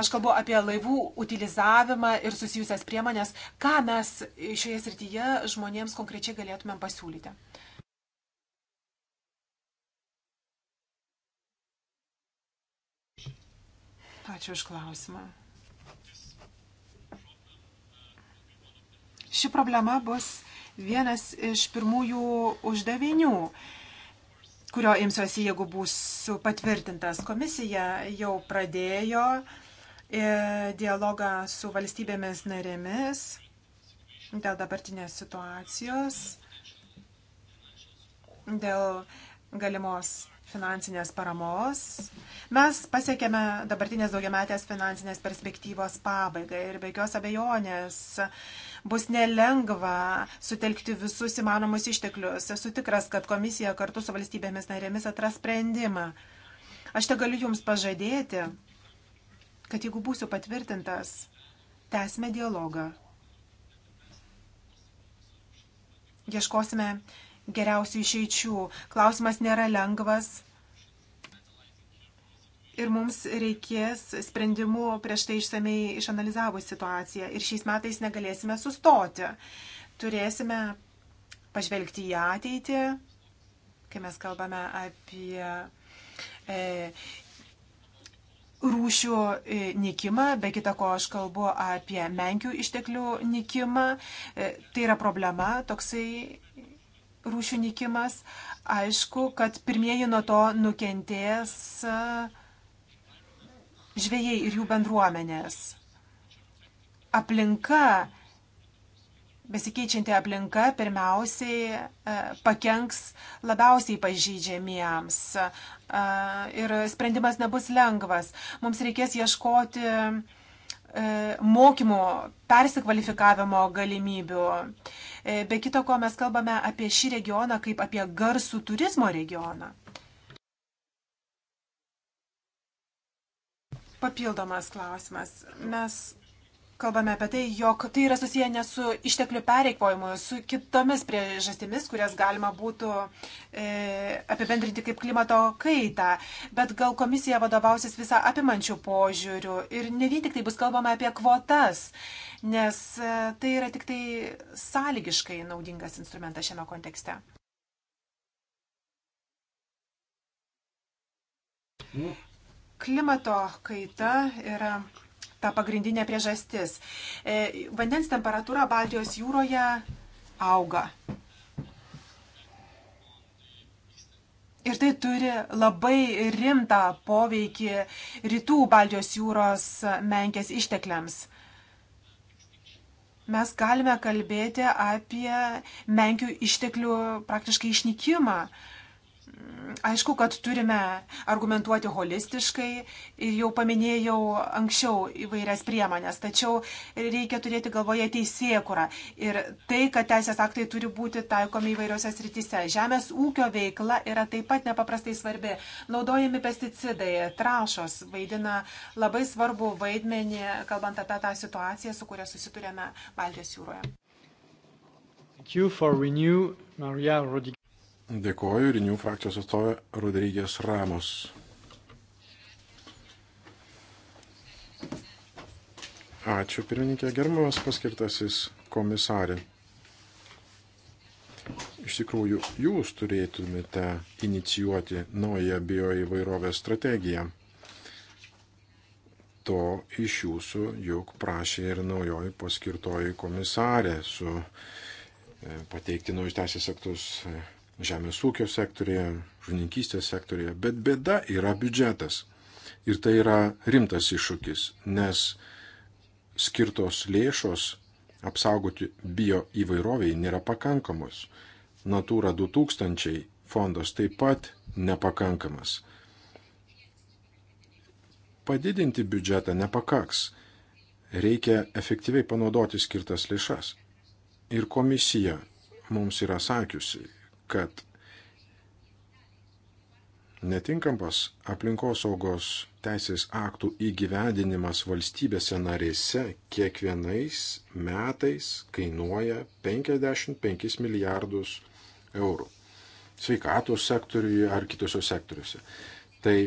Aš kalbu apie laivų utilizavimą ir susijusias priemonės, ką mes šioje srityje žmonėms konkrečiai galėtumėm pasiūlyti. Ačiū iš klausimą. ši problema bus vienas iš pirmųjų uždavinių, kurio imsiuosi, jeigu būsiu patvirtintas. Komisija jau pradėjo e, dialogą su valstybėmis narėmis dėl dabartinės situacijos, dėl galimos finansinės paramos. Mes pasiekėme dabartinės daugiametės finansinės perspektyvos pabaigą ir be jokios abejonės bus nelengva sutelkti visus įmanomus išteklius. Esu tikras, kad komisija kartu su valstybėmis narėmis atras sprendimą. Aš te galiu Jums pažadėti, kad jeigu būsiu patvirtintas, tęsime dialogą. Ieškosime geriausių išeičių. Klausimas nėra lengvas. Ir mums reikės sprendimų prieš tai išsamei išanalizavus situaciją. Ir šiais metais negalėsime sustoti. Turėsime pažvelgti į ateitį, kai mes kalbame apie e, rūšių e, nikimą, be kita ko aš kalbu apie menkių išteklių nikimą. E, tai yra problema, toksai rūšių nikimas. Aišku, kad pirmieji nuo to nukentės e, žvėjai ir jų bendruomenės. Aplinka, besikeičianti aplinka, pirmiausiai e, pakenks labiausiai pažydžiamiems. E, ir sprendimas nebus lengvas. Mums reikės ieškoti E, mokymo, persikvalifikavimo galimybių. E, be kito ko mes kalbame apie šį regioną kaip apie garsų turizmo regioną. Papildomas klausimas. Mes kalbame apie tai, jog tai yra susiję ne su išteklių pereikvojimu, su kitomis priežastimis, kurias galima būtų e, apibendrinti kaip klimato kaitą. Bet gal komisija vadovausis visą apimančių požiūrių ir ne vien tik tai bus kalbama apie kvotas, nes e, tai yra tik tai sąlygiškai naudingas instrumentas šiame kontekste. Nu. Klimato kaita yra ta pagrindinė priežastis. E, vandens temperatūra Baltijos jūroje auga. Ir tai turi labai rimtą poveikį rytų Baltijos jūros menkės ištekliams. Mes galime kalbėti apie menkių išteklių praktiškai išnykimą. Uh, aišku, kad turime argumentuoti holistiškai ir jau paminėjau anksčiau įvairias priemonės, tačiau reikia turėti galvoje teisėkurą ir tai, kad teisės aktai turi būti taikomi įvairiose srityse. Žemės ūkio veikla yra taip pat nepaprastai svarbi. Naudojami pesticidai, trašos vaidina labai svarbu vaidmenį, kalbant apie tą situaciją, su kuria susiturėme Baltijos jūroje. Thank you for renew Maria Rodig Dėkoju Rinių frakcijos atstovė Rodrygės Ramos. Ačiū pirmininkė, gerbiamas paskirtasis komisarė. Iš tikrųjų, jūs turėtumėte inicijuoti naują bioįvairovės strategiją. To iš jūsų juk prašė ir naujoji paskirtoji komisarė su e, pateikti naujus teisės aktus e, žemės ūkio sektorėje, žuvininkystės sektorėje, bet bėda yra biudžetas. Ir tai yra rimtas iššūkis, nes skirtos lėšos apsaugoti bio įvairoviai nėra pakankamos. Natūra 2000 fondas taip pat nepakankamas. Padidinti biudžetą nepakaks. Reikia efektyviai panaudoti skirtas lėšas. Ir komisija mums yra sakiusi, kad netinkamos aplinkosaugos teisės aktų įgyvendinimas valstybėse narėse kiekvienais metais kainuoja 55 milijardus eurų sveikatos sektoriuje ar kitose sektoriuose. Tai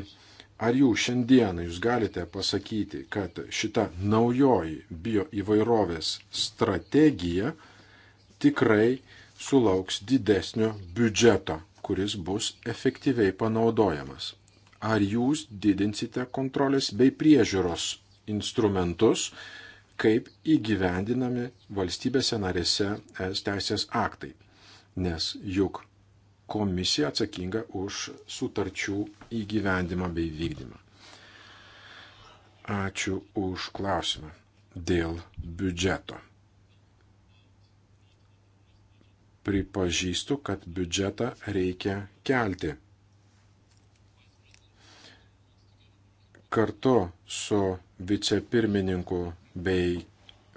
ar jūs šiandieną jūs galite pasakyti, kad šita naujoji bioįvairovės strategija tikrai sulauks didesnio biudžeto, kuris bus efektyviai panaudojamas. Ar jūs didinsite kontrolės bei priežiūros instrumentus, kaip įgyvendinami valstybėse narėse es teisės aktai? Nes juk komisija atsakinga už sutarčių įgyvendimą bei vykdymą. Ačiū už klausimą dėl biudžeto. pripažįstu, kad biudžetą reikia kelti. Kartu su vicepirmininku bei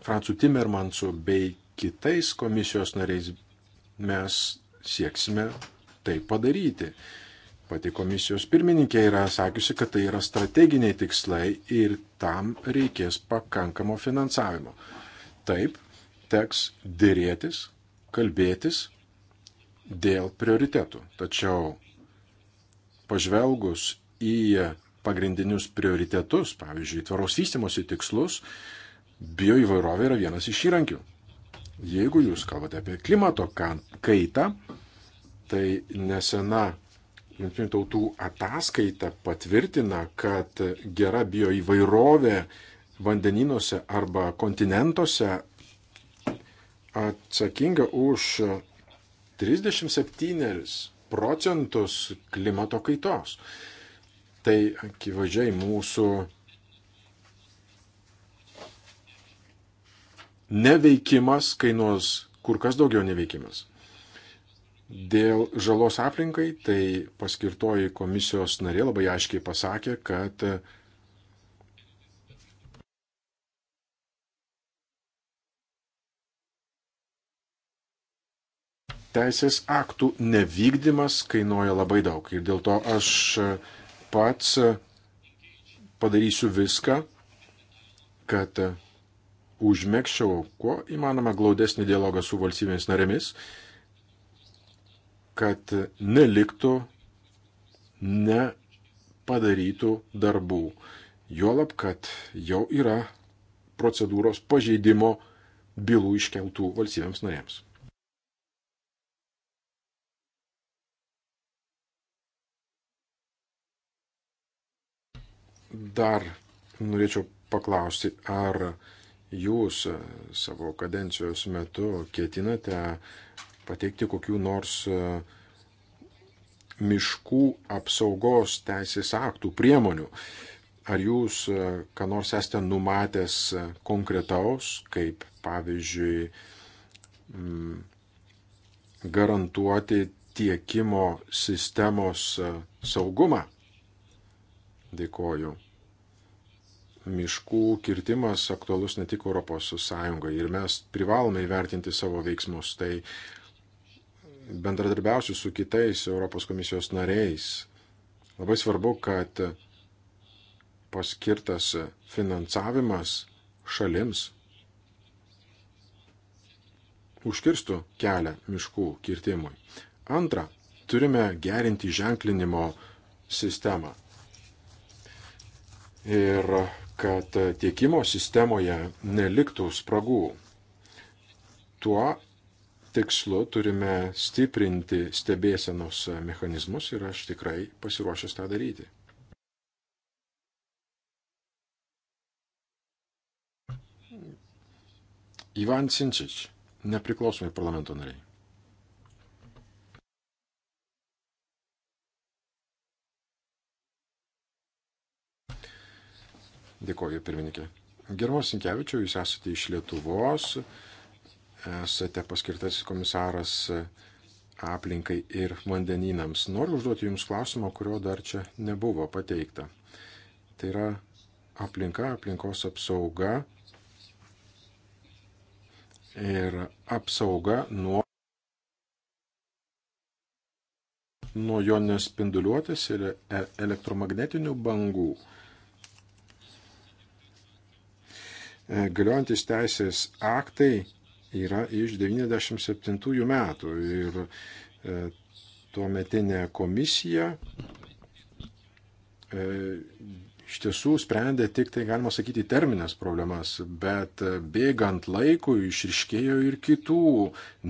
Francu Timermansu bei kitais komisijos nariais mes sieksime tai padaryti. Pati komisijos pirmininkė yra sakiusi, kad tai yra strateginiai tikslai ir tam reikės pakankamo finansavimo. Taip, teks dėrėtis, kalbėtis dėl prioritetų. Tačiau pažvelgus į pagrindinius prioritetus, pavyzdžiui, tvaraus vystimosi tikslus, bioįvairovė yra vienas iš įrankių. Jeigu jūs kalbate apie klimato kaitą, tai nesena Junktinių tautų ataskaita patvirtina, kad gera bioįvairovė vandeninuose arba kontinentuose atsakinga už 37 procentus klimato kaitos. Tai akivaizdžiai mūsų neveikimas kainuos kur kas daugiau neveikimas. Dėl žalos aplinkai, tai paskirtoji komisijos narė labai aiškiai pasakė, kad teisės aktų nevykdymas kainuoja labai daug. Ir dėl to aš pats padarysiu viską, kad užmėgščiau kuo įmanoma glaudesnį dialogą su valstybėmis narėmis, kad neliktų nepadarytų darbų. Juolab, kad jau yra procedūros pažeidimo bylų iškeltų valstybėms narėms. dar norėčiau paklausti, ar jūs savo kadencijos metu ketinate pateikti kokių nors e, miškų apsaugos teisės aktų priemonių. Ar jūs, e, ką nors esate numatęs konkretaus, kaip pavyzdžiui, garantuoti tiekimo sistemos e, saugumą? Dėkoju miškų kirtimas aktualus ne tik ES ir mes privalome įvertinti savo veiksmus. Tai bendradarbiausiu su kitais ES nariais. Labai svarbu, kad paskirtas finansavimas šalims užkirstų kelią miškų kirtimui. Antra, turime gerinti ženklinimo sistemą. Ir kad tiekimo sistemoje neliktų spragų. Tuo tikslu turime stiprinti stebėsenos mechanizmus ir aš tikrai pasiruošęs tą daryti. Ivan Sinčič, nepriklausomi parlamento nariai. Dėkoju, pirmininkė. Germos Sinkevičiau, jūs esate iš Lietuvos, esate paskirtasis komisaras aplinkai ir vandenynams. Noriu užduoti Jums klausimą, kurio dar čia nebuvo pateikta. Tai yra aplinka, aplinkos apsauga ir apsauga nuo, nuo joninės spinduliuotės ir e, elektromagnetinių bangų. E, Galiojantis teisės aktai yra iš 97 metų ir e, tuo metinė komisija e, iš tiesų sprendė tik tai, galima sakyti, terminės problemas, bet bėgant laikui išriškėjo ir kitų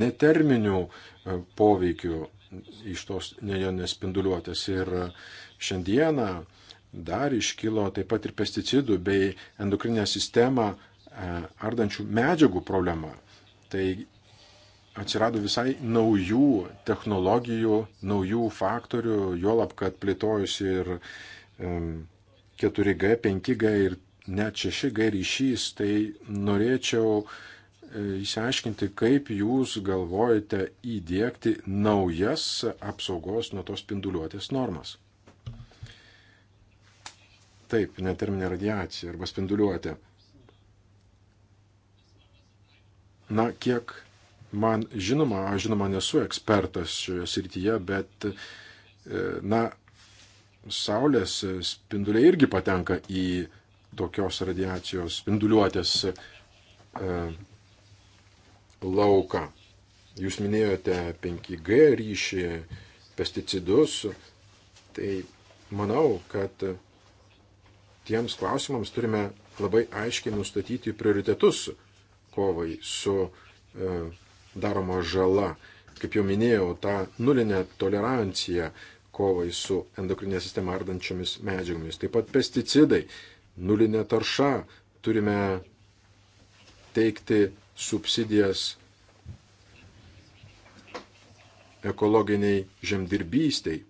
neterminių poveikių iš tos nejonės spinduliuotės. Ir šiandieną dar iškilo taip pat ir pesticidų bei endokrinę sistemą e, ardančių medžiagų problema. Tai atsirado visai naujų technologijų, naujų faktorių, juolab, kad plėtojusi ir 4G, 5G ir net 6G ryšys, tai norėčiau įsiaiškinti, e, kaip jūs galvojate įdėkti naujas apsaugos nuo tos spinduliuotės normas. Taip, neterminė radiacija arba spinduliuotė. Na, kiek man žinoma, aš žinoma nesu ekspertas šioje srityje, bet, e, na, saulės spinduliai irgi patenka į tokios radiacijos spinduliuotės e, lauką. Jūs minėjote 5G ryšį, pesticidus. Tai manau, kad tiems klausimams turime labai aiškiai nustatyti prioritetus kovai su e, daroma žala. Kaip jau minėjau, tą nulinę toleranciją kovai su endokrinė sistema ardančiomis medžiagomis. Taip pat pesticidai, nulinė tarša. Turime teikti subsidijas ekologiniai žemdirbystei.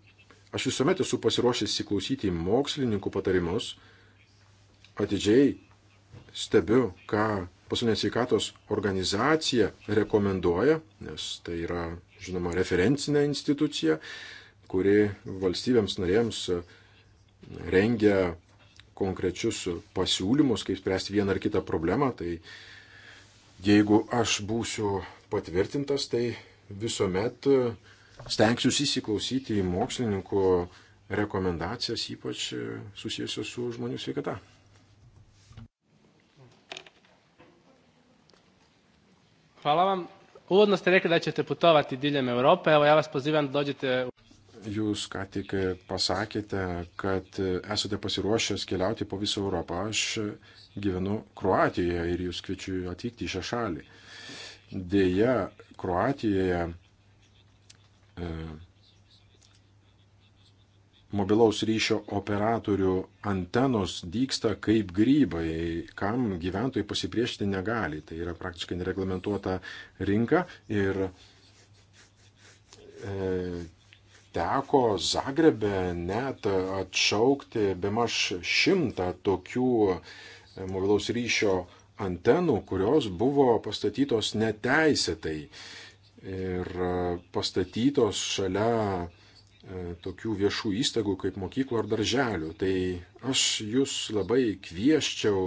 Aš visuomet esu pasiruošęs įklausyti mokslininkų patarimus atidžiai stebiu, ką pasaulinė sveikatos organizacija rekomenduoja, nes tai yra, žinoma, referencinė institucija, kuri valstybėms narėms e, rengia konkrečius pasiūlymus, kaip spręsti vieną ar kitą problemą. Tai jeigu aš būsiu patvirtintas, tai visuomet e, stengsiuosi įsiklausyti į mokslininkų rekomendacijas, ypač e, susijusios su žmonių sveikata. Hvala vam. Uvodno ste rekli da ćete putovati diljem Europe, evo ja vas pozivam da dođete. Jūs ką tik pasakėte, kad esate pasiruošęs keliauti po visą Europą. Aš gyvenu Kroatijoje ir jūs kviečiu atvykti į šią šalį. Deja, Kroatijoje e, mobilaus ryšio operatorių antenos dyksta kaip grybai, kam gyventojai pasipriešinti negali. Tai yra praktiškai nereglamentuota rinka ir e, teko Zagrebė net atšaukti be maž šimtą tokių e, mobilaus ryšio antenų, kurios buvo pastatytos neteisėtai ir e, pastatytos šalia E, tokių viešų įstaigų kaip mokyklų ar darželių. Tai aš jūs labai kvieščiau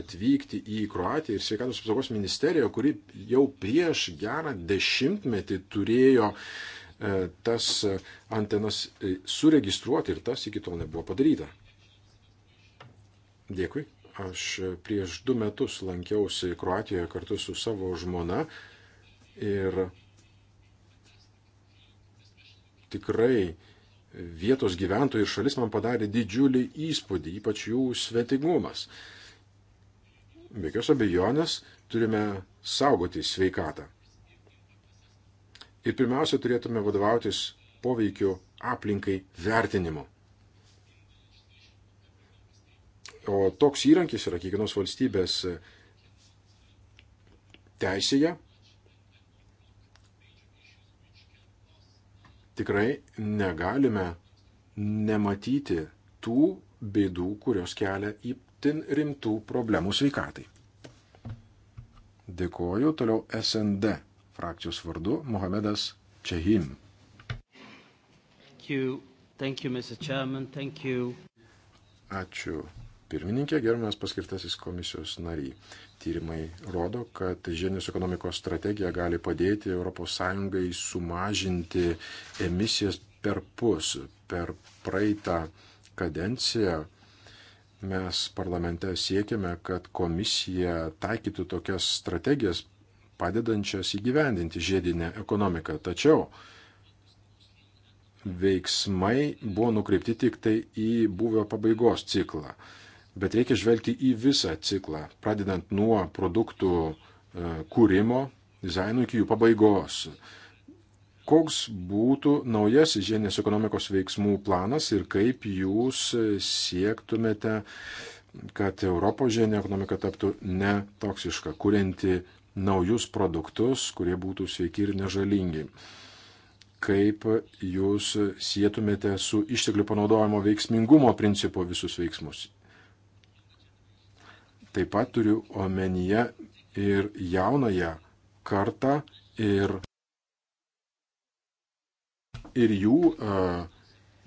atvykti į Kroatiją ir sveikatos apsaugos ministeriją, kuri jau prieš gerą dešimtmetį turėjo e, tas antenas e, suregistruoti ir tas iki tol nebuvo padaryta. Dėkui. Aš prieš du metus lankiausi Kroatijoje kartu su savo žmona ir tikrai vietos gyventojai ir šalis man padarė didžiulį įspūdį, ypač jų svetingumas. Be jokios abejonės turime saugoti sveikatą. Ir pirmiausia, turėtume vadovautis poveikio aplinkai vertinimu. O toks įrankis yra kiekvienos valstybės teisėje tikrai negalime nematyti tų bėdų, kurios kelia įtin rimtų problemų sveikatai. Dėkoju toliau SND frakcijos vardu Mohamedas Čehim. Thank you. Thank you, Mr. Chairman. Thank you. Ačiū pirmininkė, gerbiamas paskirtasis komisijos nariai. Tyrimai rodo, kad žiedinės ekonomikos strategija gali padėti ES sumažinti emisijas per pus. Per praeitą kadenciją mes parlamente siekiame, kad komisija taikytų tokias strategijas padedančias įgyvendinti žiedinę ekonomiką. Tačiau veiksmai buvo nukreipti tik tai į buvio pabaigos ciklą. Bet reikia žvelgti į visą ciklą, pradedant nuo produktų e, kūrimo, dizaino iki jų pabaigos. Koks būtų naujas žiedinės ekonomikos veiksmų planas ir kaip jūs siektumėte, kad Europos žiedinė ekonomika taptų netoksiška, kurianti naujus produktus, kurie būtų sveiki ir nežalingi. Kaip jūs sėtumėte su išteklių panaudojimo veiksmingumo principu visus veiksmus, Taip pat turiu omenyje ir jaunąją kartą ir, ir jų uh,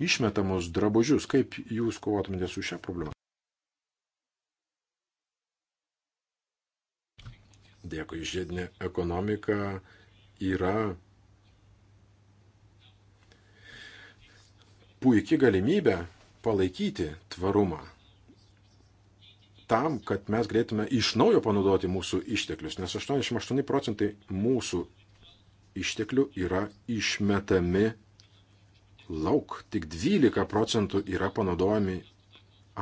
išmetamus drabužius. Kaip jūs kovotumėte su šia problema? Dėkui, žiedinė ekonomika yra puikia galimybė palaikyti tvarumą tam, kad mes galėtume iš naujo panaudoti mūsų išteklius, nes 88 procentai mūsų išteklių yra išmetami lauk, tik 12 procentų yra panaudojami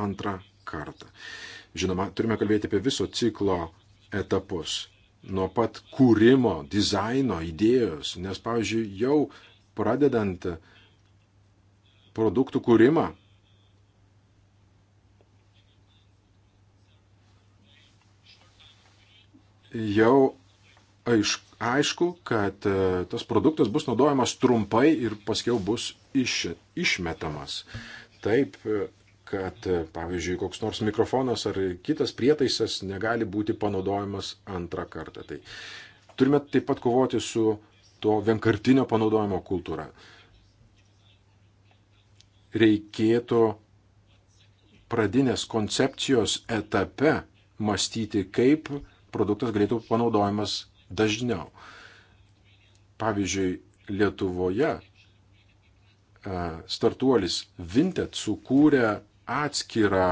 antrą kartą. Žinoma, turime kalbėti apie viso ciklo etapus, nuo pat kūrimo, dizaino, idėjos, nes, pavyzdžiui, jau pradedant produktų kūrimą, jau aiš, aišku, kad e, tas produktas bus naudojamas trumpai ir paskiau bus iš, išmetamas. Taip, e, kad e, pavyzdžiui, koks nors mikrofonas ar kitas prietaisas negali būti panaudojamas antrą kartą. Tai turime taip pat kovoti su to vienkartinio panaudojimo kultūra. Reikėtų pradinės koncepcijos etape mąstyti, kaip produktas galėtų panaudojamas dažniau. Pavyzdžiui, Lietuvoje e, startuolis Vinted sukūrė atskirą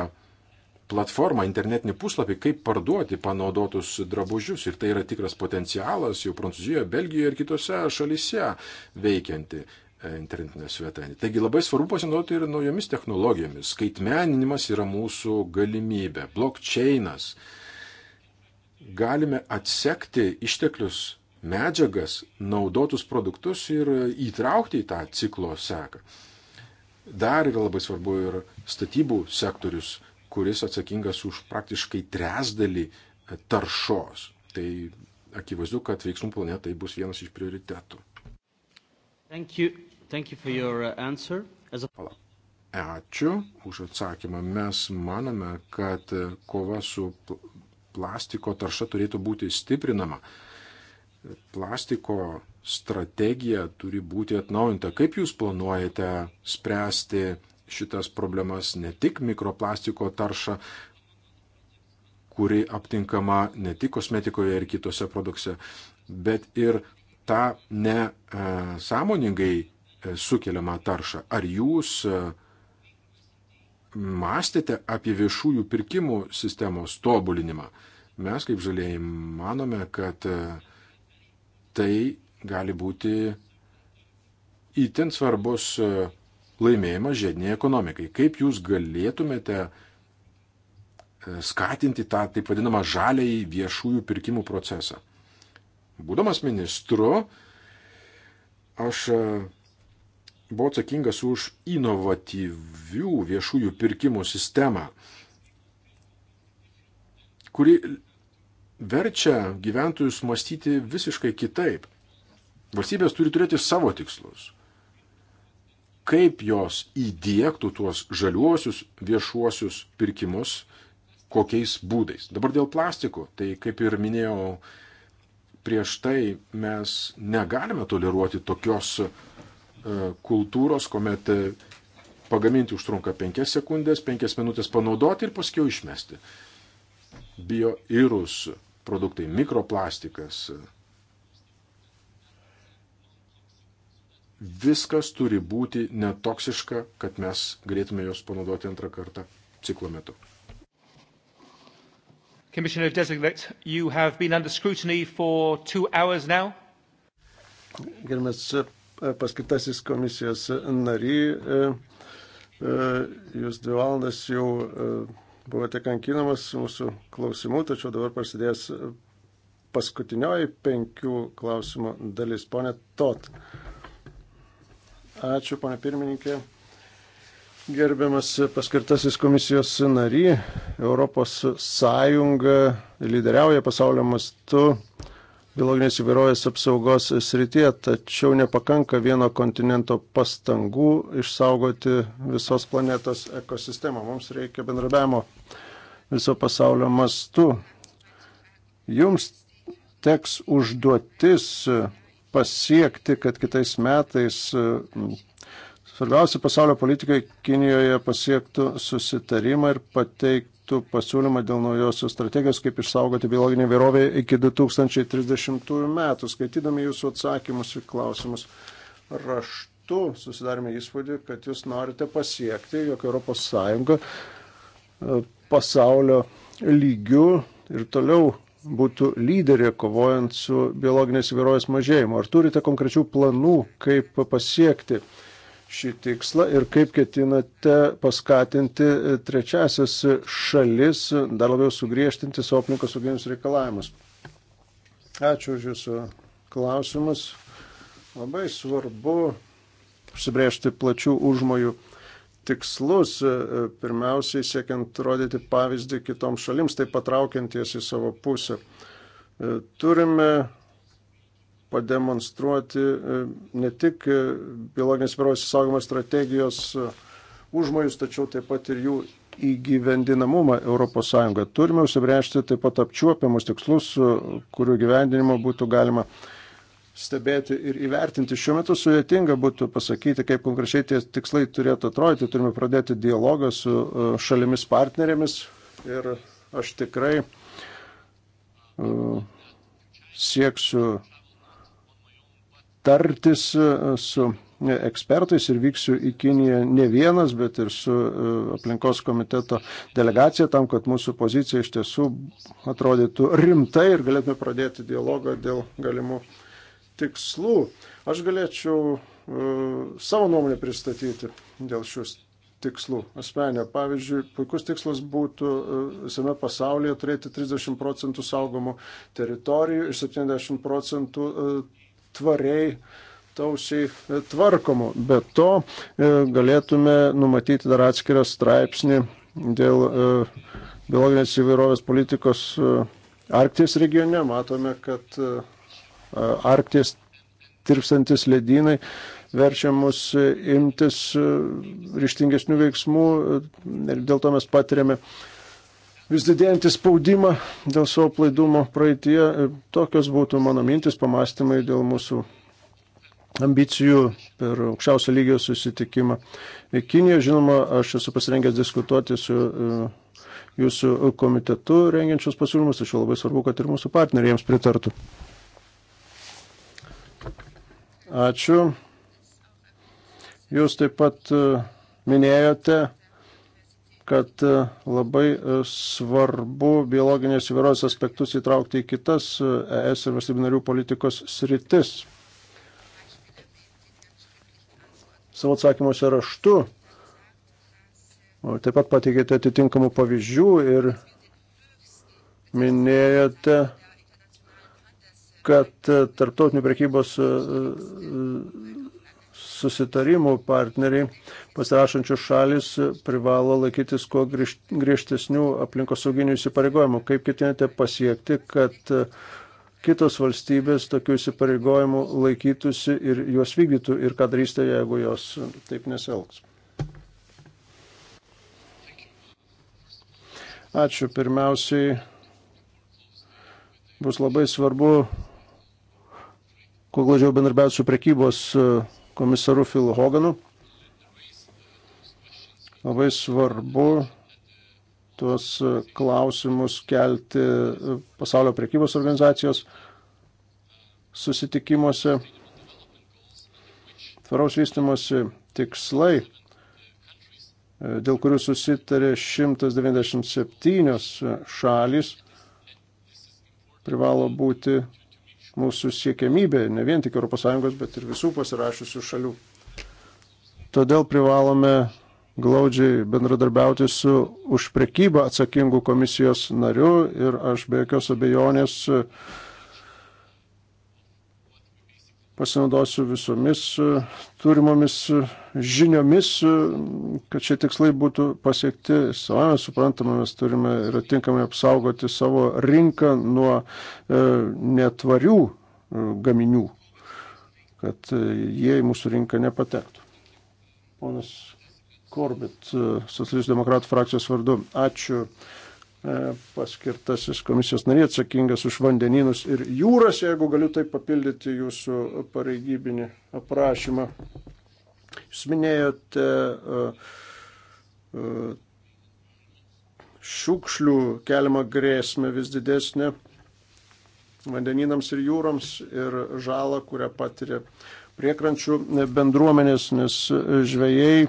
platformą, internetinį puslapį, kaip parduoti panaudotus drabužius. Ir tai yra tikras potencialas jau Prancūzijoje, Belgijoje ir kitose šalise veikianti e, internetinė svetainė. Taigi labai svarbu pasinaudoti ir naujomis technologijomis. Skaitmeninimas yra mūsų galimybė. Blokčeinas. Uh, galime atsekti išteklius, medžiagas, naudotus produktus ir įtraukti į tą ciklo seką. Dar yra labai svarbu ir statybų sektorius, kuris atsakingas už praktiškai tresdalį taršos. Tai akivaizdu, kad veiksmų plane tai bus vienas iš prioritetų. Thank you. Thank you for your uh, answer. As a... Pala. Ačiū už atsakymą. Mes manome, kad kova su plastiko tarša turėtų būti stiprinama. Plastiko strategija turi būti atnaujinta. Kaip jūs planuojate spręsti šitas problemas, ne tik mikroplastiko taršą, kuri aptinkama ne tik kosmetikoje ir kitose produktuose, bet ir tą nesąmoningai e, e, sukeliamą taršą. Ar jūs e, mąstėte apie viešųjų pirkimų sistemos tobulinimą? Mes kaip žalieji manome, kad e, tai gali būti įtin svarbus e, laimėjimas žiediniai ekonomikai. Kaip jūs galėtumėte e, skatinti tą taip vadinamą žaliai viešųjų pirkimų procesą? Būdamas ministru, aš buvo atsakingas už inovatyvių viešųjų pirkimų sistemą, kuri verčia gyventojus mąstyti visiškai kitaip. Valstybės turi turėti savo tikslus. Kaip jos įdėktų tuos žaliuosius viešuosius pirkimus, kokiais būdais. Dabar dėl plastikų, tai kaip ir minėjau, prieš tai mes negalime toleruoti tokios E, kultūros, kuomet e, pagaminti užtrunka 5 sekundės, 5 minutės panaudoti ir paskui išmesti. Bioirus produktai, mikroplastikas. Viskas turi būti netoksiška, kad mes galėtume juos panaudoti antrą kartą ciklo metu. Commissioner Designate, you have been under scrutiny for two hours now. Gerbiamas paskirtasis komisijos nary, e, e, jūs dvi valandas jau e, buvote kankinamas mūsų klausimų, tačiau dabar prasidės paskutinioji penkių klausimų dalis. Pone Tot. Ačiū, pone pirmininkė. Gerbiamas paskirtasis komisijos nary, Europos Sąjunga lyderiauja pasaulio mastu biologinės įvairovės apsaugos srityje, tačiau nepakanka vieno kontinento pastangų išsaugoti visos planetos ekosistemą. Mums reikia bendrabiavimo viso pasaulio mastu. Jums teks užduotis pasiekti, kad kitais metais mm, svarbiausia pasaulio politikai Kinijoje pasiektų susitarimą ir pateiktų pateiktų pasiūlymą dėl naujosios strategijos, kaip išsaugoti biologinį vairovę iki 2030 metų. Skaitydami jūsų atsakymus ir klausimus raštu, susidarėme įspūdį, kad jūs norite pasiekti, jog ES e, pasaulio lygių ir toliau būtų lyderė kovojant su biologinės įvairovės mažėjimu. Ar turite konkrečių planų, kaip pasiekti? šį tikslą ir kaip ketinate paskatinti e, trečiasias šalis e, dar labiau sugriežtinti savo aplinkos sauginius reikalavimus. Ačiū už Jūsų klausimus. Labai svarbu užsibriežti plačių užmojų tikslus, e, pirmiausiai siekiant rodyti pavyzdį kitoms šalims, tai patraukiant jas į savo pusę. Turime pademonstruoti e, ne tik e, biologinės įvairovės saugimo strategijos e, užmojus, tačiau taip pat ir jų įgyvendinamumą ES. Turime užsibrėžti taip pat apčiuopiamus tikslus, kurių gyvendinimo būtų galima stebėti ir įvertinti. Šiuo metu sudėtinga būtų pasakyti, kaip konkrečiai tie tikslai turėtų atrodyti. Turime pradėti dialogą su šalimis partnerėmis ir aš tikrai sieksiu tartis e, su ekspertais ir vyksiu į Kiniją ne vienas, bet ir su e, aplinkos komiteto delegacija tam, kad mūsų pozicija iš tiesų atrodytų rimtai ir galėtume pradėti dialogą dėl galimų tikslų. Aš galėčiau e, savo nuomonę pristatyti dėl šios tikslų asmenio. Pavyzdžiui, puikus tikslas būtų visame pasaulyje turėti 30 procentų saugomų teritorijų ir 70 procentų tvariai tausiai tvarkomų. Be to e, galėtume numatyti dar atskirą straipsnį dėl e, biologinės įvairovės politikos e, Arkties regione. Matome, kad Arkties tirpstantis ledynai verčia mus imtis ryštingesnių veiksmų ir dėl to mes patiriame uh, vis didėjantį spaudimą dėl savo plaidumo praeitie. E, tokios būtų mano mintis, pamastymai dėl mūsų ambicijų per aukščiausio lygio susitikimą. Kinijoje, žinoma, aš esu pasirengęs diskutuoti su e, jūsų komitetu rengiančius pasiūlymus, tačiau labai svarbu, kad ir mūsų partneriai jiems pritartų. Ačiū. Jūs taip pat e, minėjote kad e, labai e, svarbu biologinės įvairovės aspektus įtraukti į kitas ES e ir valstybių narių politikos sritis. Savo atsakymuose raštu taip pat pateikėte atitinkamų pavyzdžių ir minėjote, kad tarptautinių prekybos susitarimų partneriai, pasirašančios šalis privalo laikytis kuo griežtesnių aplinkosauginių įsipareigojimų. Kaip ketinate pasiekti, kad e, kitos valstybės tokių įsipareigojimų laikytųsi ir juos vykdytų ir ką darysite, jeigu jos taip nesielgs? Ačiū. Pirmiausiai bus labai svarbu, kuo glaudžiau bendarbiauti su prekybos e, komisaru Filu Hoganu. Labai svarbu tuos klausimus kelti pasaulio prekybos organizacijos susitikimuose. Tvaraus vystimosi tikslai, dėl kurių susitarė 197 šalis, privalo būti mūsų siekiamybė, ne vien tik ES, bet ir visų pasirašysių šalių. Todėl privalome glaudžiai bendradarbiauti su už prekybą atsakingų komisijos nariu ir aš be jokios abejonės uh, Pasinaudosiu visomis e, turimomis e, žiniomis, e, kad šie tikslai būtų pasiekti. Savame suprantama, mes turime ir atinkamai apsaugoti savo rinką nuo netvarių gaminių, kad jie į mūsų rinką nepatektų. Ponas Korbit, Socialistų demokratų frakcijos vardu. Ačiū. E, paskirtasis komisijos narys atsakingas už vandeninus ir jūras, jeigu galiu tai papildyti jūsų pareigybinį aprašymą. Jūs minėjote e, e, šiukšlių keliamą grėsmę vis didesnę vandeninams ir jūroms ir žalą, kurią patiria priekrančių bendruomenės, nes žvėjai,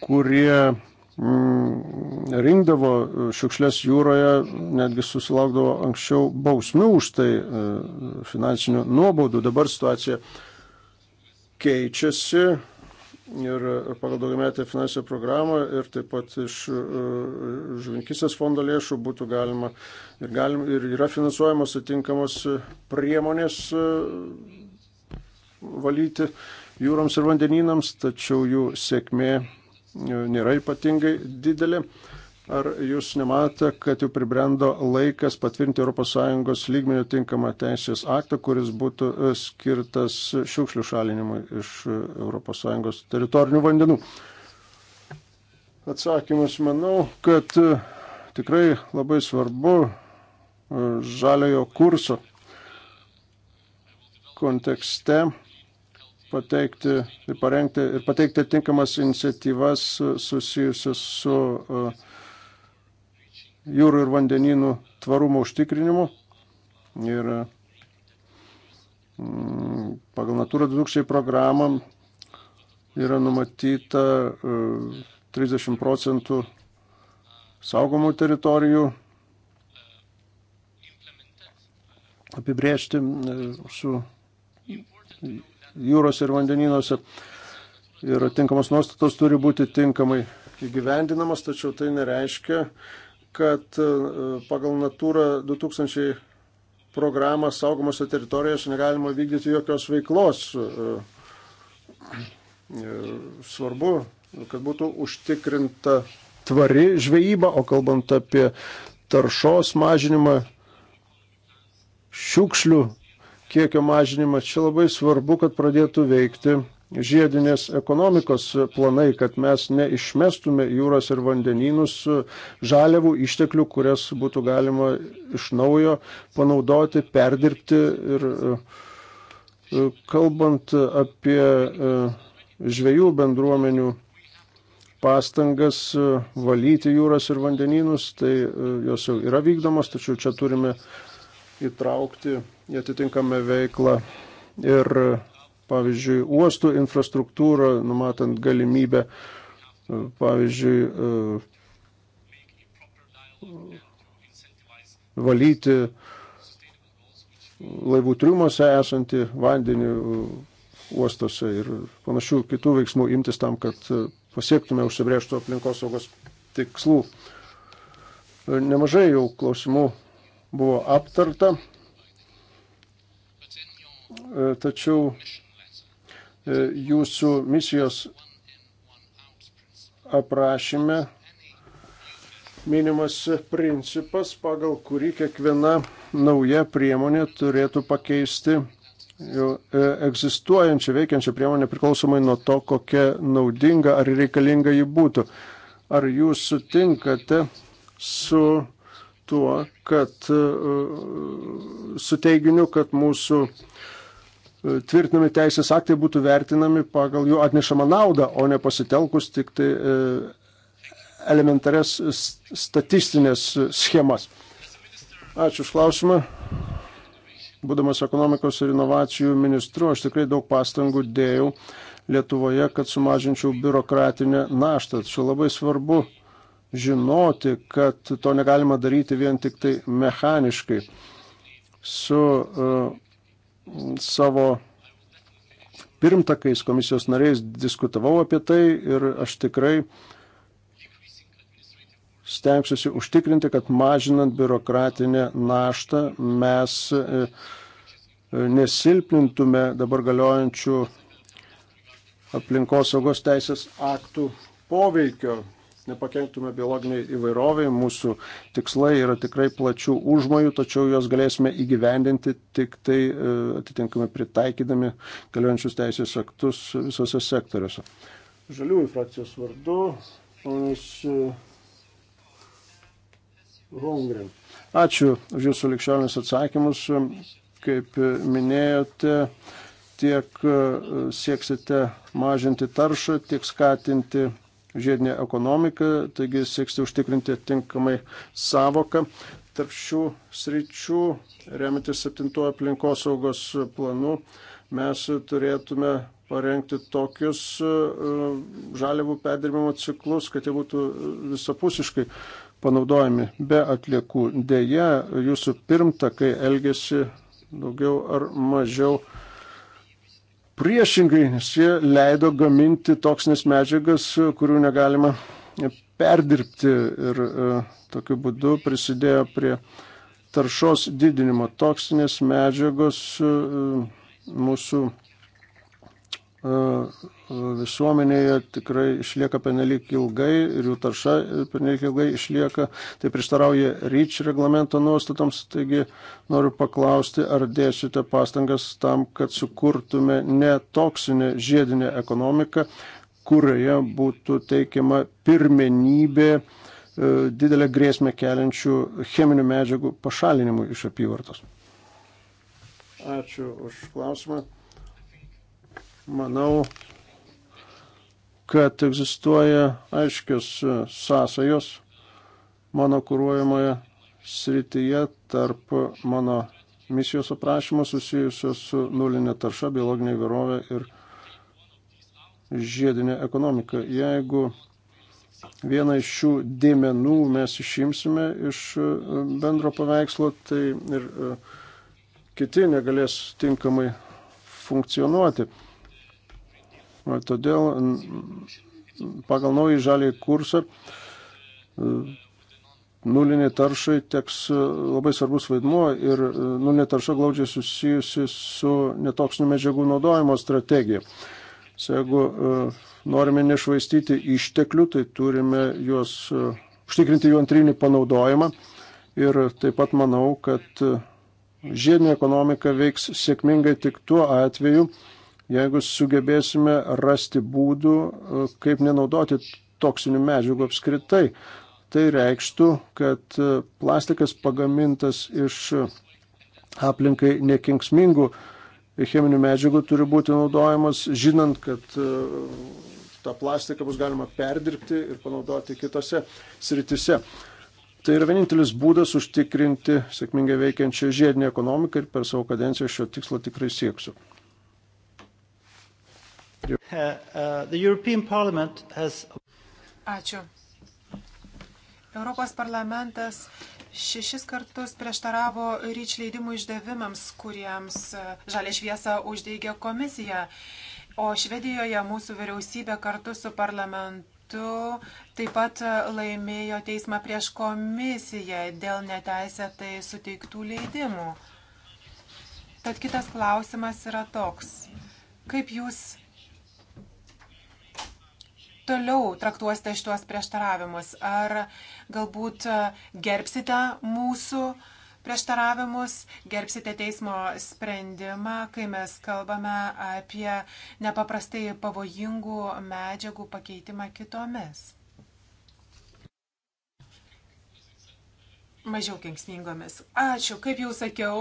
kurie Mm, rinkdavo e, šiukšlės jūroje, netgi susilaukdavo anksčiau bausmių už tai e, finansinių nuobaudų. Dabar situacija keičiasi ir pagal daugiametę finansinę programą ir taip pat iš e, žuvinkistės fondo lėšų būtų galima ir, galim, ir yra finansuojamos atinkamos priemonės valyti jūroms ir vandenynams, tačiau jų sėkmė nėra ypatingai didelė. Ar jūs nematote, kad jau pribrendo laikas patvirtinti ES lygmenio tinkamą teisės aktą, kuris būtų e, skirtas šiukšlių šalinimui iš e, ES teritorinių vandenų? Atsakymas, manau, kad e, tikrai labai svarbu žaliojo kurso kontekste pateikti ir parengti ir pateikti tinkamas iniciatyvas susijusias su e, jūrų ir vandenynų tvarumo užtikrinimu. Ir e, pagal Natūra 2000 programą yra numatyta 30 e, procentų saugomų teritorijų apibriežti su jūros ir vandenynuose. Ir tinkamos nuostatos turi būti tinkamai įgyvendinamas, tačiau tai nereiškia, kad e, pagal Natūra 2000 programą saugomose teritorijose negalima vykdyti jokios veiklos. E, e, svarbu, kad būtų užtikrinta tvari žvejyba, o kalbant apie taršos mažinimą, šiukšlių kiekio mažinimą. Čia labai svarbu, kad pradėtų veikti žiedinės ekonomikos planai, kad mes neišmestume jūros ir vandenynus žaliavų išteklių, kurias būtų galima iš naujo panaudoti, perdirbti ir e, kalbant apie e, žvėjų bendruomenių pastangas e, valyti jūras ir vandenynus, tai jos jau yra vykdomos, tačiau čia turime įtraukti į atitinkamą veiklą ir, pavyzdžiui, uostų infrastruktūrą, numatant galimybę, pavyzdžiui, e, valyti laivų triumuose esantį vandenį e, uostose ir panašių kitų veiksmų imtis tam, kad e, pasiektume užsibrėžtų aplinkosaugos tikslų. Nemažai jau klausimų buvo aptarta. E, tačiau e, jūsų misijos aprašyme minimas principas, pagal kurį kiekviena nauja priemonė turėtų pakeisti jau e, egzistuojančią veikiančią priemonę priklausomai nuo to, kokia naudinga ar reikalinga ji būtų. Ar jūs sutinkate su tuo, kad e, su teiginiu, kad mūsų e, tvirtinami teisės aktai būtų vertinami pagal jų atnešamą naudą, o ne pasitelkus tik tai e, elementarias statistinės schemas. Ačiū už klausimą. Būdamas ekonomikos ir inovacijų ministru, aš tikrai daug pastangų dėjau Lietuvoje, kad sumažinčiau biurokratinę naštą. Tačiau labai svarbu žinoti, kad to negalima daryti vien tik tai mechaniškai su uh, savo pirmtakais komisijos nariais diskutavau apie tai ir aš tikrai stengsiuosi užtikrinti, kad mažinant biurokratinę naštą mes uh, nesilpnintume dabar galiojančių aplinkosaugos teisės aktų poveikio nepakenktume biologiniai įvairoviai. Mūsų tikslai yra tikrai plačių užmojų, tačiau juos galėsime įgyvendinti tik tai e, atitinkamai pritaikydami galiojančius teisės aktus visose sektoriuose. Žaliųjų frakcijos vardu, ponas e, Hongren. Ačiū už Jūsų likščionės atsakymus. Kaip minėjote, tiek e, sieksite mažinti taršą, tiek skatinti žiedinė ekonomika, taigi sieksti užtikrinti tinkamai savoką. Tarp šių sričių, remiantis septintuoju aplinkosaugos planu, mes turėtume parengti tokius e, žaliavų perdirbimo ciklus, kad jie būtų visapusiškai panaudojami be atliekų. Deja, jūsų pirmtakai elgesi daugiau ar mažiau priešingai, nes jie leido gaminti toksinės medžiagas, kurių negalima perdirbti ir e, tokiu būdu prisidėjo prie taršos didinimo. Toksinės medžiagos e, mūsų visuomenėje tikrai išlieka penelik ilgai ir jų tarša penelik ilgai išlieka. Tai prieštarauja ryč reglamento nuostatoms. Taigi noriu paklausti, ar dėsite pastangas tam, kad sukurtume netoksinę žiedinę ekonomiką, kurioje būtų teikiama pirmenybė didelę grėsmę keliančių cheminių medžiagų pašalinimui iš apyvartos. Ačiū už klausimą manau, kad egzistuoja aiškios sąsajos mano kūruojamoje srityje tarp mano misijos aprašymo susijusios su nulinė tarša, biologinė įvairovė ir žiedinė ekonomika. Jeigu vieną iš šių dėmenų mes išimsime iš e, bendro paveikslo, tai ir e, kiti negalės tinkamai funkcionuoti. Todėl pagal naują žalį kursą e, nulinė taršai teks e, labai svarbus vaidmuo ir e, nulinė tarša glaudžiai susijusi su netoksinių medžiagų naudojimo strategija. Jeigu norime nešvaistyti išteklių, tai turime juos užtikrinti jų antrinį panaudojimą. Ir taip pat manau, kad žiedinė ekonomika veiks sėkmingai tik tuo atveju, jeigu sugebėsime rasti būdų, e, kaip nenaudoti toksinių medžiagų apskritai. Tai reikštų, kad e, plastikas pagamintas iš aplinkai nekenksmingų cheminių medžiagų turi būti naudojamas, žinant, kad e, tą plastiką bus galima perdirbti ir panaudoti kitose sritise. Tai yra vienintelis būdas užtikrinti sėkmingai veikiančią žiedinę ekonomiką ir per savo kadenciją šio tikslo tikrai sieksiu. Has... Ačiū. Europos parlamentas šešis kartus prieštaravo ryč leidimų išdavimams, kuriems e, žalė šviesą uždeigė komisija. O Švedijoje mūsų vyriausybė kartu su parlamentu taip pat laimėjo teismą prieš komisiją dėl neteisėtai suteiktų leidimų. Tad kitas klausimas yra toks. Kaip jūs toliau traktuosite šitos prieštaravimus? Ar galbūt e, gerbsite mūsų prieštaravimus, gerbsite teismo sprendimą, kai mes kalbame apie nepaprastai pavojingų medžiagų pakeitimą kitomis? Mažiau kenksmingomis. Ačiū. Kaip jau sakiau,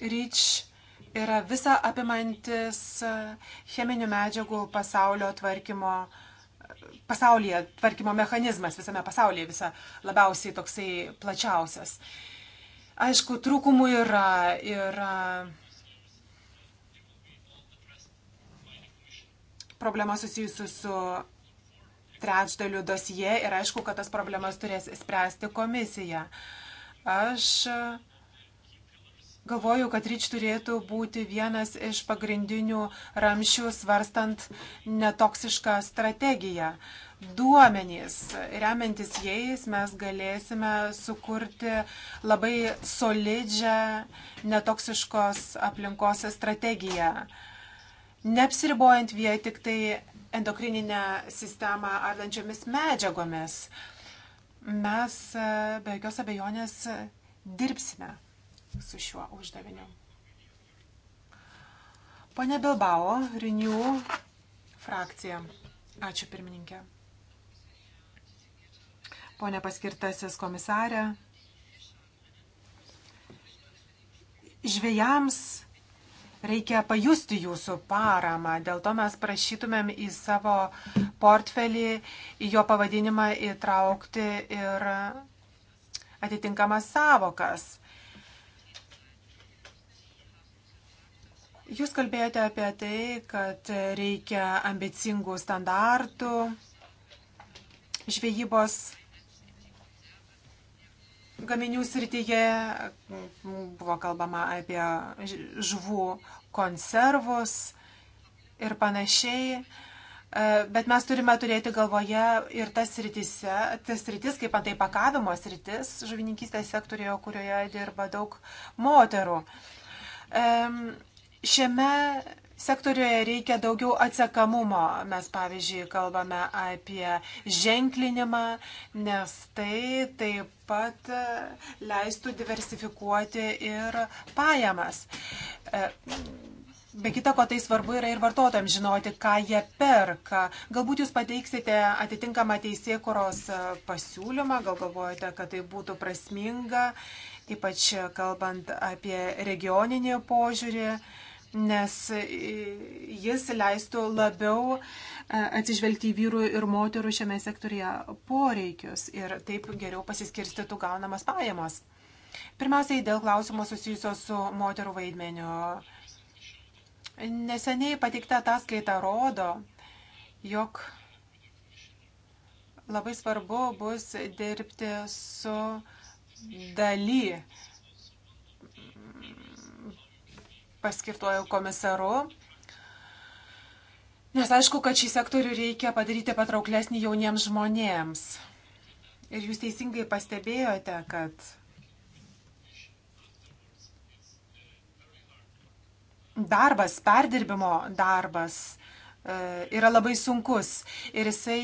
REACH yra visa apimantis e, cheminių medžiagų pasaulio tvarkymo uh, pasaulyje tvarkymo mechanizmas, visame pasaulyje visa labiausiai toksai plačiausias. Aišku, trūkumų yra ir e, problema susijusi su trečdaliu dosije ir aišku, kad tas problemas turės spręsti komisija. Aš uh, Galvoju, kad ryč turėtų būti vienas iš pagrindinių ramšių svarstant netoksišką strategiją. Duomenys, remiantis jais, mes galėsime sukurti labai solidžią netoksiškos aplinkos strategiją. Neapsiribojant vien tik tai endokrininę sistemą ardančiomis medžiagomis, mes be jokios abejonės dirbsime su šiuo uždaviniu. Pane Bilbao, Renew frakcija. Ačiū pirmininkė. Pone paskirtasis komisarė. Žvėjams reikia pajusti jūsų paramą. Dėl to mes prašytumėm į savo portfelį, į jo pavadinimą įtraukti ir atitinkamas savokas. Jūs kalbėjote apie tai, kad reikia ambicingų standartų žvejybos gaminių srityje. Buvo kalbama apie žuvų konservus ir panašiai. Bet mes turime turėti galvoje ir tas rytise, tas rytis, kaip antai pakavimos rytis, žuvininkystės sektorijoje, kurioje dirba daug moterų. Šiame sektoriuje reikia daugiau atsekamumo. Mes, pavyzdžiui, kalbame apie ženklinimą, nes tai taip pat leistų diversifikuoti ir pajamas. E, be kita ko, tai svarbu yra ir vartotojams žinoti, ką jie perka. Galbūt jūs pateiksite atitinkamą teisėkuros e, pasiūlymą, gal galvojate, kad tai būtų prasminga, ypač kalbant apie regioninį požiūrį nes jis leistų labiau e, atsižvelgti į vyrų ir moterų šiame sektorija poreikius ir taip geriau pasiskirstytų gaunamas pajamos. Pirmiausiai dėl klausimo susijusio su moterų vaidmeniu. Neseniai pateikta ataskaita rodo, jog labai svarbu bus dirbti su daly paskirtuoju komisaru. Nes aišku, kad šį sektorių reikia padaryti patrauklesnį jauniems žmonėms. Ir jūs teisingai pastebėjote, kad darbas, perdirbimo darbas e, yra labai sunkus ir jisai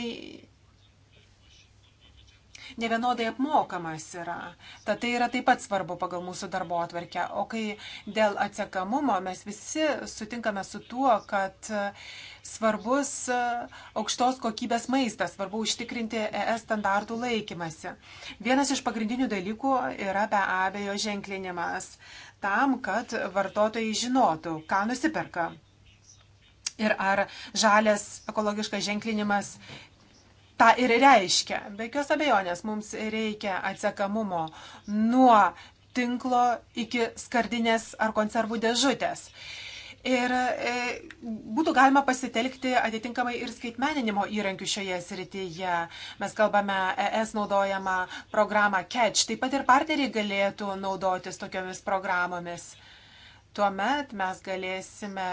nevienodai apmokamas yra. Tad tai yra taip pat svarbu pagal mūsų darbo atverkę. O kai dėl atsiekamumo mes visi sutinkame su tuo, kad svarbus e, aukštos kokybės maistas, svarbu užtikrinti ES standartų laikymasi. Vienas iš pagrindinių dalykų yra be abejo ženklinimas tam, kad vartotojai žinotų, ką nusiperka. Ir ar žalias ekologiškas ženklinimas tą ir reiškia. Be jokios abejonės mums reikia atsekamumo nuo tinklo iki skardinės ar konservų dėžutės. Ir e, būtų galima pasitelkti atitinkamai ir skaitmeninimo įrankių šioje srityje. Mes kalbame ES naudojamą programą Catch. Taip pat ir partneriai galėtų naudotis tokiomis programomis. Tuomet mes galėsime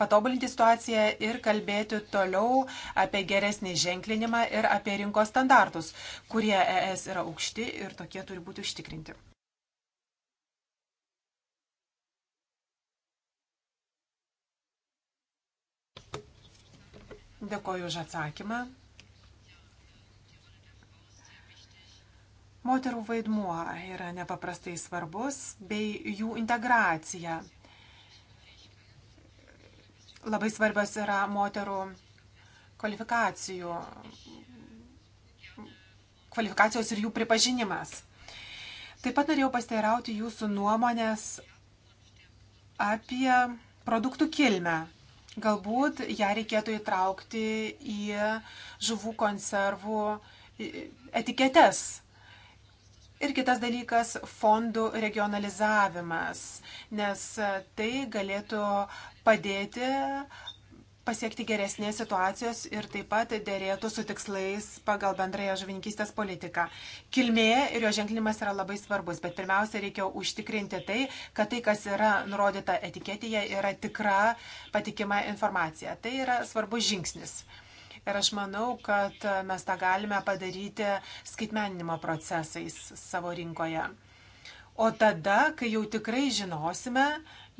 patobulinti situaciją ir kalbėti toliau apie geresnį ženklinimą ir apie rinkos standartus, kurie ES yra aukšti ir tokie turi būti užtikrinti. Dėkoju už atsakymą. Moterų vaidmuo yra nepaprastai svarbus bei jų integracija Labai svarbios yra moterų kvalifikacijų, kvalifikacijos ir jų pripažinimas. Taip pat norėjau pasteirauti jūsų nuomonės apie produktų kilmę. Galbūt ją reikėtų įtraukti į žuvų konservų etiketes. Ir kitas dalykas - fondų regionalizavimas, nes tai galėtų padėti pasiekti geresnės situacijos ir taip pat dėrėtų su tikslais pagal bendrąją žuvininkystės politiką. Kilmė ir jo ženklinimas yra labai svarbus, bet pirmiausia reikia užtikrinti tai, kad tai, kas yra nurodyta etiketėje, yra tikra patikima informacija. Tai yra svarbus žingsnis. Ir aš manau, kad mes tą galime padaryti skaitmeninimo procesais savo rinkoje. O tada, kai jau tikrai žinosime,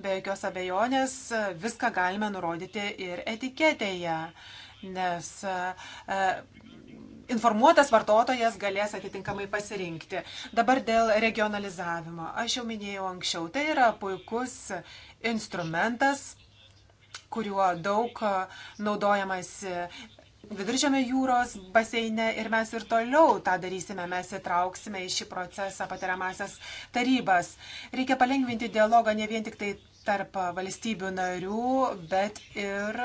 Be jokios abejonės viską galime nurodyti ir etiketėje, nes e, informuotas vartotojas galės atitinkamai pasirinkti. Dabar dėl regionalizavimo. Aš jau minėjau anksčiau, tai yra puikus instrumentas kuriuo daug naudojamas Viduržėme jūros baseine ir mes ir toliau tą darysime, mes įtrauksime į šį procesą patiriamasias tarybas. Reikia palengvinti dialogą ne vien tik tai tarp valstybių narių, bet ir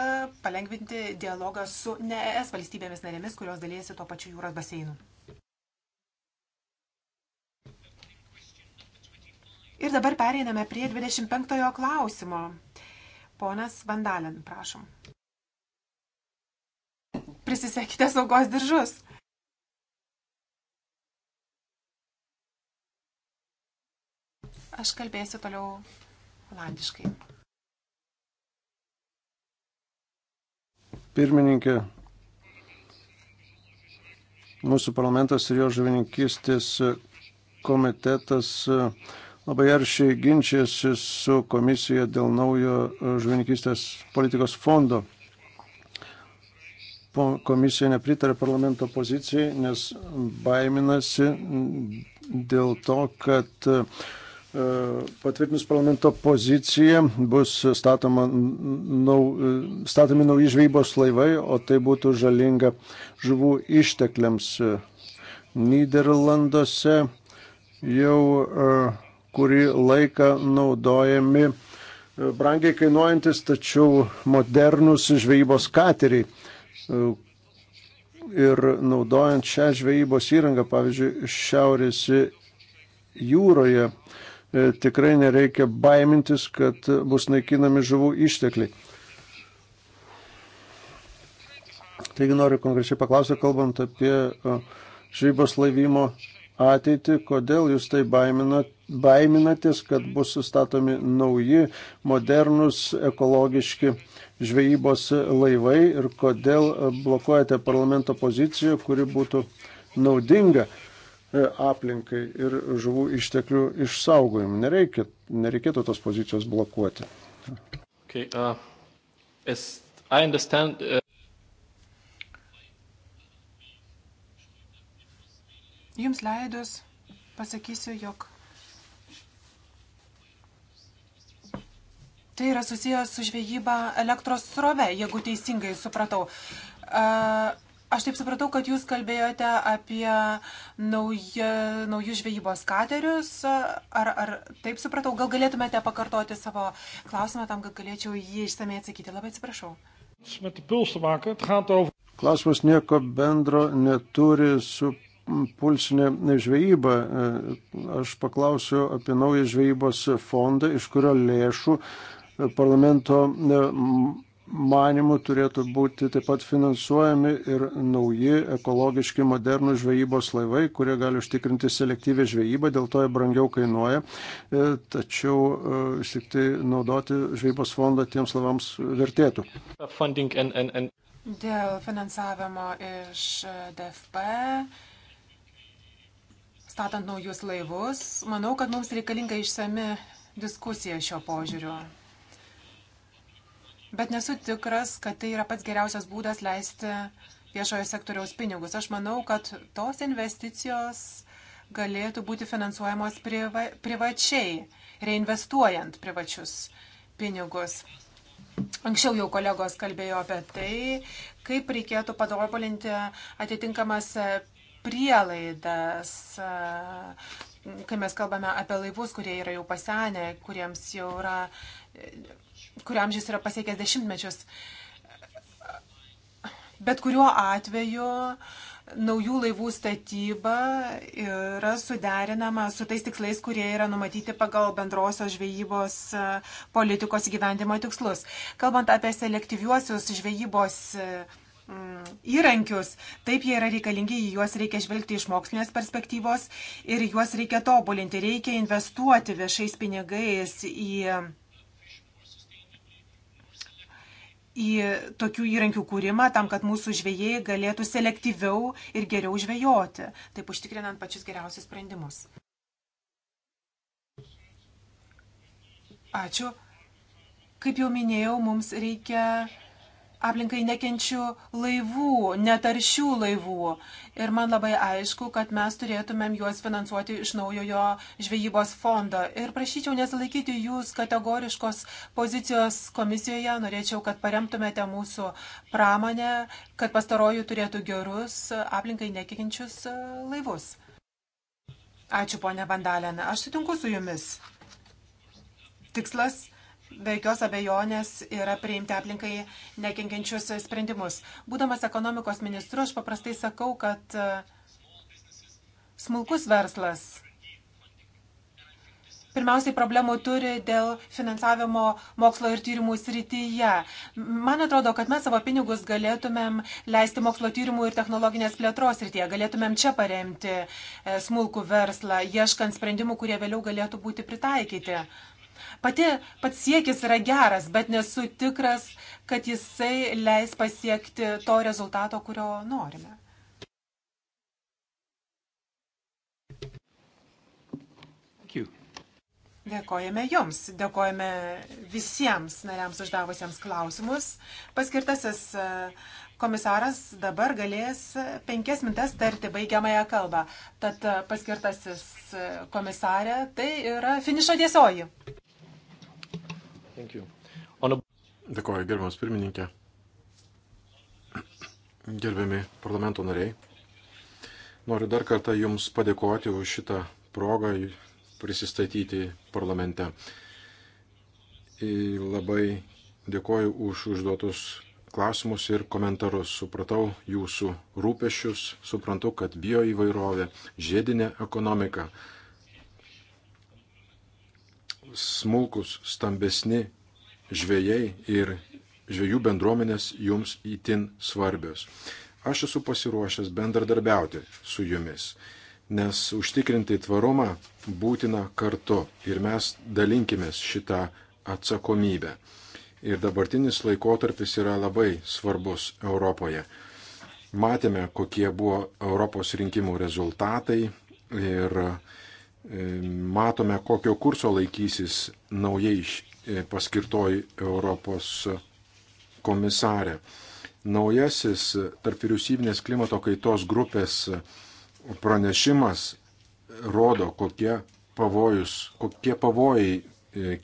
palengvinti dialogą su ne ES valstybėmis narėmis, kurios dalyjasi tuo pačiu jūros baseinu. Ir dabar pereiname prie 25 klausimo. Ponas Vandalin, prašom prisisekite saugos diržus. Aš kalbėsiu toliau olandiškai. Pirmininkė, mūsų parlamentas ir jo žuvininkistės komitetas labai aršiai ginčiasi su komisija dėl naujo žuvininkistės politikos fondo komisija nepritarė parlamento pozicijai, nes baiminasi dėl to, kad e, patvirtinus parlamento poziciją bus statoma, nau, e, statomi nauji žvejybos laivai, o tai būtų žalinga žuvų ištekliams. Niderlanduose jau e, kurį laiką naudojami brangiai kainuojantis, tačiau modernus žvejybos kateriai ir naudojant šią žvejybos įrangą, pavyzdžiui, šiaurės jūroje, e, tikrai nereikia baimintis, kad bus naikinami žuvų ištekliai. Taigi noriu konkrečiai paklausti, kalbant apie e, žvejybos laivimo ateitį, kodėl jūs tai baiminat, baiminatės, kad bus sustatomi nauji, modernus, ekologiški žvejybos laivai ir kodėl blokuojate parlamento poziciją, kuri būtų naudinga e, aplinkai ir žuvų išteklių išsaugojimui. Nereikia, nereikėtų tos pozicijos blokuoti. Okay, uh, as I understand, uh... Jums leidus pasakysiu, jog Tai yra susijęs su žvejyba elektros srove, jeigu teisingai supratau. Aš taip supratau, kad jūs kalbėjote apie nauja, naujus žvejybos katerius. Ar, ar taip supratau, gal galėtumėte pakartoti savo klausimą tam, kad galėčiau jį išsamei atsakyti. Labai atsiprašau. Klausimas nieko bendro neturi su pulsinė žvejyba. E, aš paklausiu apie naują žvejybos fondą, iš kurio lėšų parlamento manimų turėtų būti taip pat finansuojami ir nauji ekologiški modernų žvejybos laivai, kurie gali užtikrinti selektyvę žvejybą, dėl to jie brangiau kainuoja. E, tačiau e, vis tik tai naudoti žvejybos fondą tiems laivams vertėtų. Dėl finansavimo iš e, DFP statant naujus laivus, manau, kad mums reikalinga išsami diskusija šio požiūriu bet nesu tikras, kad tai yra pats geriausias būdas leisti viešojo sektoriaus pinigus. Aš manau, kad tos investicijos galėtų būti finansuojamos priva, privačiai, reinvestuojant privačius pinigus. Anksčiau jau kolegos kalbėjo apie tai, kaip reikėtų padobulinti atitinkamas prielaidas, kai mes kalbame apie laivus, kurie yra jau pasenę, kuriems jau yra kurio amžius yra pasiekęs dešimtmečius. Bet kuriuo atveju naujų laivų statyba yra suderinama su tais tikslais, kurie yra numatyti pagal bendrosios žvejybos e, politikos gyvendimo tikslus. Kalbant apie selektyviuosius žvejybos e, mm, įrankius, taip jie yra reikalingi, į juos reikia žvelgti iš mokslinės perspektyvos ir juos reikia tobulinti, reikia investuoti viešais pinigais į į tokių įrankių kūrimą tam, kad mūsų žvėjai galėtų selektyviau ir geriau žvejoti, taip užtikrinant pačius geriausius sprendimus. Ačiū. Kaip jau minėjau, mums reikia aplinkai nekenčių laivų, netaršių laivų. Ir man labai aišku, kad mes turėtumėm juos finansuoti iš naujojo žvejybos fondo. Ir prašyčiau nesilaikyti jūs kategoriškos pozicijos komisijoje. Norėčiau, kad paremtumėte mūsų pramonę, kad pastarojų turėtų gerus aplinkai nekenčius laivus. Ačiū, ponia Vandalena. Aš sutinku su jumis. Tikslas be jokios abejonės yra priimti aplinkai nekenkiančius sprendimus. Būdamas ekonomikos ministru, aš paprastai sakau, kad e, smulkus verslas pirmiausiai problemų turi dėl finansavimo mokslo ir tyrimų srityje. Man atrodo, kad mes savo pinigus galėtumėm leisti mokslo tyrimų ir technologinės plėtros srityje, galėtumėm čia paremti e, smulkų verslą, ieškant sprendimų, kurie vėliau galėtų būti pritaikyti. Pati, pats siekis yra geras, bet nesu tikras, kad jisai leis pasiekti to rezultato, kurio norime. Dėkojame Jums, dėkojame visiems nariams uždavusiems klausimus. Paskirtasis e, komisaras dabar galės penkias mintes tarti baigiamąją kalbą. Tad paskirtasis e, komisarė tai yra finišo tiesioji. Dėkuoju, gerbiamas pirmininkė. Gerbiami parlamento nariai. Noriu dar kartą Jums padėkoti už šitą progą prisistatyti parlamente. Ir labai dėkoju už užduotus klausimus ir komentarus. Supratau jūsų rūpešius, suprantu, kad bioįvairovė, žiedinė ekonomika smulkus, stambesni žvėjai ir žvėjų bendruomenės jums įtin svarbios. Aš esu pasiruošęs bendradarbiauti su jumis, nes užtikrinti tvarumą būtina kartu ir mes dalinkimės šitą atsakomybę. Ir dabartinis laikotarpis yra labai svarbus Europoje. Matėme, kokie buvo Europos rinkimų rezultatai ir matome, kokio kurso laikysis naujai e, paskirtoji Europos komisarė. Naujasis tarp vyriausybinės klimato kaitos grupės pranešimas rodo, kokie, pavojus, kokie pavojai e,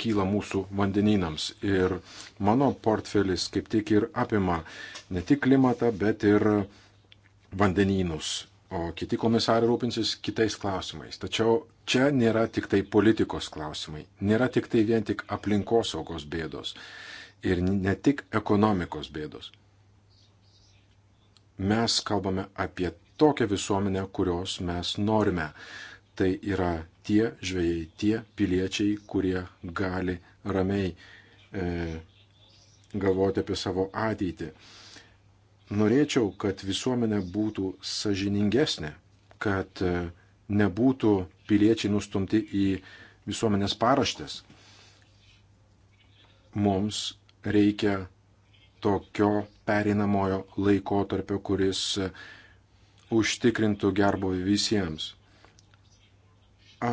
kyla mūsų vandenynams. Ir mano portfelis kaip tik ir apima ne tik klimatą, bet ir vandenynus o kiti komisarai rūpinsis kitais klausimais. Tačiau čia nėra tik tai politikos klausimai, nėra tik tai vien tik aplinkosaugos bėdos ir ne tik ekonomikos bėdos. Mes kalbame apie tokią visuomenę, kurios mes norime. Tai yra tie žvėjai, tie piliečiai, kurie gali ramiai e, galvoti apie savo ateitį. E, Norėčiau, kad visuomenė būtų sažiningesnė, kad e, nebūtų piliečiai nustumti į visuomenės paraštės. Mums reikia tokio pereinamojo laikotarpio, kuris e, užtikrintų gerbovį visiems.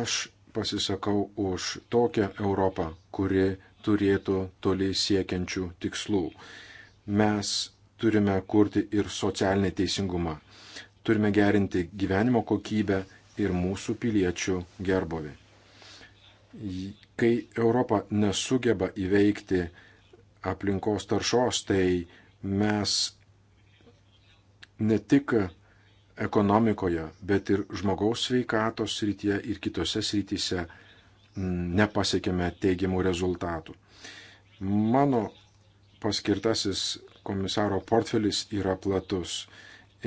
Aš pasisakau už tokią Europą, kuri turėtų toliai siekiančių tikslų. Mes turime kurti ir socialinį teisingumą. Turime gerinti gyvenimo kokybę ir mūsų piliečių gerbovi. Kai Europa nesugeba įveikti aplinkos taršos, tai mes ne tik ekonomikoje, bet ir žmogaus sveikatos srityje ir kitose srityse nepasiekėme teigiamų rezultatų. Mano paskirtasis komisaro portfelis yra platus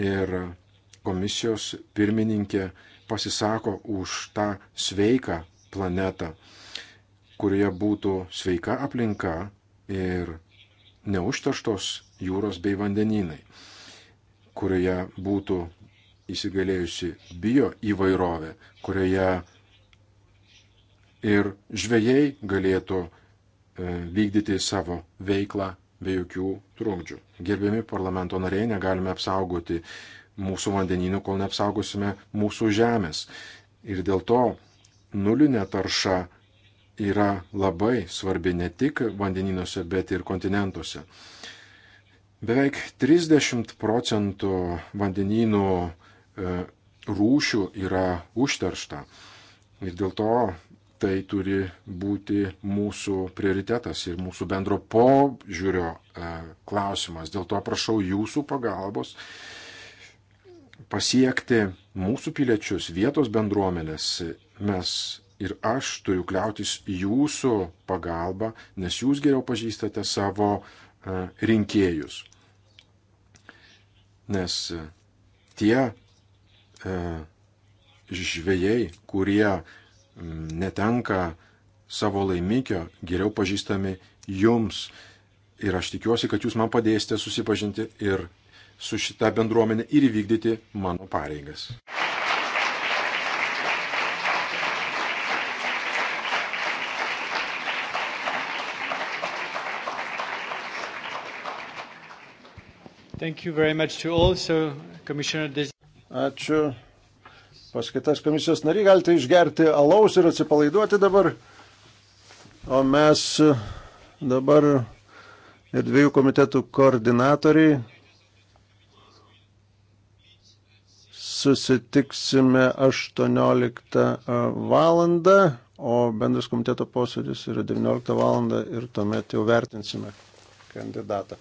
ir komisijos pirmininkė pasisako už tą sveiką planetą, kurioje būtų sveika aplinka ir neužtaštos jūros bei vandenynai, kurioje būtų įsigalėjusi bio įvairovė, kurioje ir žvėjai galėtų e, vykdyti savo veiklą be jokių trukdžių. Gerbiami parlamento nariai, negalime apsaugoti mūsų vandenynų, kol neapsaugosime mūsų žemės. Ir dėl to nulinė tarša yra labai svarbi ne tik vandenynuose, bet ir kontinentuose. Beveik 30 procentų vandenynų e, rūšių yra užteršta. Ir dėl to tai turi būti mūsų prioritetas ir mūsų bendro požiūrio e, klausimas. Dėl to prašau jūsų pagalbos pasiekti mūsų piliečius, vietos bendruomenės. Mes ir aš turiu kliautis jūsų pagalba, nes jūs geriau pažįstate savo e, rinkėjus. Nes e, tie žvėjai, kurie netenka savo laimikio, geriau pažįstami jums. Ir aš tikiuosi, kad jūs man padėsite susipažinti ir su šita bendruomenė ir įvykdyti mano pareigas. Ačiū paskaitas komisijos nariai, galite išgerti alaus ir atsipalaiduoti dabar. O mes e, dabar ir dviejų komitetų koordinatoriai susitiksime 18 e, valandą, o bendras komiteto posėdis yra 19 valandą ir tuomet jau vertinsime kandidatą.